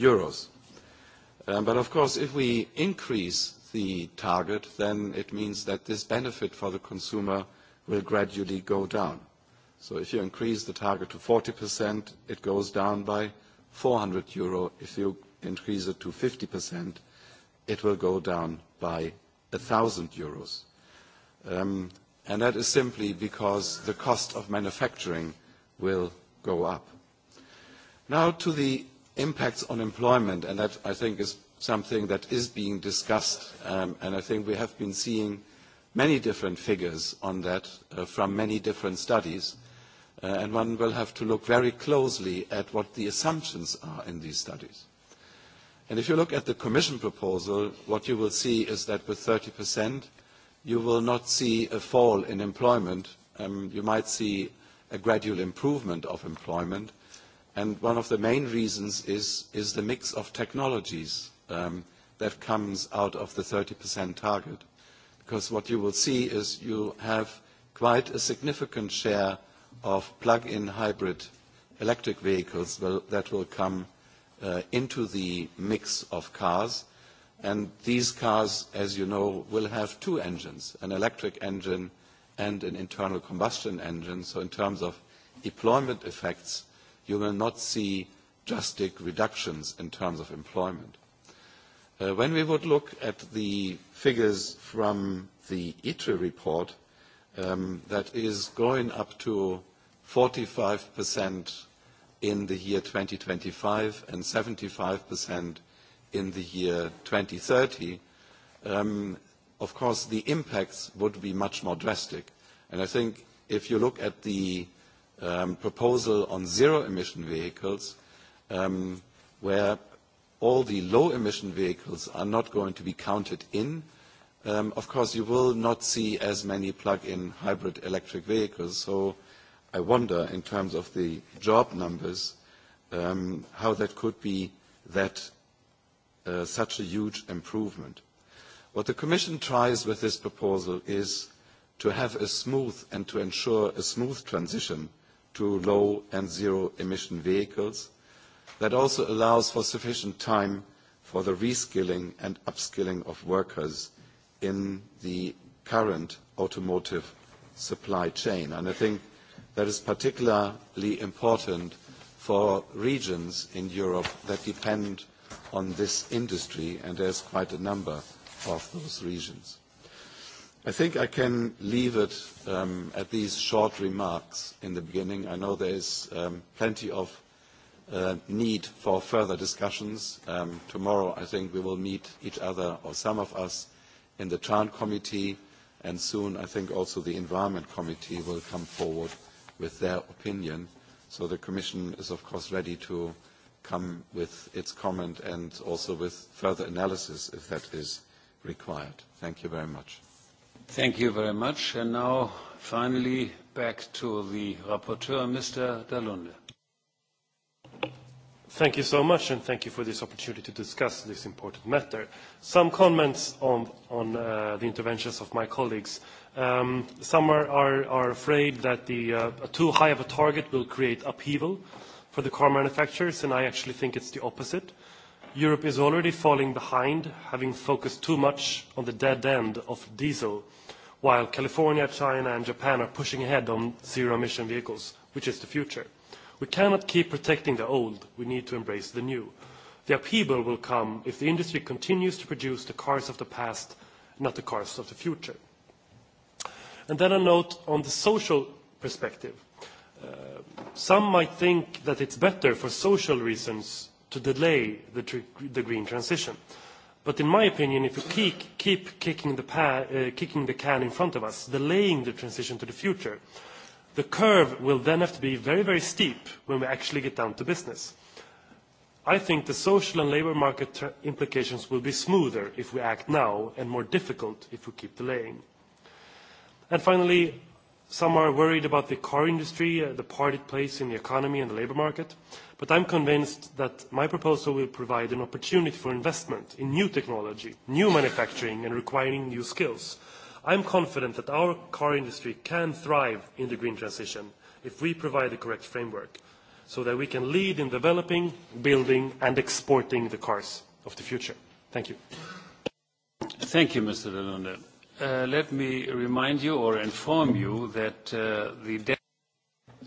euros. Um, but of course, if we increase the target, then it means that this benefit for the consumer will gradually go down. So if you increase the target to 40%, it goes down by 400 euro. If you increase it to 50%, it will go down by 1,000 euros. Um, and that is simply because the cost of manufacturing will go up. Now to the impacts on employment, and that I think is something that is being discussed, um, and I think we have been seeing many different figures on that uh, from many different studies, uh, and one will have to look very closely at what the assumptions are in these studies. And if you look at the Commission proposal, what you will see is that with 30%, you will not see a fall in employment. Um, you might see a gradual improvement of employment. And one of the main reasons is, is the mix of technologies um, that comes out of the 30% target. Because what you will see is you have quite a significant share of plug-in hybrid electric vehicles will, that will come uh, into the mix of cars. And these cars, as you know, will have two engines, an electric engine and an internal combustion engine. So in terms of employment effects, you will not see drastic reductions in terms of employment. Uh, when we would look at the figures from the ITRE report, um, that is going up to 45% in the year 2025 and 75% in the year 2030, um, of course, the impacts would be much more drastic. And I think if you look at the um, proposal on zero-emission vehicles, um, where all the low-emission vehicles are not going to be counted in, um, of course, you will not see as many plug-in hybrid electric vehicles. So I wonder, in terms of the job numbers, um, how that could be that uh, such a huge improvement. What the Commission tries with this proposal is to have a smooth and to ensure a smooth transition to low and zero emission vehicles that also allows for sufficient time for the reskilling and upskilling of workers in the current automotive supply chain. And I think that is particularly important for regions in Europe that depend on this industry, and there's quite a number of those regions. I think I can leave it um, at these short remarks in the beginning. I know there is um, plenty of uh, need for further discussions. Um, tomorrow, I think we will meet each other or some of us in the TRAN committee, and soon I think also the Environment Committee will come forward with their opinion. So the Commission is, of course, ready to come with its comment and also with further analysis if that is required. Thank you very much. Thank you very much. And now, finally, back to the rapporteur, Mr. Dalunde. Thank you so much, and thank you for this opportunity to discuss this important matter. Some comments on, on uh, the interventions of my colleagues. Uh, Um, some are, are, are afraid that the, uh, too high of a target will create upheaval for the car manufacturers, and I actually think it's the opposite. Europe is already falling behind, having focused too much on the dead end of diesel, while California, China, and Japan are pushing ahead on zero-emission vehicles, which is the future. We cannot keep protecting the old. We need to embrace the new. The upheaval will come if the industry continues to produce the cars of the past, not the cars of the future. And then a note on the social perspective. Uh, some might think that it's better for social reasons to delay the, tr the green transition. But in my opinion, if we keep, keep kicking, the pa uh, kicking the can in front of us, delaying the transition to the future, the curve will then have to be very, very steep when we actually get down to business. I think the social and labor market implications will be smoother if we act now and more difficult if we keep delaying. And finally, some are worried about the car industry, uh, the part it plays in the economy and the labor market. But I'm convinced that my proposal will provide an opportunity for investment in new technology, new manufacturing, and requiring new skills. I'm confident that our car industry can thrive in the green transition if we provide the correct framework so that we can lead in developing, building, and exporting the cars of the future. Thank you. Thank you, Mr. Lelunder. Uh, let me remind you or inform you that uh, the, de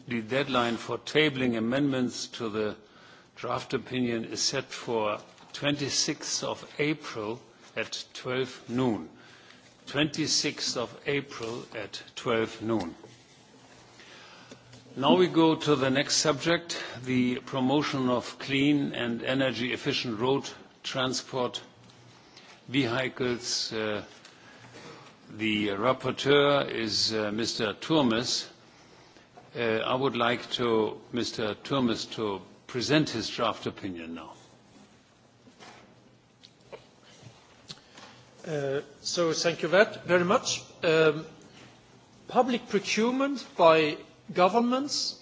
the deadline for tabling amendments to the draft opinion is set for 26th of April at 12 noon. 26th of April at 12 noon. Now we go to the next subject, the promotion of clean and energy efficient road transport vehicles uh, The rapporteur is uh, Mr. Turmes. Uh, I would like to Mr. Turmes to present his draft opinion now. Uh, so thank you very much. Um, public procurement by governments,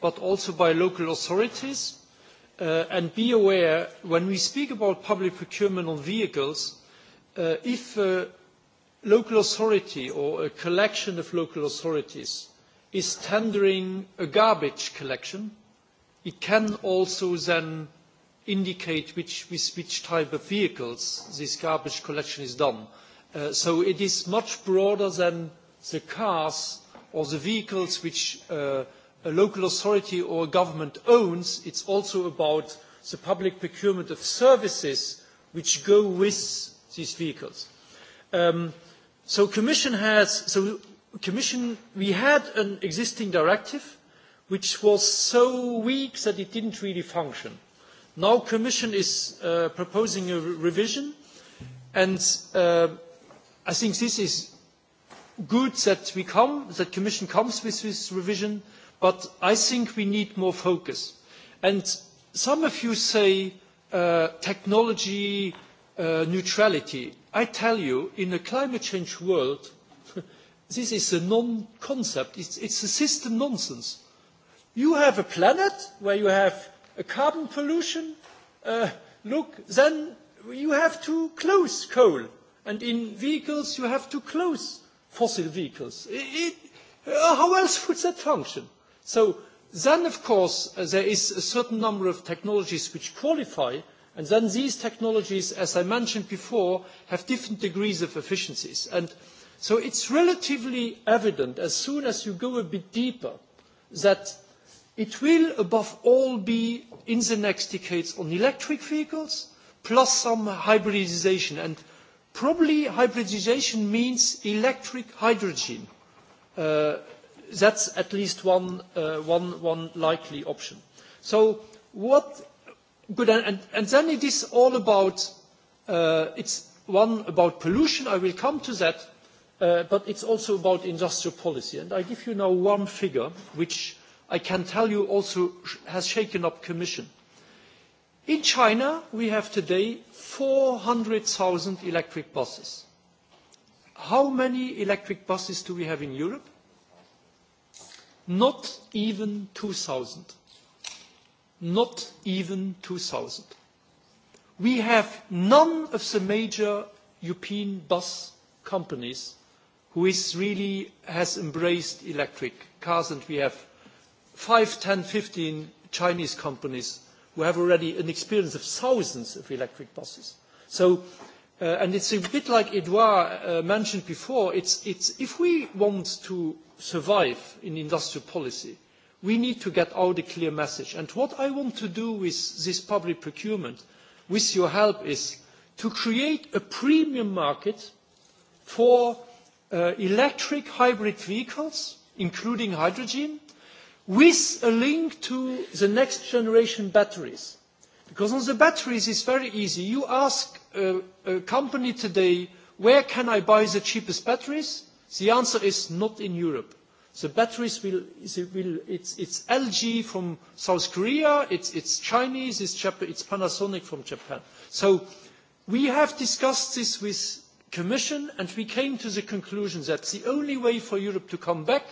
but also by local authorities. Uh, and be aware, when we speak about public procurement on vehicles, uh, if uh, local authority or a collection of local authorities is tendering a garbage collection, it can also then indicate which, with which type of vehicles this garbage collection is done. Uh, so it is much broader than the cars or the vehicles which uh, a local authority or a government owns. It's also about the public procurement of services which go with these vehicles. Um, So Commission has, so Commission, we had an existing directive which was so weak that it didn't really function. Now Commission is uh, proposing a re revision and uh, I think this is good that we come, that Commission comes with this revision, but I think we need more focus. And some of you say uh, technology, uh, uh, neutrality. I tell you, in a climate change world, [laughs] this is a non-concept. It's, it's a system nonsense. You have a planet where you have a carbon pollution. Uh, look, then you have to close coal. And in vehicles, you have to close fossil vehicles. It, it, uh, how else would that function? So then, of course, uh, there is a certain number of technologies which qualify And then these technologies, as I mentioned before, have different degrees of efficiencies. And so it's relatively evident as soon as you go a bit deeper that it will above all be in the next decades on electric vehicles plus some hybridization. And probably hybridization means electric hydrogen. Uh, that's at least one, uh, one, one likely option. So what good. And, and then it is all about, uh, it's one about pollution, I will come to that, uh, but it's also about industrial policy. And I give you now one figure, which I can tell you also sh has shaken up Commission. In China, we have today 400,000 electric buses. How many electric buses do we have in Europe? Not even 2,000 not even 2000. We have none of the major European bus companies who is really has embraced electric cars, and we have 5, 10, 15 Chinese companies who have already an experience of thousands of electric buses. So, uh, and it's a bit like Edouard uh, mentioned before, it's, it's, if we want to survive in industrial policy, uh, we need to get out a clear message. And what I want to do with this public procurement, with your help, is to create a premium market for uh, electric hybrid vehicles, including hydrogen, with a link to the next generation batteries. Because on the batteries, it's very easy. You ask a, a company today, where can I buy the cheapest batteries? The answer is not in Europe The batteries will, will it's, it's LG from South Korea, it's, it's Chinese, it's, Jap- it's Panasonic from Japan. So we have discussed this with Commission and we came to the conclusion that the only way for Europe to come back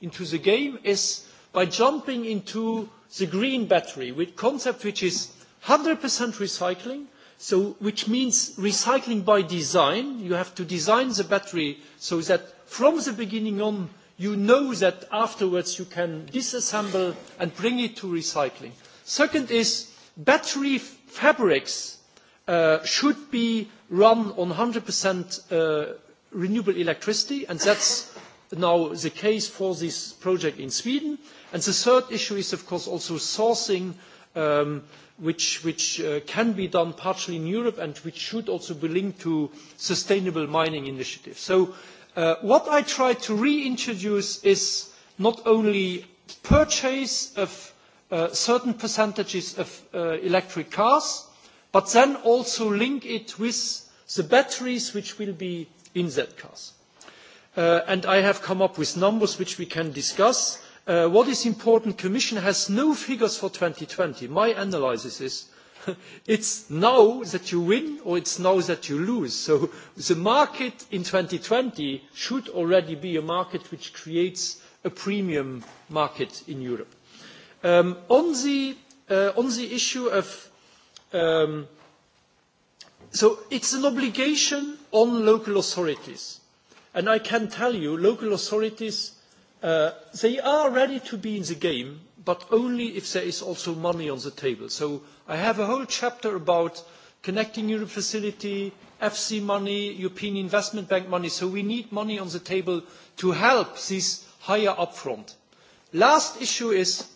into the game is by jumping into the green battery, with concept which is 100% recycling, so which means recycling by design. You have to design the battery so that from the beginning on you know that afterwards you can disassemble and bring it to recycling. Second is battery fabrics uh, should be run on 100% uh, renewable electricity, and that's now the case for this project in Sweden. And the third issue is, of course, also sourcing, um, which, which uh, can be done partially in Europe and which should also be linked to sustainable mining initiatives. So Uh, what I try to reintroduce is not only purchase of uh, certain percentages of uh, electric cars, but then also link it with the batteries which will be in that cars. Uh, and I have come up with numbers which we can discuss. Uh, what is important, Commission has no figures for 2020. My analysis is [laughs] it's now that you win or it's now that you lose. So the market in 2020 should already be a market which creates a premium market in Europe. Um, on, the, uh, on the issue of... Um, so it's an obligation on local authorities. And I can tell you, local authorities, uh, they are ready to be in the game but only if there is also money on the table. So I have a whole chapter about connecting Europe facility, FC money, European Investment Bank money. So we need money on the table to help these higher upfront. Last issue is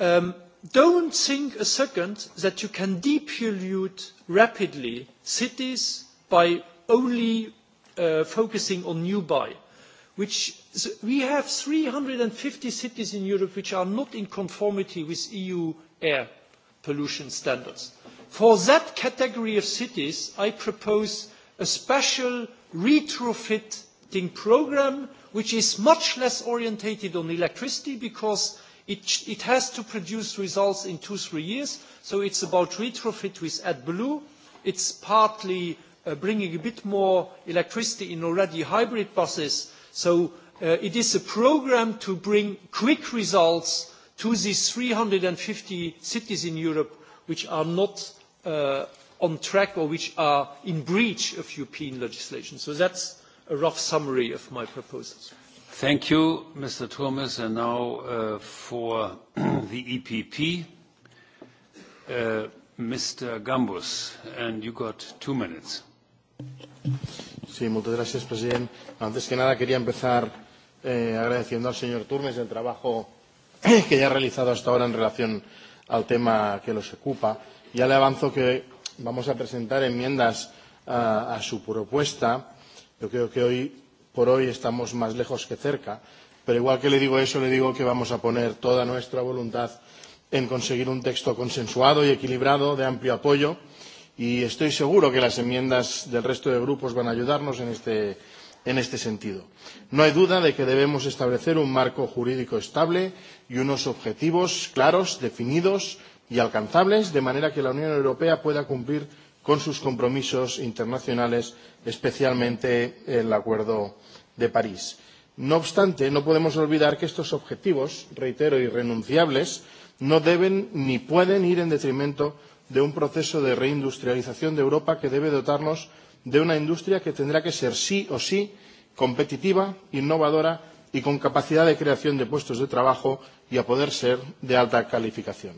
um, don't think a second that you can depollute rapidly cities by only uh, focusing on new buy, which So we have 350 cities in Europe which are not in conformity with EU air pollution standards. For that category of cities, I propose a special retrofitting program which is much less orientated on electricity because it, it has to produce results in two, three years. So it's about retrofit with AdBlue. It's partly uh, bringing a bit more electricity in already hybrid buses. So Uh, it is a program to bring quick results to these 350 cities in Europe which are not uh, on track or which are in breach of European legislation. So that's a rough summary of my proposals. Thank you, Mr. Turmes. And now uh, for [clears throat] the EPP, uh, Mr. Gambus, and you got two minutes. Sí, muchas gracias, presidente. Antes que nada, quería empezar eh, agradeciendo al señor Turmes el trabajo [clears throat] que ya ha realizado hasta ahora en relación al tema que los ocupa. Ya le avanzo que vamos a presentar enmiendas a, a su propuesta. Yo creo que hoy por hoy estamos más lejos que cerca, pero igual que le digo eso, le digo que vamos a poner toda nuestra voluntad en conseguir un texto consensuado y equilibrado de amplio apoyo y estoy seguro que las enmiendas del resto de grupos van a ayudarnos en este en este sentido. No hay duda de que debemos establecer un marco jurídico estable y unos objetivos claros, definidos y alcanzables, de manera que la Unión Europea pueda cumplir con sus compromisos internacionales, especialmente el Acuerdo de París. No obstante, no podemos olvidar que estos objetivos, reitero, irrenunciables, no deben ni pueden ir en detrimento de un proceso de reindustrialización de Europa que debe dotarnos de una industria que tendrá que ser sí o sí competitiva, innovadora y con capacidad de creación de puestos de trabajo y, a poder ser, de alta calificación.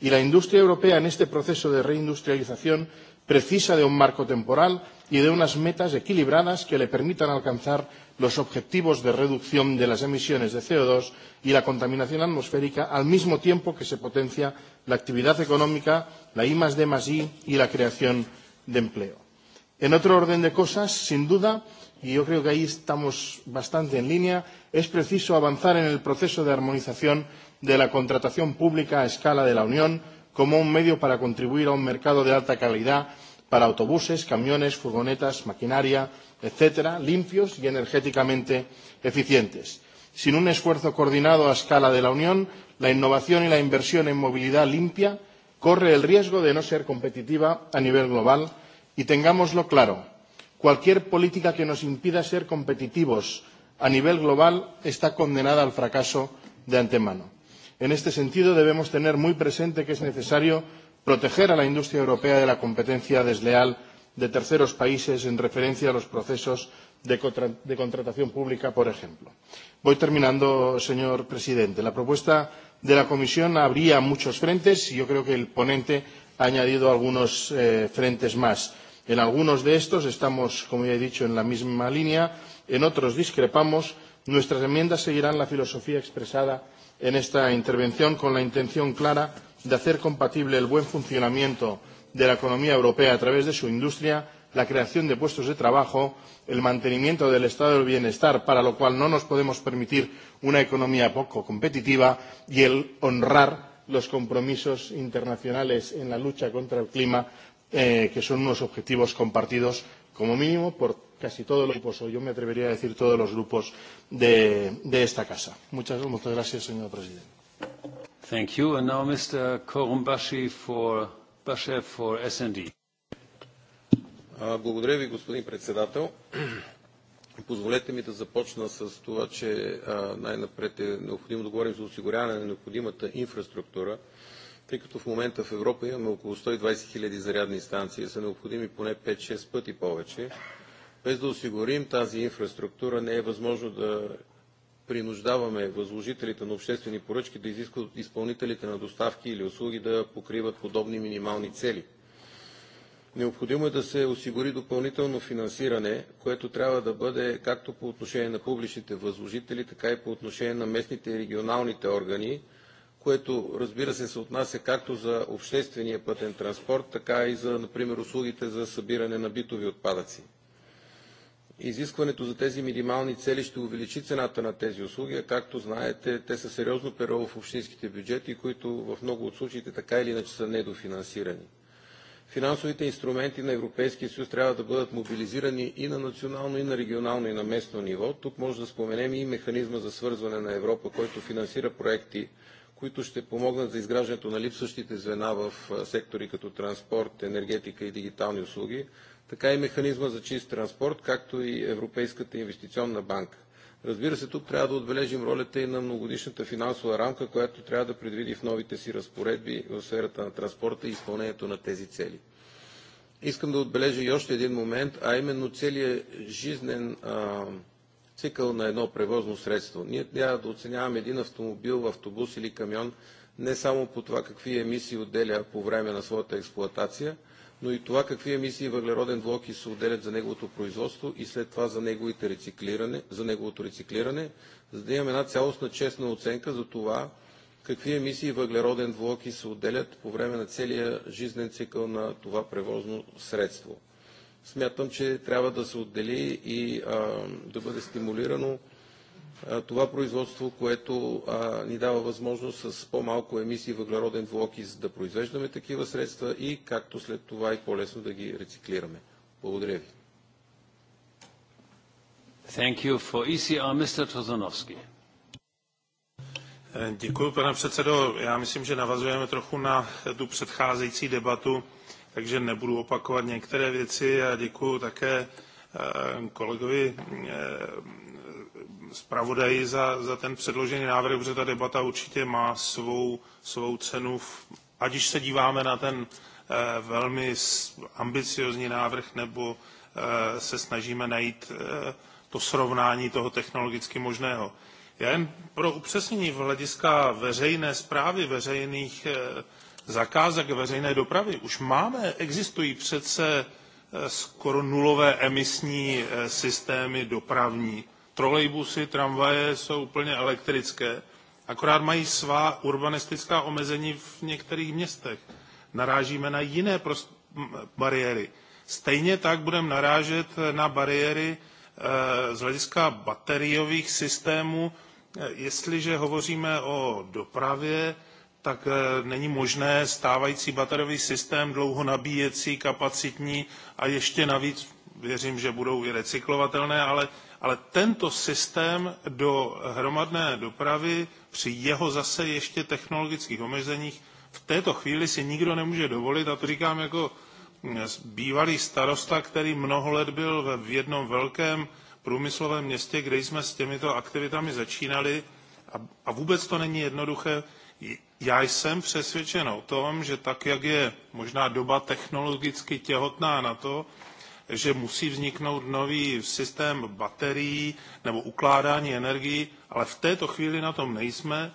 Y la industria europea, en este proceso de reindustrialización, precisa de un marco temporal y de unas metas equilibradas que le permitan alcanzar los objetivos de reducción de las emisiones de CO2 y la contaminación atmosférica al mismo tiempo que se potencia la actividad económica, la I+D+I y la creación de empleo En otro orden de cosas, sin duda, y yo creo que ahí estamos bastante en línea, es preciso avanzar en el proceso de armonización de la contratación pública a escala de la Unión como un medio para contribuir a un mercado de alta calidad para autobuses, camiones, furgonetas, maquinaria, etcétera, limpios y energéticamente eficientes. Sin un esfuerzo coordinado a escala de la Unión, la innovación y la inversión en movilidad limpia corre el riesgo de no ser competitiva a nivel global Y tengámoslo claro, cualquier política que nos impida ser competitivos a nivel global está condenada al fracaso de antemano. En este sentido, debemos tener muy presente que es necesario proteger a la industria europea de la competencia desleal de terceros países en referencia a los procesos de, contra de contratación pública, por ejemplo. Voy terminando, señor presidente. La propuesta de la Comisión abría muchos frentes y yo creo que el ponente ha añadido algunos eh, frentes más. En algunos de estos estamos, como ya he dicho, en la misma línea, en otros discrepamos. Nuestras enmiendas seguirán la filosofía expresada en esta intervención con la intención clara de hacer compatible el buen funcionamiento de la economía europea a través de su industria, la creación de puestos de trabajo, el mantenimiento del estado del bienestar, para lo cual no nos podemos permitir una economía poco competitiva, y el honrar los compromisos internacionales en la lucha contra el clima eh, que son unos objetivos compartidos como mínimo por casi todos los grupos, o yo me atrevería a decir todos los grupos de, de esta casa. Muchas, muchas gracias, señor presidente. Thank you. And now Mr. Korumbashi for, Bashev for S&D. Благодаря ви, господин председател. Позволете ми да започна с това, че най-напред е необходимо да говорим за осигуряване на необходимата инфраструктура – тъй като в момента в Европа имаме около 120 хиляди зарядни станции, са необходими поне 5-6 пъти повече. Без да осигурим тази инфраструктура не е възможно да принуждаваме възложителите на обществени поръчки да изискват от изпълнителите на доставки или услуги да покриват подобни минимални цели. Необходимо е да се осигури допълнително финансиране, което трябва да бъде както по отношение на публичните възложители, така и по отношение на местните и регионалните органи, което разбира се се отнася както за обществения пътен транспорт, така и за, например, услугите за събиране на битови отпадъци. Изискването за тези минимални цели ще увеличи цената на тези услуги, а както знаете, те са сериозно перо в общинските бюджети, които в много от случаите така или иначе са недофинансирани. Финансовите инструменти на Европейския съюз трябва да бъдат мобилизирани и на национално, и на регионално, и на местно ниво. Тук може да споменем и механизма за свързване на Европа, който финансира проекти които ще помогнат за изграждането на липсващите звена в сектори като транспорт, енергетика и дигитални услуги, така и механизма за чист транспорт, както и Европейската инвестиционна банка. Разбира се, тук трябва да отбележим ролята и на многогодишната финансова рамка, която трябва да предвиди в новите си разпоредби в сферата на транспорта и изпълнението на тези цели. Искам да отбележа и още един момент, а именно целият жизнен цикъл на едно превозно средство. Ние трябва да оценяваме един автомобил, автобус или камион не само по това какви емисии отделя по време на своята експлоатация, но и това какви емисии въглероден двуокис се отделят за неговото производство и след това за, неговите рециклиране, за неговото рециклиране, за да имаме една цялостна честна оценка за това какви емисии въглероден двуокис се отделят по време на целия жизнен цикъл на това превозно средство смятам, че трябва да се отдели и а, да бъде стимулирано а, това производство, което а, ни дава възможност с по-малко емисии въглероден двуокис да произвеждаме такива средства и както след това и по-лесно да ги рециклираме. Благодаря ви. Thank you for ECR, Mr. Tozanovsky. Děkuji, pane předsedo. Já myslím, že navazujeme trochu na tu předcházející debatu takže nebudu opakovat některé věci a děkuji také eh, kolegovi eh, zpravodaji za, za ten předložený návrh, protože ta debata určitě má svou, svou cenu. V, ať už se díváme na ten eh, velmi ambiciozní návrh, nebo eh, se snažíme najít eh, to srovnání toho technologicky možného. Jen pro upřesnění v hlediska veřejné zprávy, veřejných eh, zakázek veřejné dopravy. Už máme, existují přece eh, skoro nulové emisní eh, systémy dopravní. Trolejbusy, tramvaje jsou úplně elektrické, akorát mají svá urbanistická omezení v některých městech. Narážíme na jiné prost- bariéry. Stejně tak budeme narážet eh, na bariéry z hlediska bateriových systémů, jestliže hovoříme o dopravě, tak eh, není možné stávající bateriový systém dlouho nabíjecí, kapacitní a ještě navíc, věřím, že budou i recyklovatelné, ale, ale tento systém do hromadné dopravy při jeho zase ještě technologických omezeních v této chvíli si nikdo nemůže dovolit, a to říkám jako mm, bývalý starosta, který mnoho let byl v jednom velkém průmyslovém městě, kde jsme s těmito aktivitami začínali a, a vůbec to není jednoduché Já jsem přesvědčen o tom, že tak, jak je možná doba technologicky těhotná na to, že musí vzniknout nový systém baterií nebo ukládání energií, ale v této chvíli na tom nejsme.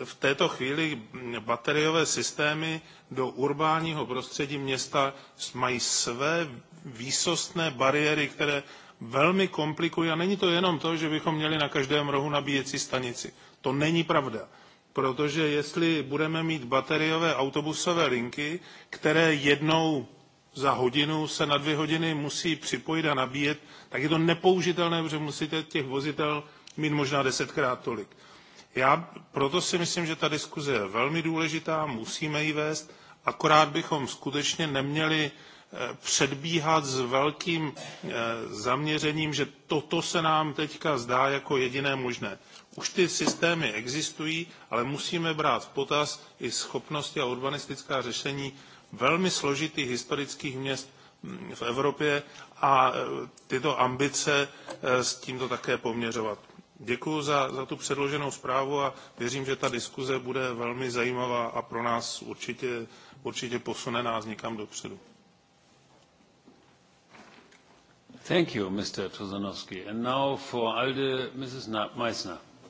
Eh, v této chvíli bateriové systémy do urbánního prostředí města mají své výsostné bariéry, které velmi komplikují. A není to jenom to, že bychom měli na každém rohu nabíjecí stanici. To není pravda protože jestli budeme mít bateriové autobusové linky, které jednou za hodinu se na dvě hodiny musí připojit a nabíjet, tak je to nepoužitelné, protože musíte těch vozitel mít možná desetkrát tolik. Já proto si myslím, že ta diskuze je velmi důležitá, musíme ji vést, akorát bychom skutečně neměli eh, předbíhat s velkým eh, zaměřením, že toto se nám teďka zdá jako jediné možné. Už ty systémy existují, ale musíme brát v potaz i schopnosti a urbanistická řešení velmi složitých historických měst mm, v Evropě a e, tyto ambice e, s tímto také poměřovat. Děkuji za, za tu předloženou zprávu a věřím, že ta diskuze bude velmi zajímavá a pro nás určitě, určitě posune nás někam dopředu. Thank you, Mr. Tosanovsky. And now for ALDE, Mrs. Meissner.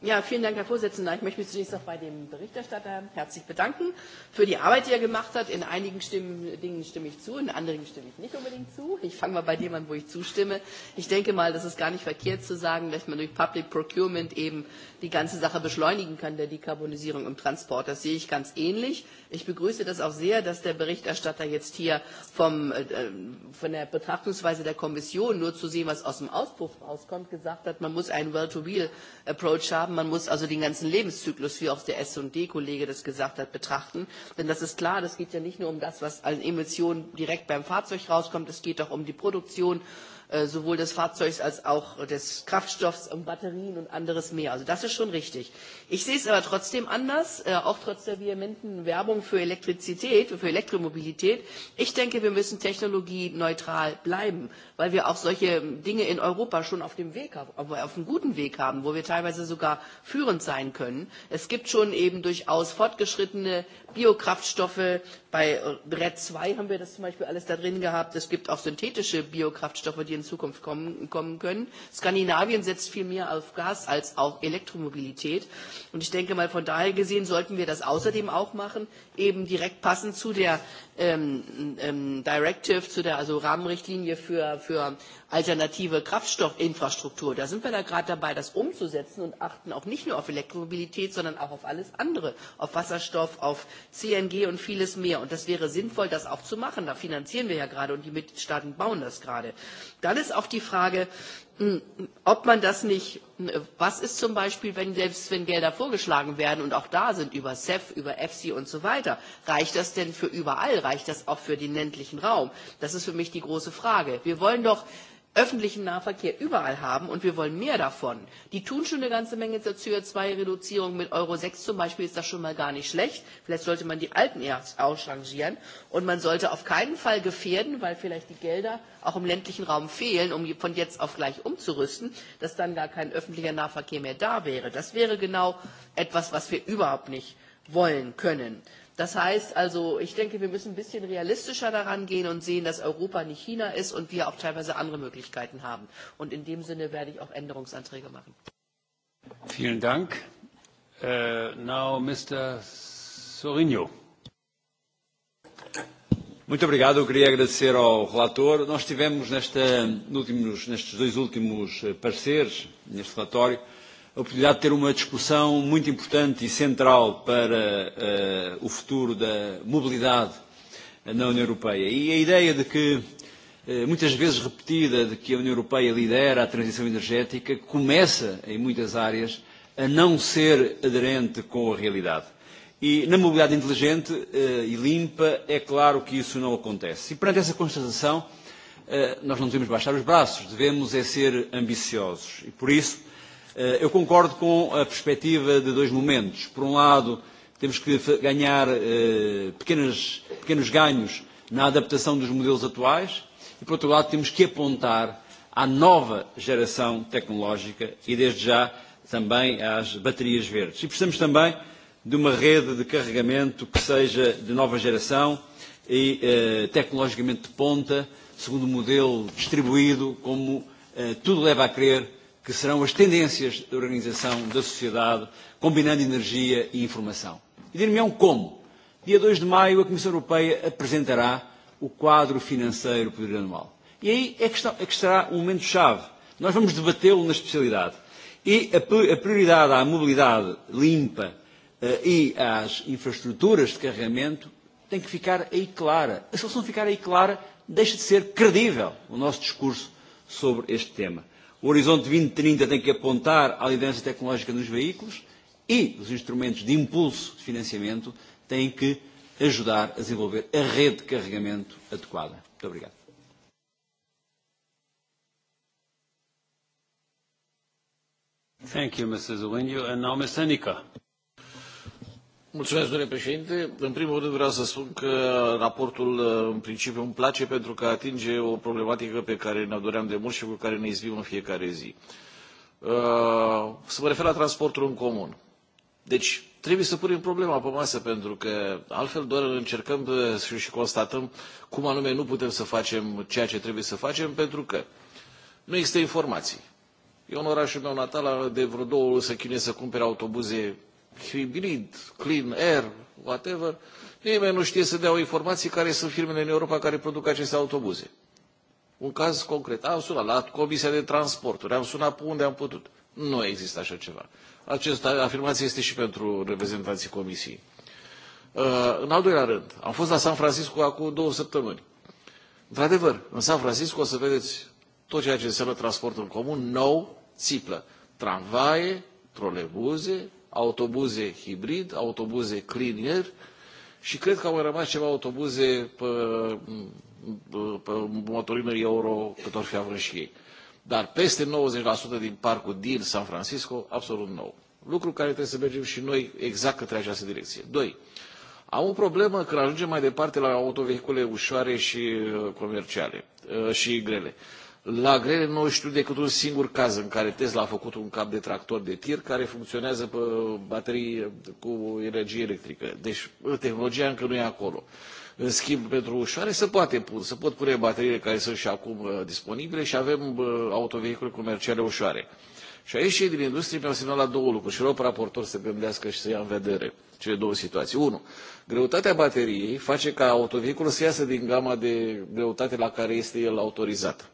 Ja, vielen Dank, Herr Vorsitzender. Ich möchte mich zunächst auch bei dem Berichterstatter herzlich bedanken für die Arbeit, die er gemacht hat. In einigen Stimmen, Dingen stimme ich zu, in anderen stimme ich nicht unbedingt zu. Ich fange mal bei dem an, wo ich zustimme. Ich denke mal, das ist gar nicht verkehrt zu sagen, dass man durch Public Procurement eben die ganze Sache beschleunigen kann, der Dekarbonisierung im Transport. Das sehe ich ganz ähnlich. Ich begrüße das auch sehr, dass der Berichterstatter jetzt hier vom, äh, von der Betrachtungsweise der Kommission nur zu sehen, was aus dem Auspuff rauskommt, gesagt hat, man muss einen Well-to-Wheel-Approach haben haben. Man muss also den ganzen Lebenszyklus, wie auch der S&D-Kollege das gesagt hat, betrachten. Denn das ist klar, das geht ja nicht nur um das, was an Emissionen direkt beim Fahrzeug rauskommt. Es geht auch um die Produktion, Äh, sowohl des Fahrzeugs als auch des Kraftstoffs und Batterien und anderes mehr. Also das ist schon richtig. Ich sehe es aber trotzdem anders, äh, auch trotz der vehementen Werbung für Elektrizität, für Elektromobilität. Ich denke, wir müssen technologieneutral bleiben, weil wir auch solche Dinge in Europa schon auf dem Weg haben, auf einem guten Weg haben, wo wir teilweise sogar führend sein können. Es gibt schon eben durchaus fortgeschrittene Biokraftstoffe, bei äh, RED 2 haben wir das zum Beispiel alles da drin gehabt. Es gibt auch synthetische Biokraftstoffe, die in Zukunft kommen, kommen können. Skandinavien setzt viel mehr auf Gas als auch Elektromobilität. Und ich denke mal, von daher gesehen sollten wir das außerdem auch machen, eben direkt passend zu der ähm, ähm, Directive, zu der also Rahmenrichtlinie für, für alternative Kraftstoffinfrastruktur. Da sind wir da gerade dabei, das umzusetzen und achten auch nicht nur auf Elektromobilität, sondern auch auf alles andere, auf Wasserstoff, auf CNG und vieles mehr. Und das wäre sinnvoll, das auch zu machen. Da finanzieren wir ja gerade und die Mitgliedstaaten bauen das gerade. Dann ist auch die Frage, Ähm, ob man das nicht was ist zum Beispiel, wenn selbst wenn Gelder vorgeschlagen werden und auch da sind über CEF, über EFSI und so weiter, reicht das denn für überall? Reicht das auch für den ländlichen Raum? Das ist für mich die große Frage. Wir wollen doch öffentlichen Nahverkehr überall haben und wir wollen mehr davon. Die tun schon eine ganze Menge zur CO2-Reduzierung. Mit Euro 6 zum Beispiel ist das schon mal gar nicht schlecht. Vielleicht sollte man die alten eher ausrangieren. Und man sollte auf keinen Fall gefährden, weil vielleicht die Gelder auch im ländlichen Raum fehlen, um von jetzt auf gleich umzurüsten, dass dann gar kein öffentlicher Nahverkehr mehr da wäre. Das wäre genau etwas, was wir überhaupt nicht wollen können. Das heißt also, ich denke, wir müssen ein bisschen realistischer daran gehen und sehen, dass Europa nicht China ist und wir auch teilweise andere Möglichkeiten haben. Und in dem Sinne werde ich auch Änderungsanträge machen. Vielen Dank. Uh, now, Mr. Sorinho. Muito obrigado. Eu queria agradecer ao relator. Nós tivemos nesta, últimos, nestes dois últimos eh, pareceres, neste relatório, uh, a oportunidade de ter uma discussão muito importante e central para uh, o futuro da mobilidade na União Europeia. E a ideia de que, uh, muitas vezes repetida, de que a União Europeia lidera a transição energética, começa, em muitas áreas, a não ser aderente com a realidade. E na mobilidade inteligente uh, e limpa, é claro que isso não acontece. E perante essa constatação, uh, nós não devemos baixar os braços, devemos é ser ambiciosos. E por isso, Eh, eu concordo com a perspectiva de dois momentos. Por um lado, temos que ganhar eh, pequenos, pequenos ganhos na adaptação dos modelos atuais e, por outro lado, temos que apontar à nova geração tecnológica e, desde já, também às baterias verdes. E precisamos também de uma rede de carregamento que seja de nova geração e eh, tecnologicamente de ponta, segundo o um modelo distribuído, como eh, tudo leva a crer que serão as tendências da organização da sociedade, combinando energia e informação. E dir-me-ão um como? Dia 2 de maio, a Comissão Europeia apresentará o quadro financeiro plurianual. E aí é que, está, é que estará um momento-chave. Nós vamos debatê-lo na especialidade. E a prioridade à mobilidade limpa uh, e às infraestruturas de carregamento tem que ficar aí clara. A solução ficar aí clara deixa de ser credível o nosso discurso sobre este tema. O Horizonte 2030 tem que apontar à liderança tecnológica nos veículos e os instrumentos de impulso de financiamento têm que ajudar a desenvolver a rede de carregamento adequada. Muito obrigado. Thank you, Mrs. Olinio. And now, Ms. Seneca domnule președinte în primul rând vreau să spun că raportul uh, în principiu îmi place pentru că atinge o problematică pe care ne o doream de mult și cu care ne izbim în fiecare zi. Uh, să mă refer la transportul în comun. Deci trebuie să punem problema pe masă pentru că altfel doar încercăm uh, și constatăm cum anume nu putem să facem ceea ce trebuie să facem pentru că nu există informații. Eu în orașul meu natal de vreo două ori să chinuie să cumpere autobuze hibrid, clean air, whatever, nimeni nu știe să dea o informație care sunt firmele în Europa care produc aceste autobuze. Un caz concret. Am sunat la Comisia de Transporturi, am sunat pe unde am putut. Nu există așa ceva. Această afirmație este și pentru reprezentanții Comisiei. Uh, în al doilea rând, am fost la San Francisco acum două săptămâni. Într-adevăr, în San Francisco o să vedeți tot ceea ce înseamnă transportul în comun, nou, țiplă. Tramvaie, trolebuze, autobuze hibrid, autobuze clean air și cred că au mai rămas ceva autobuze pe, pe motorină euro cât or fi avut și ei. Dar peste 90% din parcul din San Francisco, absolut nou. Lucru care trebuie să mergem și noi exact către această direcție. Doi, am o problemă când ajungem mai departe la autovehicule ușoare și uh, comerciale uh, și grele. La grele nu știu decât un singur caz în care Tesla a făcut un cap de tractor de tir care funcționează pe baterii cu energie electrică. Deci tehnologia încă nu e acolo. În schimb, pentru ușoare se poate pune, se pot pune bateriile care sunt și acum uh, disponibile și avem uh, autovehicule comerciale ușoare. Și aici cei din industrie mi-au semnalat două lucruri și rog raportor să gândească și să ia în vedere cele două situații. Unu, greutatea bateriei face ca autovehiculul să iasă din gama de greutate la care este el autorizat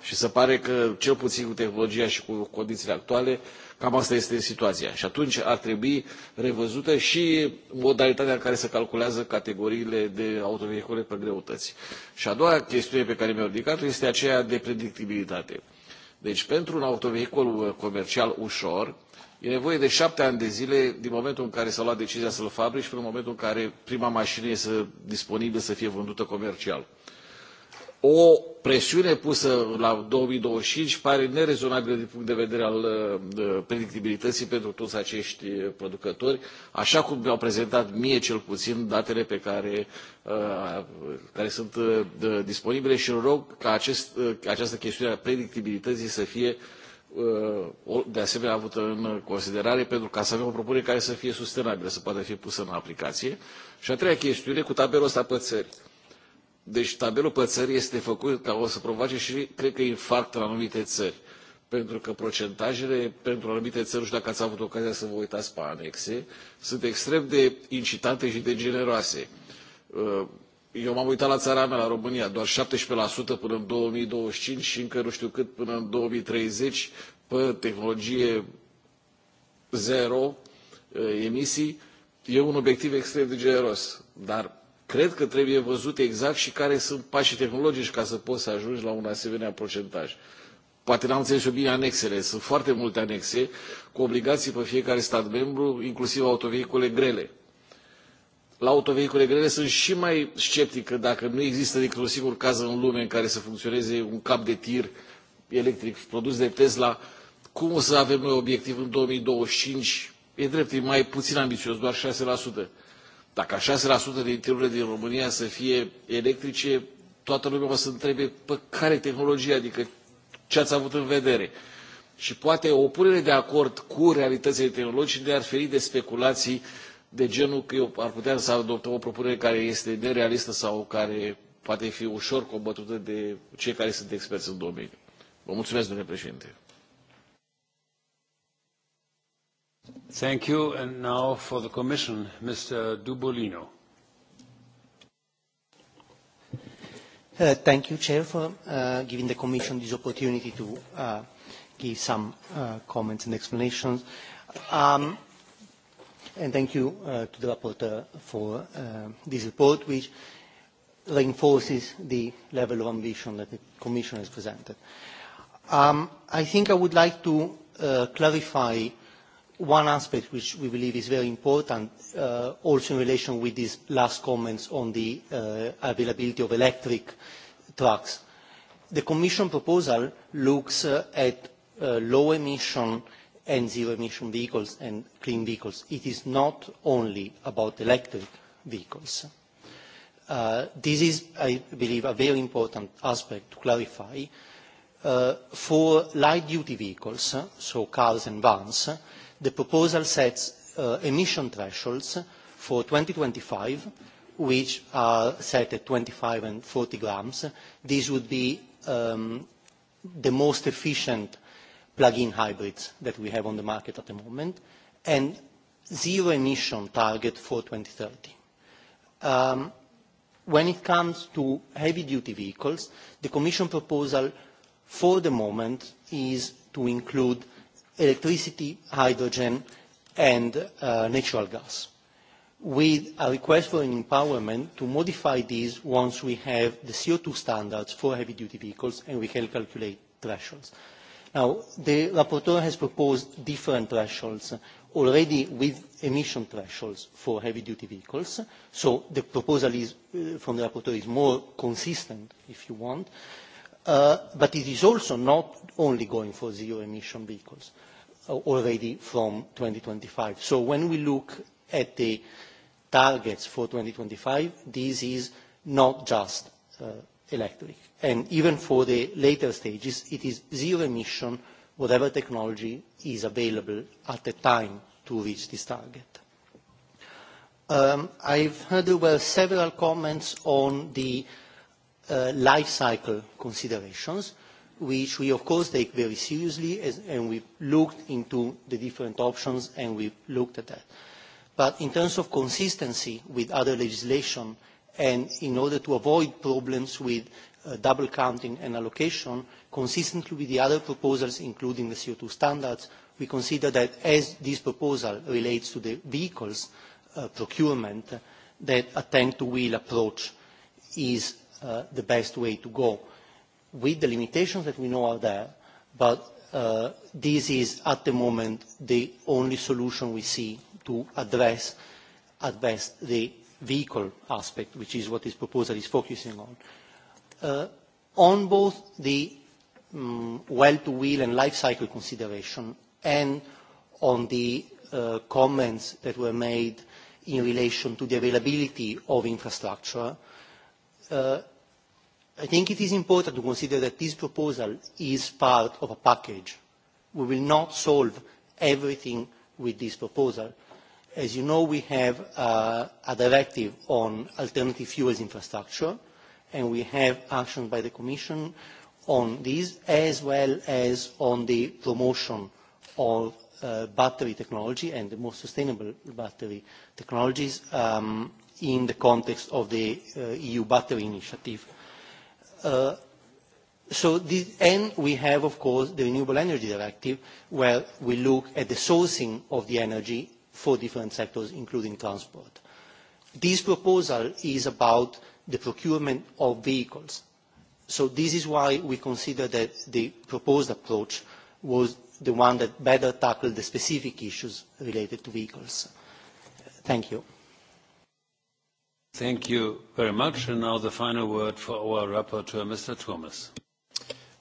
Și se pare că, cel puțin cu tehnologia și cu condițiile actuale, cam asta este situația. Și atunci ar trebui revăzută și modalitatea în care se calculează categoriile de autovehicule pe greutăți. Și a doua chestiune pe care mi-a ridicat-o este aceea de predictibilitate. Deci, pentru un autovehicul comercial ușor, E nevoie de șapte ani de zile din momentul în care s-a luat decizia să-l fabrici până în momentul în care prima mașină este disponibilă să fie vândută comercial. Uh, o presiune pusă la 2025 pare nerezonabilă din punct de vedere al uh, predictibilității pentru toți acești uh, producători, așa cum mi-au prezentat mie cel puțin datele pe care, uh, care sunt disponibile și rog ca acest, această chestiune a predictibilității să fie de asemenea avută în considerare pentru ca să avem o propunere care să fie sustenabilă, să poată fi pusă în aplicație. Și a treia chestiune, cu tabelul ăsta pe țări Deci tabelul pe țări este făcut ca o să provoace și, cred că, infarct în anumite țări. Pentru că procentajele pentru anumite țări, nu știu dacă ați avut ocazia să vă uitați pe anexe, sunt extrem de incitante și de generoase. Uh, eu m-am uitat la țara mea, la România, doar 17% până în 2025 și încă nu știu cât până în 2030 pe tehnologie zero uh, emisii. E un obiectiv extrem de generos, dar Cred că trebuie văzut exact și care sunt pașii tehnologici ca să poți să ajungi la un asemenea procentaj. Poate n-am înțeles eu bine anexele. Sunt foarte multe anexe cu obligații pe fiecare stat membru, inclusiv autovehicule grele. La autovehicule grele sunt și mai sceptic că dacă nu există decât un singur caz în lume în care să funcționeze un cap de tir electric produs de Tesla, cum o să avem noi obiectiv în 2025? E drept, e mai puțin ambițios, doar 6%. Dacă 6% din trenurile din România să fie electrice, toată lumea o să întrebe pe care e tehnologie, adică ce ați avut în vedere. Și poate o punere de acord cu realitățile tehnologice ne-ar feri de speculații de genul că eu ar putea să adoptăm o propunere care este nerealistă sau care poate fi ușor combătută de cei care sunt experți în domeniu. Vă mulțumesc, domnule președinte. Thank you and now for the commission, Mr. Dubolino. Uh, thank you, Chair, for uh, giving the Commission this opportunity to uh, give some uh, comments and explanations. Um, and thank you uh, to the Rapporteur for uh, this report, which reinforces the level of ambition that the Commission has presented. Um, I think I would like to uh, clarify uh, one aspect which we believe is very important, uh, also in relation with these last comments on the uh, availability of electric trucks. The Commission proposal looks uh, at uh, low emission and zero emission vehicles and clean vehicles. It is not only about electric vehicles. Uh, this is, I believe, a very important aspect to clarify. Uh, for light-duty vehicles, so cars and vans, uh, the proposal sets uh, emission thresholds for 2025, which are set at 25 and 40 grams. These would be um, the most efficient plug-in hybrids that we have on the market at the moment, and zero emission target for 2030. Um, when it comes to heavy-duty vehicles, the Commission proposal for the moment is to include electricity, hydrogen, and uh, natural gas, with a request for an empowerment to modify these once we have the CO2 standards for heavy-duty vehicles and we can calculate thresholds. Now, the rapporteur has proposed different thresholds already with emission thresholds for heavy-duty vehicles, so the proposal is, uh, from the rapporteur is more consistent, if you want. Uh, Uh, but it is also not only going for zero-emission vehicles uh, already from 2025. So when we look at the targets for 2025, this is not just uh, electric. And even for the later stages, it is zero emission, whatever technology is available at the time to reach this target. Um, I've heard there were several comments on the uh, uh, life cycle considerations, which we of course take very seriously as, and we looked into the different options and we looked at that. But in terms of consistency with other legislation and in order to avoid problems with uh, double counting and allocation, consistently with the other proposals, including the CO2 standards, we consider that as this proposal relates to the vehicles uh, procurement, that a 10 to wheel approach is uh, the best way to go with the limitations that we know are there, but uh, this is at the moment the only solution we see to address at best the vehicle aspect, which is what this proposal is focusing on. Uh, on both the um, well-to-wheel and life cycle consideration and on the uh, comments that were made in relation to the availability of infrastructure, uh, I think it is important to consider that this proposal is part of a package. We will not solve everything with this proposal. As you know, we have uh, a directive on alternative fuels infrastructure, and we have action by the Commission on this, as well as on the promotion of uh, battery technology and the more sustainable battery technologies um, in the context of the uh, EU battery initiative. Uh, so this, and we have, of course, the Renewable Energy Directive, where we look at the sourcing of the energy for different sectors, including transport. This proposal is about the procurement of vehicles. So this is why we consider that the proposed approach was the one that better tackled the specific issues related to vehicles. Thank you. Thank you very much. And now the final word for our rapporteur, Mr. Thomas.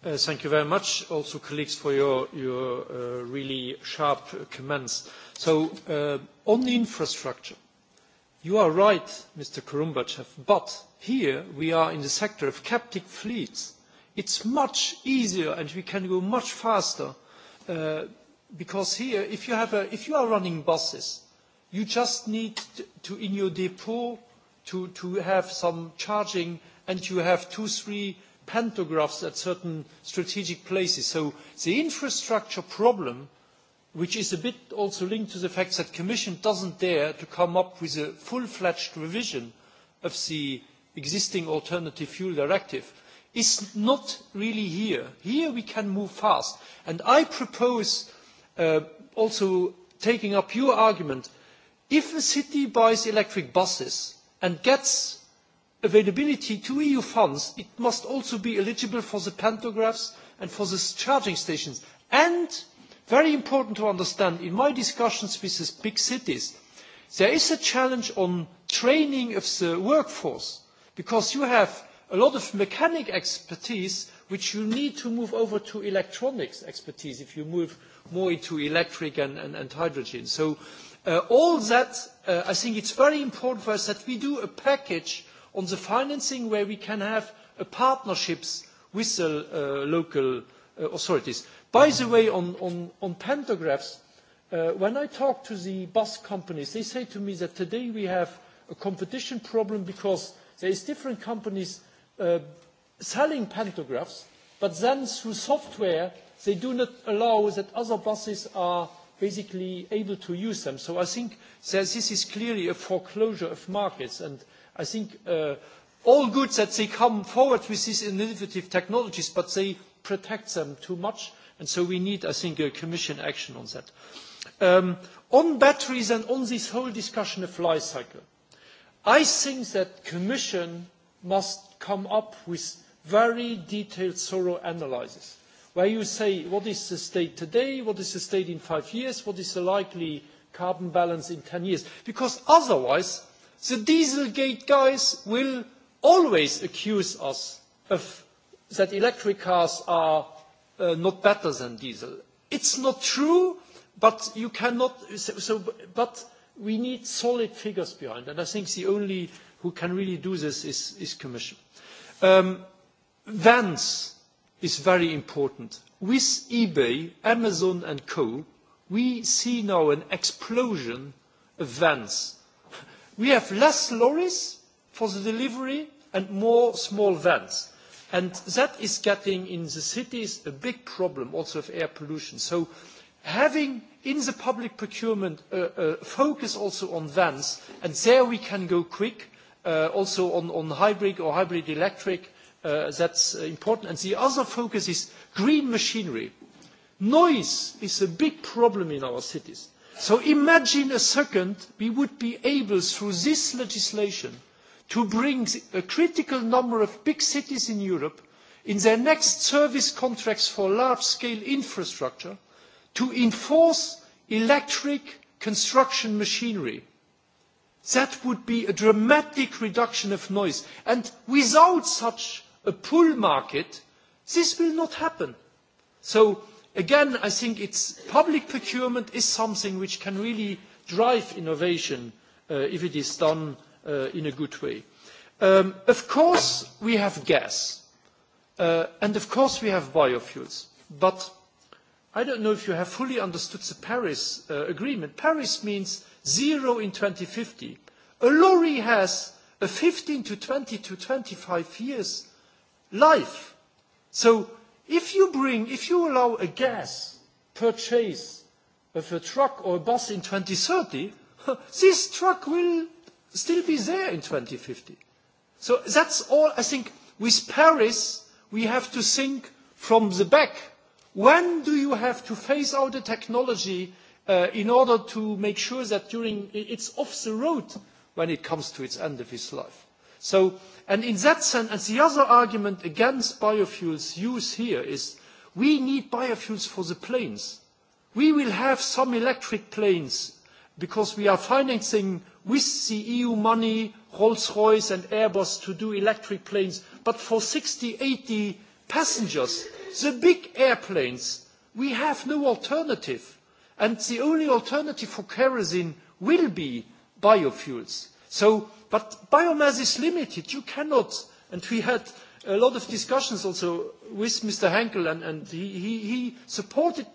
Uh, thank you very much also colleagues for your, your uh, really sharp comments. So uh, on the infrastructure, you are right, Mr. Kurumbachev, but here we are in the sector of captive fleets. It's much easier and we can go much faster uh, because here if you, have a, if you are running buses, you just need to, to in your depot to, to have some charging and you have two, three pantographs at certain strategic places. So the infrastructure problem, which is a bit also linked to the fact that Commission doesn't dare to come up with a full-fledged revision of the existing alternative fuel directive, is not really here. Here we can move fast. And I propose, uh, also taking up your argument, if a city buys electric buses, and gets availability to EU funds, it must also be eligible for the pantographs and for the charging stations. And, very important to understand, in my discussions with these big cities, there is a challenge on training of the workforce, because you have a lot of mechanic expertise which you need to move over to electronics expertise if you move more into electric and, and, and hydrogen. So Uh, all that, uh, I think it's very important for us that we do a package on the financing where we can have uh, partnerships with the uh, local uh, authorities. By the way, on, on, on pantographs, uh, when I talk to the bus companies, they say to me that today we have a competition problem because there is different companies uh, selling pantographs, but then through software, they do not allow that other buses are uh, basically able to use them. So I think that this is clearly a foreclosure of markets. And I think uh, all good that they come forward with these innovative technologies, but they protect them too much. And so we need, I think, a commission action on that. Um, on batteries and on this whole discussion of life cycle, I think that commission must come up with very detailed, thorough analysis where you say what is the state today, what is the state in five years, what is the likely carbon balance in 10 years. Because otherwise, the Dieselgate guys will always accuse us of that electric cars are uh, not better than diesel. It's not true, but you cannot. So, so, but we need solid figures behind, and I think the only who can really do this is, is Commission. Um, vans is very important. With eBay, Amazon and Co, we see now an explosion of vans. We have less lorries for the delivery and more small vans. And that is getting in the cities a big problem also of air pollution. So having in the public procurement a, uh, a uh, focus also on vans, and there we can go quick, uh, also on, on hybrid or hybrid electric, Uh, that's uh, important. And the other focus is green machinery. Noise is a big problem in our cities. So imagine a second we would be able, through this legislation, to bring a critical number of big cities in Europe in their next service contracts for large-scale infrastructure to enforce electric construction machinery. That would be a dramatic reduction of noise. And without such a pull market, this will not happen. So again, I think it's public procurement is something which can really drive innovation uh, if it is done uh, in a good way. Um, of course, we have gas, uh, and of course we have biofuels, but I don't know if you have fully understood the Paris uh, agreement. Paris means zero in 2050. A lorry has a 15 to 20 to 25 years life. So if you bring, if you allow a gas purchase of a truck or a bus in 2030, [laughs] this truck will still be there in 2050. So that's all I think with Paris, we have to think from the back. When do you have to phase out the technology uh, in order to make sure that during it's off the road when it comes to its end of its life? So, and in that sense, and the other argument against biofuels use here is we need biofuels for the planes. We will have some electric planes because we are financing with the EU money Rolls-Royce and Airbus to do electric planes, but for 60, 80 passengers, the big airplanes, we have no alternative. And the only alternative for kerosene will be biofuels. So But biomass is limited. You cannot, and we had a lot of discussions also with Mr. Henkel, and, and he, he, he supported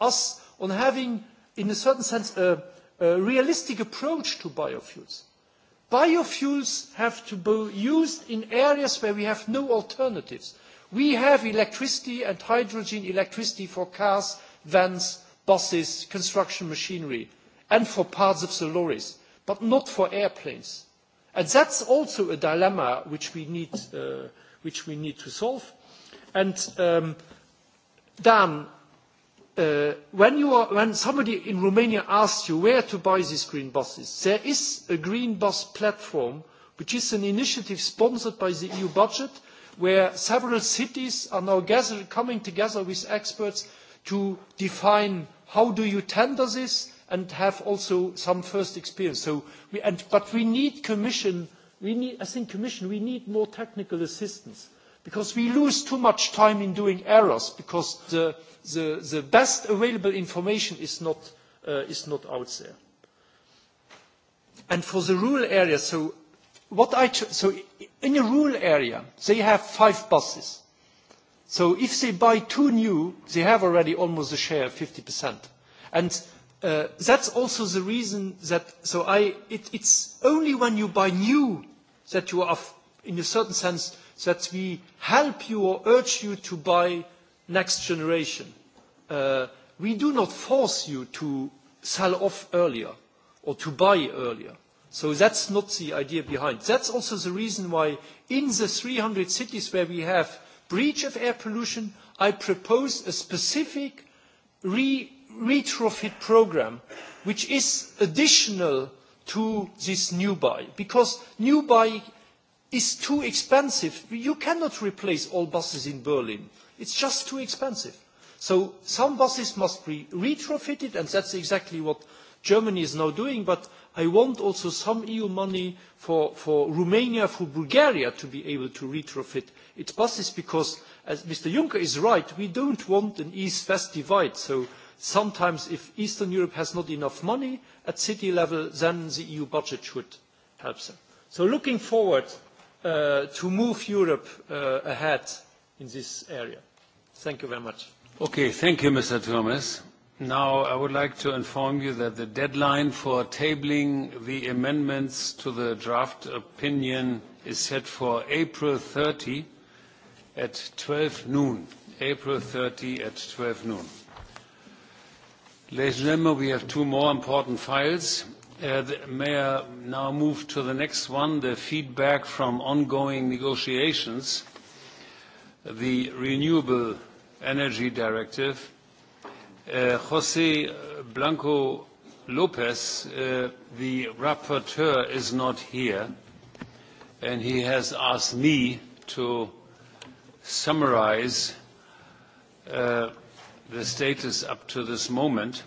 us on having, in a certain sense, a, a realistic approach to biofuels. Biofuels have to be used in areas where we have no alternatives. We have electricity and hydrogen electricity for cars, vans, buses, construction machinery, and for parts of the lorries, but not for airplanes And that's also a dilemma which we need, uh, which we need to solve. And um, Dan, uh, when, you are, when somebody in Romania asks you where to buy these green buses, there is a green bus platform, which is an initiative sponsored by the EU budget, where several cities are now gather, coming together with experts to define how do you tender this, and have also some first experience. So we, and, but we need commission, we need, I think commission, we need more technical assistance because we lose too much time in doing errors because the, the, the best available information is not, uh, is not out there. And for the rural area, so, what I ch- so in a rural area, they have five buses. So if they buy two new, they have already almost a share of 50%. And uh, that's also the reason that, so I, it, it's only when you buy new that you are, in a certain sense, that we help you or urge you to buy next generation. Uh, we do not force you to sell off earlier or to buy earlier. So that's not the idea behind. That's also the reason why in the 300 cities where we have breach of air pollution, I propose a specific re retrofit program, which is additional to this new buy, because new buy is too expensive. You cannot replace all buses in Berlin. It's just too expensive. So some buses must be retrofitted, and that's exactly what Germany is now doing, but I want also some EU money for, for Romania, for Bulgaria to be able to retrofit its buses because, as Mr. Juncker is right, we don't want an East-West divide. So sometimes if Eastern Europe has not enough money at city level, then the EU budget should help them. So looking forward uh, to move Europe uh, ahead in this area. Thank you very much. Okay, thank you, Mr. Turmes. Now, I would like to inform you that the deadline for tabling the amendments to the draft opinion is set for April 30 at 12 noon. April 30 at 12 noon. Ladies and gentlemen, we have two more important files. Uh, the, may I now move to the next one, the feedback from ongoing negotiations, the Renewable Energy Directive. Uh, José Blanco Lopez, uh, the rapporteur, is not here, and he has asked me to summarize uh, the status up to this moment.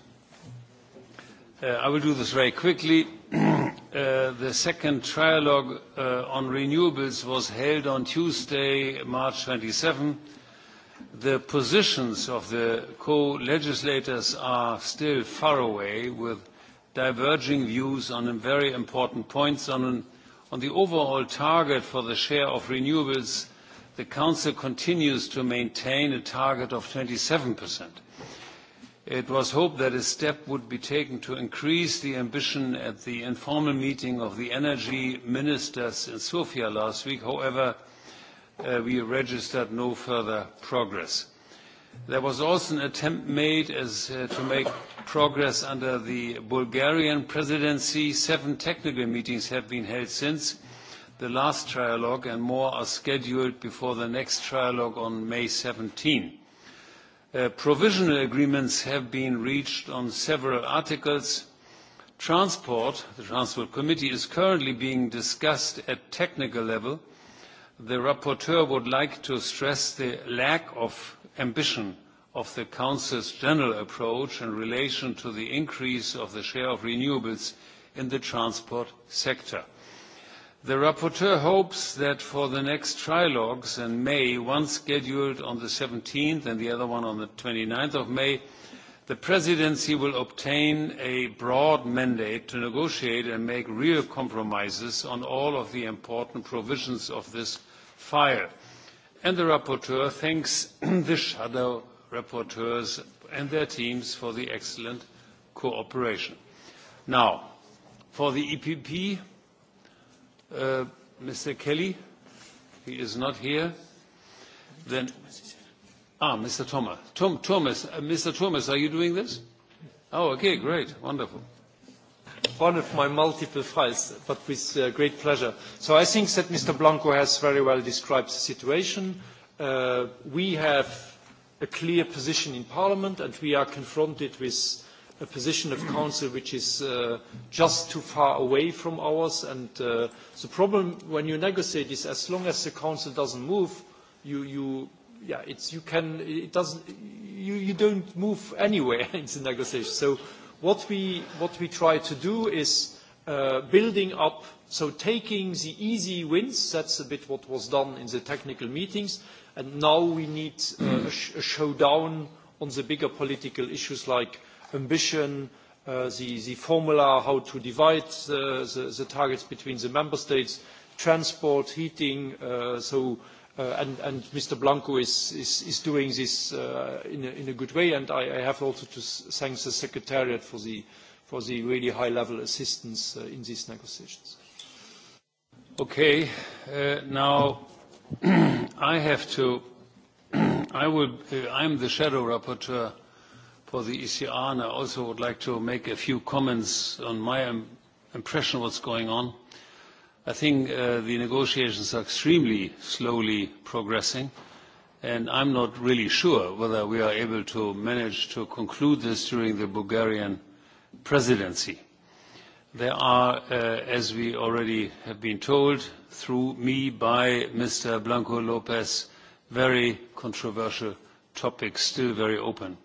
Uh, I will do this very quickly. [clears throat] uh, the second trialogue uh, on renewables was held on Tuesday, March 27. The positions of the co-legislators are still far away, with diverging views on very important points on, an, on the overall target for the share of renewables the Council continues to maintain a target of 27%. It was hoped that a step would be taken to increase the ambition at the informal meeting of the energy ministers in Sofia last week. However, uh, we registered no further progress. There was also an attempt made as, uh, to make progress under the Bulgarian presidency. Seven technical meetings have been held since, the last trialogue and more are scheduled before the next trialogue on May 17. Uh, provisional agreements have been reached on several articles. Transport, the Transport Committee, is currently being discussed at technical level. The rapporteur would like to stress the lack of ambition of the Council's general approach in relation to the increase of the share of renewables in the transport sector. The rapporteur hopes that for the next trilogues in May, one scheduled on the 17th and the other one on the 29th of May, the presidency will obtain a broad mandate to negotiate and make real compromises on all of the important provisions of this file. And the rapporteur thanks [clears throat] the shadow rapporteurs and their teams for the excellent cooperation. Now, for the EPP, Uh, Mr. Kelly? He is not here. Then, ah, Mr. Thomas. Tom, Thomas, uh, Mr. Thomas, are you doing this? Oh, okay, great, wonderful. One of my multiple files, but with uh, great pleasure. So I think that Mr. Blanco has very well described the situation. Uh, we have a clear position in Parliament, and we are confronted with a position of council which is uh, just too far away from ours. And uh, the problem when you negotiate is as long as the council doesn't move, you, you, yeah, it's, you, can, it doesn't, you, you don't move anywhere [laughs] in the negotiation. So what we, what we try to do is uh, building up, so taking the easy wins, that's a bit what was done in the technical meetings, and now we need uh, a, sh a showdown on the bigger political issues like ambition, uh, the, the formula how to divide uh, the, the targets between the member states, transport, heating, uh, so uh, and, and Mr. Blanco is, is, is doing this uh, in, a, in a good way, and I, I have also to thank the Secretariat for the, for the really high-level assistance uh, in these negotiations. Okay, uh, now [clears throat] I have to, [clears throat] I will, uh, I'm the shadow rapporteur for the ECR, and I also would like to make a few comments on my um, impression of what's going on. I think uh, the negotiations are extremely slowly progressing, and I'm not really sure whether we are able to manage to conclude this during the Bulgarian presidency. There are, uh, as we already have been told, through me by Mr. Blanco Lopez, very controversial topics still very open.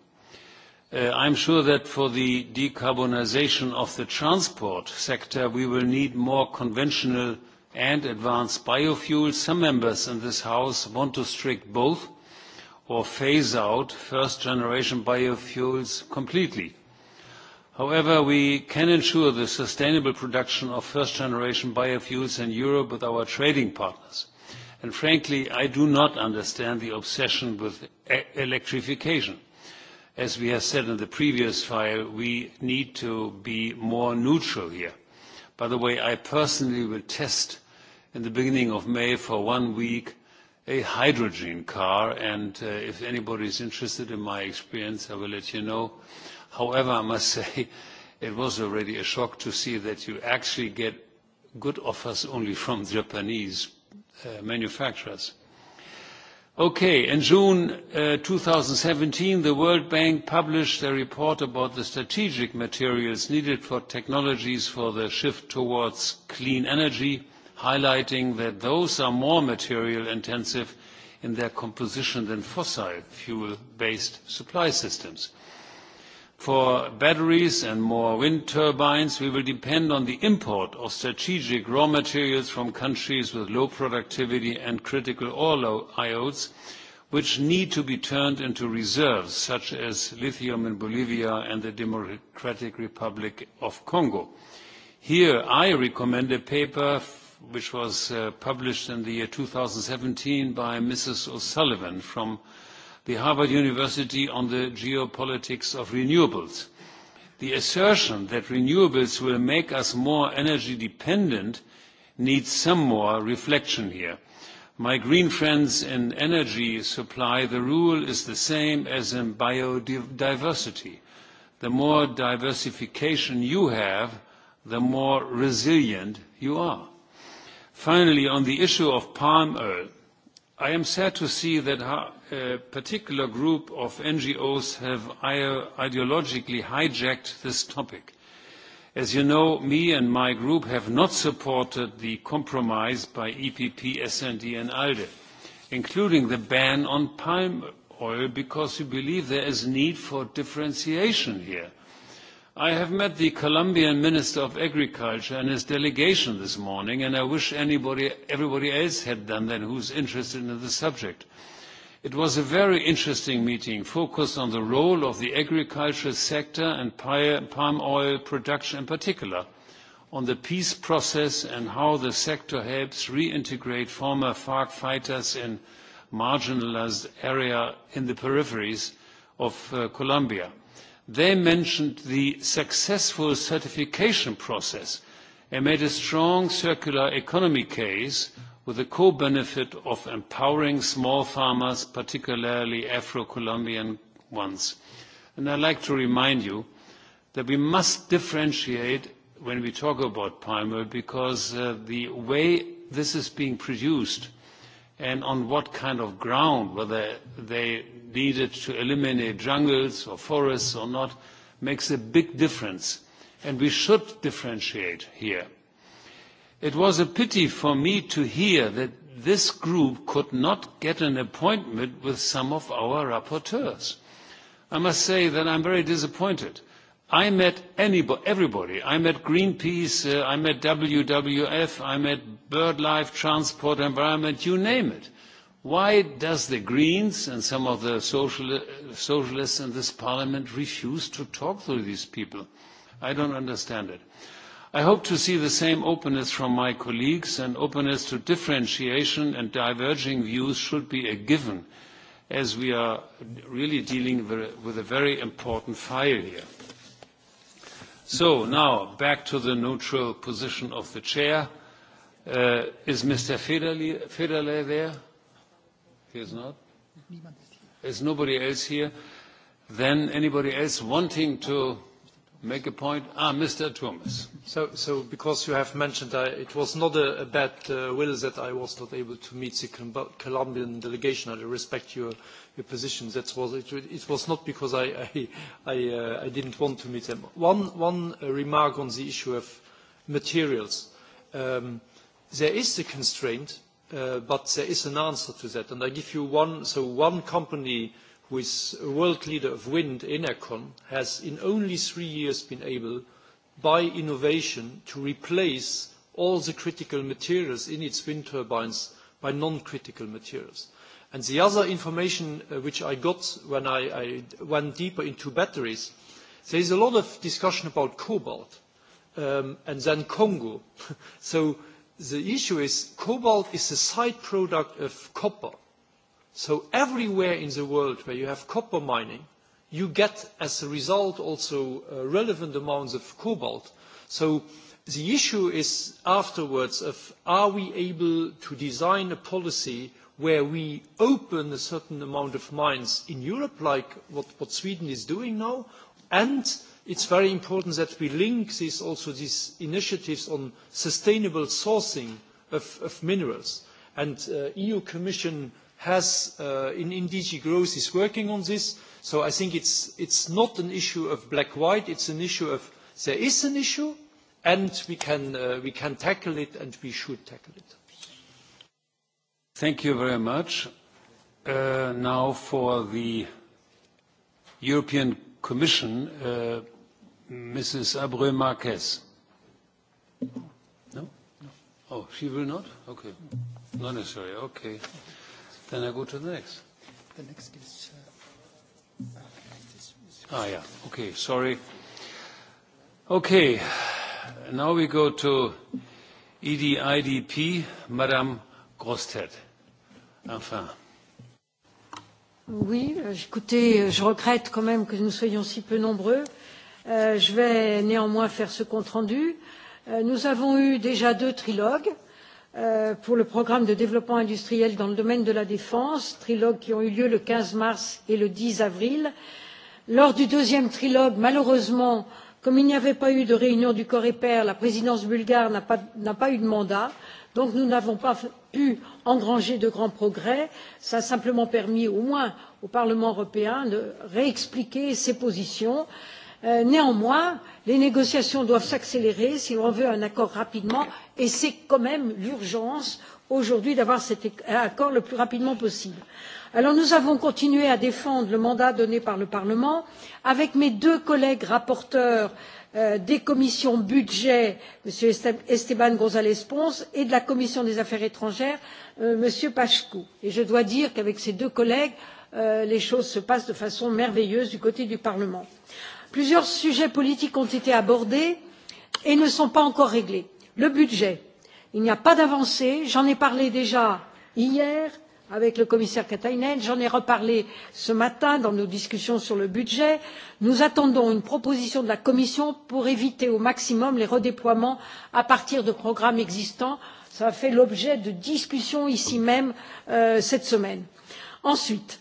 Uh, I'm sure that for the decarbonization of the transport sector, we will need more conventional and advanced biofuels. Some members in this House want to strict both or phase out first-generation biofuels completely. However, we can ensure the sustainable production of first-generation biofuels in Europe with our trading partners. And frankly, I do not understand the obsession with e electrification as we have said in the previous file, we need to be more neutral here. By the way, I personally will test in the beginning of May for one week a hydrogen car, and uh, if anybody is interested in my experience, I will let you know. However, I must [laughs] say it was already a shock to see that you actually get good offers only from Japanese uh, manufacturers. Okay, in June uh, 2017, the World Bank published a report about the strategic materials needed for technologies for the shift towards clean energy, highlighting that those are more material intensive in their composition than fossil fuel-based supply systems for batteries and more wind turbines, we will depend on the import of strategic raw materials from countries with low productivity and critical oil anodes, which need to be turned into reserves, such as lithium in Bolivia and the Democratic Republic of Congo. Here, I recommend a paper which was uh, published in the year 2017 by Mrs. O'Sullivan from uh, the Harvard University on the geopolitics of renewables. The assertion that renewables will make us more energy dependent needs some more reflection here. My green friends in energy supply, the rule is the same as in biodiversity. The more diversification you have, the more resilient you are. Finally, on the issue of palm oil, I am sad to see that a particular group of NGOs have ideologically hijacked this topic. As you know, me and my group have not supported the compromise by EPP, SND and ALDE, including the ban on palm oil because we believe there is need for differentiation here. I have met the Colombian Minister of Agriculture and his delegation this morning, and I wish anybody, everybody else had done that who's interested in the subject. Uh, It was a very interesting meeting focused on the role of the agricultural sector and palm oil production in particular, on the peace process and how the sector helps reintegrate former FARC fighters in marginalized area in the peripheries of uh, Colombia. They mentioned the successful certification process and made a strong circular economy case with the co-benefit of empowering small farmers, particularly Afro-Colombian ones. And I'd like to remind you that we must differentiate when we talk about palm oil because uh, the way this is being produced and on what kind of ground, whether they needed to eliminate jungles or forests or not, makes a big difference. And we should differentiate here. It was a pity for me to hear that this group could not get an appointment with some of our rapporteurs. I must say that I'm very disappointed. I met anybody, everybody. I met Greenpeace, uh, I met WWF, I met BirdLife, Transport, Environment, you name it. Why does the Greens and some of the social, uh, socialists in this parliament refuse to talk to these people? I don't understand it. Uh, I hope to see the same openness from my colleagues, and openness to differentiation and diverging views should be a given, as we are really dealing with a very important file here. So now back to the neutral position of the chair. Uh, is Mr. Federle, Federle there? He is not. Is nobody else here? Then anybody else wanting to make a point? Ah, Mr. Turmes. So, so because you have mentioned uh, it was not a, a bad uh, will that I was not able to meet the Colombian delegation. I respect your, your position. That was, it, it was not because I, I, I, uh, I didn't want to meet them. One, one remark on the issue of materials. Um, there is a constraint, uh, but there is an answer to that. And I give you one. So one company uh, who is a world leader of wind, Enercon, has in only three years been able, by innovation, to replace all the critical materials in its wind turbines by non-critical materials. And the other information uh, which I got when I, I went deeper into batteries, there is a lot of discussion about cobalt um, and then Congo. [laughs] so the issue is cobalt is a side product of copper. So everywhere in the world where you have copper mining, you get as a result also uh, relevant amounts of cobalt. So the issue is afterwards of are we able to design a policy where we open a certain amount of mines in Europe, like what, what Sweden is doing now, and it's very important that we link this also these initiatives on sustainable sourcing of, of minerals. And uh, EU Commission uh, has uh, in, in DG Growth is working on this. So I think it's, it's not an issue of black-white, it's an issue of there is an issue and we can, uh, we can tackle it and we should tackle it. Thank you very much. Uh, now for the European Commission, uh, Mrs. Abreu Marquez. No? no? Oh, she will not? Okay. Not necessary. Okay. Then I go to the next. The next is. Uh, ah, yeah. Okay. Sorry. Okay. Now we go to EDIDP, Madame Grosstedt. Enfin. Oui, euh, écoutez, euh, je regrette quand même que nous soyons si peu nombreux. Euh, je vais néanmoins faire ce compte rendu. Euh, nous avons eu déjà deux trilogues. Euh, Euh, pour le programme de développement industriel dans le domaine de la défense trilogues qui ont eu lieu le quinze mars et le dix avril. lors du deuxième trilogue malheureusement comme il n'y avait pas eu de réunion du coreper la présidence bulgare n'a pas, pas eu de mandat donc nous n'avons pas pu engranger de grands progrès. cela a simplement permis au moins au parlement européen de réexpliquer ses positions. Euh, néanmoins les négociations doivent s'accélérer si l'on veut un accord rapidement et c'est quand même l'urgence aujourd'hui d'avoir cet accord le plus rapidement possible. Alors, nous avons continué à défendre le mandat donné par le parlement avec mes deux collègues rapporteurs euh, des commissions budget m. esteban gonzález pons et de la commission des affaires étrangères euh, m. pacu et je dois dire qu'avec ces deux collègues euh, les choses se passent de façon merveilleuse du côté du parlement. plusieurs sujets politiques ont été abordés et ne sont pas encore réglés le budget il n'y a pas d'avancée j'en ai parlé déjà hier avec le commissaire katainen j'en ai reparlé ce matin dans nos discussions sur le budget nous attendons une proposition de la commission pour éviter au maximum les redéploiements à partir de programmes existants cela a fait l'objet de discussions ici même euh, cette semaine. ensuite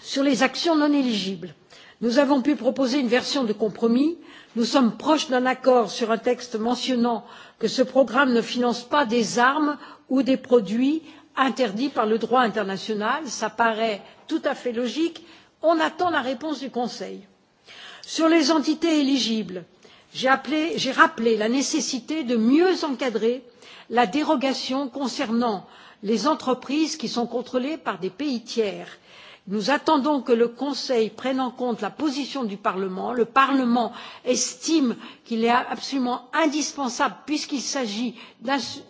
sur les actions non éligibles nous avons pu proposer une version de compromis qui nous sommes proches d'un accord sur un texte mentionnant que ce programme ne finance pas des armes ou des produits interdits par le droit international cela paraît tout à fait logique on attend la réponse du conseil. sur les entités éligibles j'ai rappelé la nécessité de mieux encadrer la dérogation concernant les entreprises qui sont contrôlées par des pays tiers nous attendons que le conseil prenne en compte la position du parlement. le parlement estime qu'il est absolument indispensable puisqu'il s'agit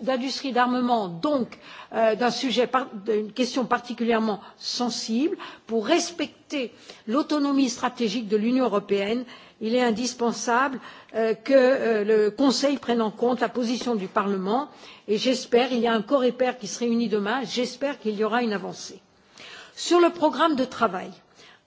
d'industries d'armement donc euh, d'une question particulièrement sensible pour respecter l'autonomie stratégique de l'union européenne il est indispensable euh, que euh, le conseil prenne en compte la position du parlement et j'espère il y a un coreper qui se réunit demain j'espère qu'il y aura une avancée sur le programme de travail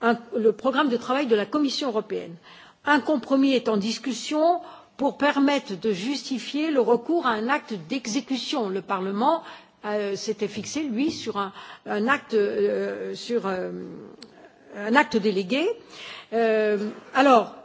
un, le programme de travail de la commission européenne un compromis est en discussion pour permettre de justifier le recours à un acte d'exécution le parlement euh, s'était fixé lui sur un, un acte euh, sur euh, un acte délégué. Euh, alors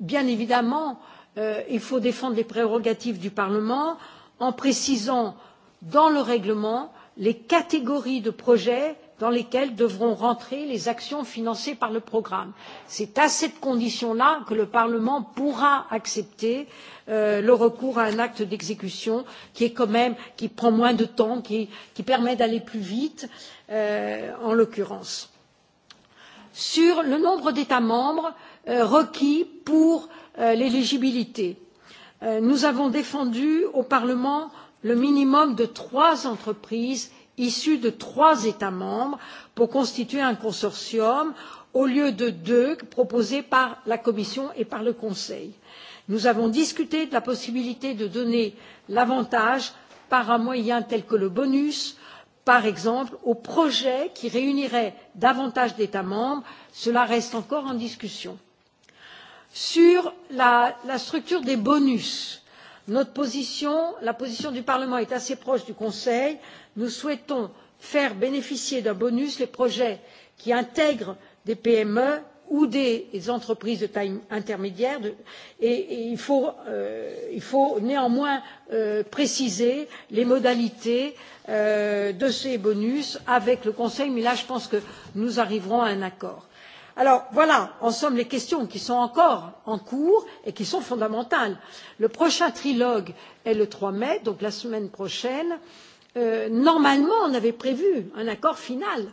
bien évidemment euh, il faut défendre les prérogatives du parlement en précisant dans le règlement les catégories de projets dans lesquels devront rentrer les actions financées par le programme. c'est à cette condition là que le parlement pourra accepter euh, le recours à un acte d'exécution qui est quand même qui prend moins de temps qui, qui permet d'aller plus vite euh, en l'occurrence. sur le nombre d'états membres euh, requis pour euh, l'éligibilité euh, nous avons défendu au parlement le minimum de trois entreprises issus de trois États membres pour constituer un consortium au lieu de deux proposés par la Commission et par le Conseil. Nous avons discuté de la possibilité de donner l'avantage par un moyen tel que le bonus, par exemple, aux projets qui réuniraient davantage d'États membres. Cela reste encore en discussion. Sur la, la structure des bonus, notre position la position du parlement est assez proche du conseil nous souhaitons faire bénéficier d'un bonus les projets qui intègrent des pme ou des entreprises de taille intermédiaire et, et il, faut, euh, il faut néanmoins euh, préciser les modalités euh, de ces bonus avec le conseil mais là je pense que nous arriverons à un accord alors voilà en somme les questions qui sont encore en cours et qui sont fondamentales. le prochain trilogue est le trois mai donc la semaine prochaine. Euh, normalement on avait prévu un accord final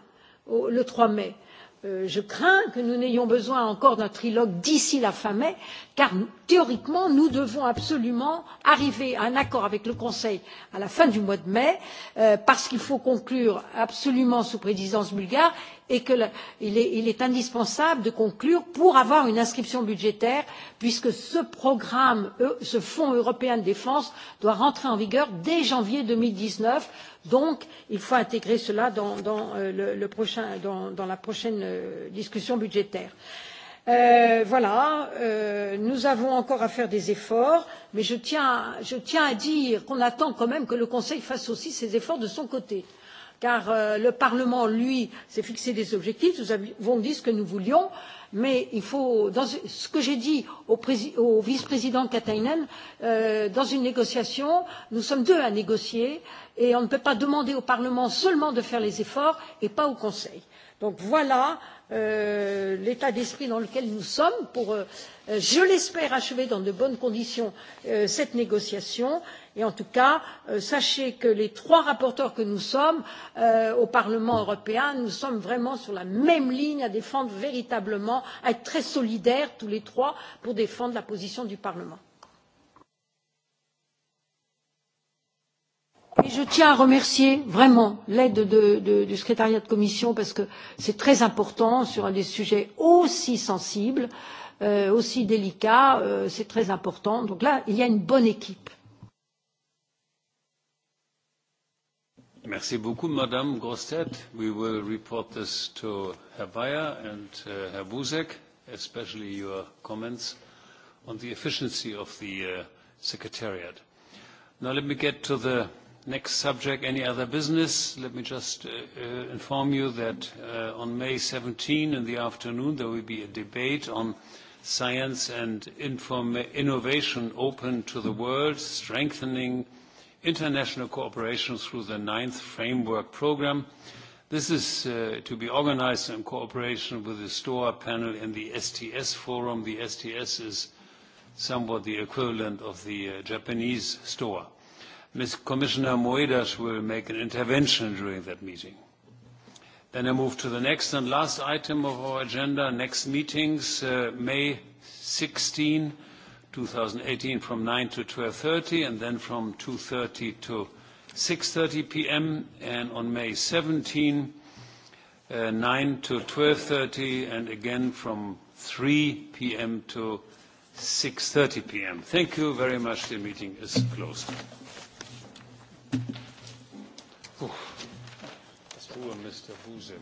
au, le trois mai. Euh, je crains que nous n'ayons besoin encore d'un trilogue d'ici la fin mai car théoriquement nous devons absolument arriver à un accord avec le conseil à la fin du mois de mai euh, parce qu'il faut conclure absolument sous présidence bulgare et qu'il est, est indispensable de conclure pour avoir une inscription budgétaire puisque ce programme euh, ce fonds européen de défense doit rentrer en vigueur dès janvier deux mille dix neuf Donc, il faut intégrer cela dans, dans, euh, le, le prochain, dans, dans la prochaine euh, discussion budgétaire. Euh, voilà, euh, nous avons encore à faire des efforts, mais je tiens, je tiens à dire qu'on attend quand même que le Conseil fasse aussi ses efforts de son côté. Car euh, le Parlement, lui, s'est fixé des objectifs, nous avons dit ce que nous voulions. Euh, mais il faut dans ce que j'ai dit au, au vice président Katainen euh, dans une négociation nous sommes deux à négocier et on ne peut pas demander au Parlement seulement de faire les efforts et pas au Conseil. Donc voilà euh, l'état d'esprit dans lequel nous sommes pour, euh, je l'espère, achever dans de bonnes conditions euh, cette négociation et en tout cas euh, sachez que les trois rapporteurs que nous sommes euh, au parlement européen nous sommes vraiment sur la même ligne à défendre véritablement à être très solidaires tous les trois pour défendre la position du parlement. Et je tiens à remercier vraiment l'aide de, de, du secrétariat de commission parce que c'est très important sur un des sujets aussi sensibles, euh, aussi délicats, euh, c'est très important. Donc là, il y a une bonne équipe Merci beaucoup, Madame Grostet. We will report this to Herr Bayer and uh, Herr Buzek, especially your comments on the efficiency of the uh, Secretariat. Now let me get to the next subject, any other business. Let me just uh, uh, inform you that uh, on May 17 in the afternoon there will be a debate on science and inform innovation open to the world, strengthening uh, international cooperation through the ninth framework program. This is uh, to be organized in cooperation with the STOA panel and the STS forum. The STS is somewhat the equivalent of the uh, Japanese STOA. Ms. Commissioner Moedas will make an intervention during that meeting. Then I move to the next and last item of our agenda, next meetings, uh, May 16 2018 from 9 to 12.30 and then from 2.30 to 6.30 p.m. and on May 17, uh, 9 to 12.30 and again from 3 p.m. to 6.30 p.m. Thank you very much. The meeting is closed. Ooh. Mr. Buse.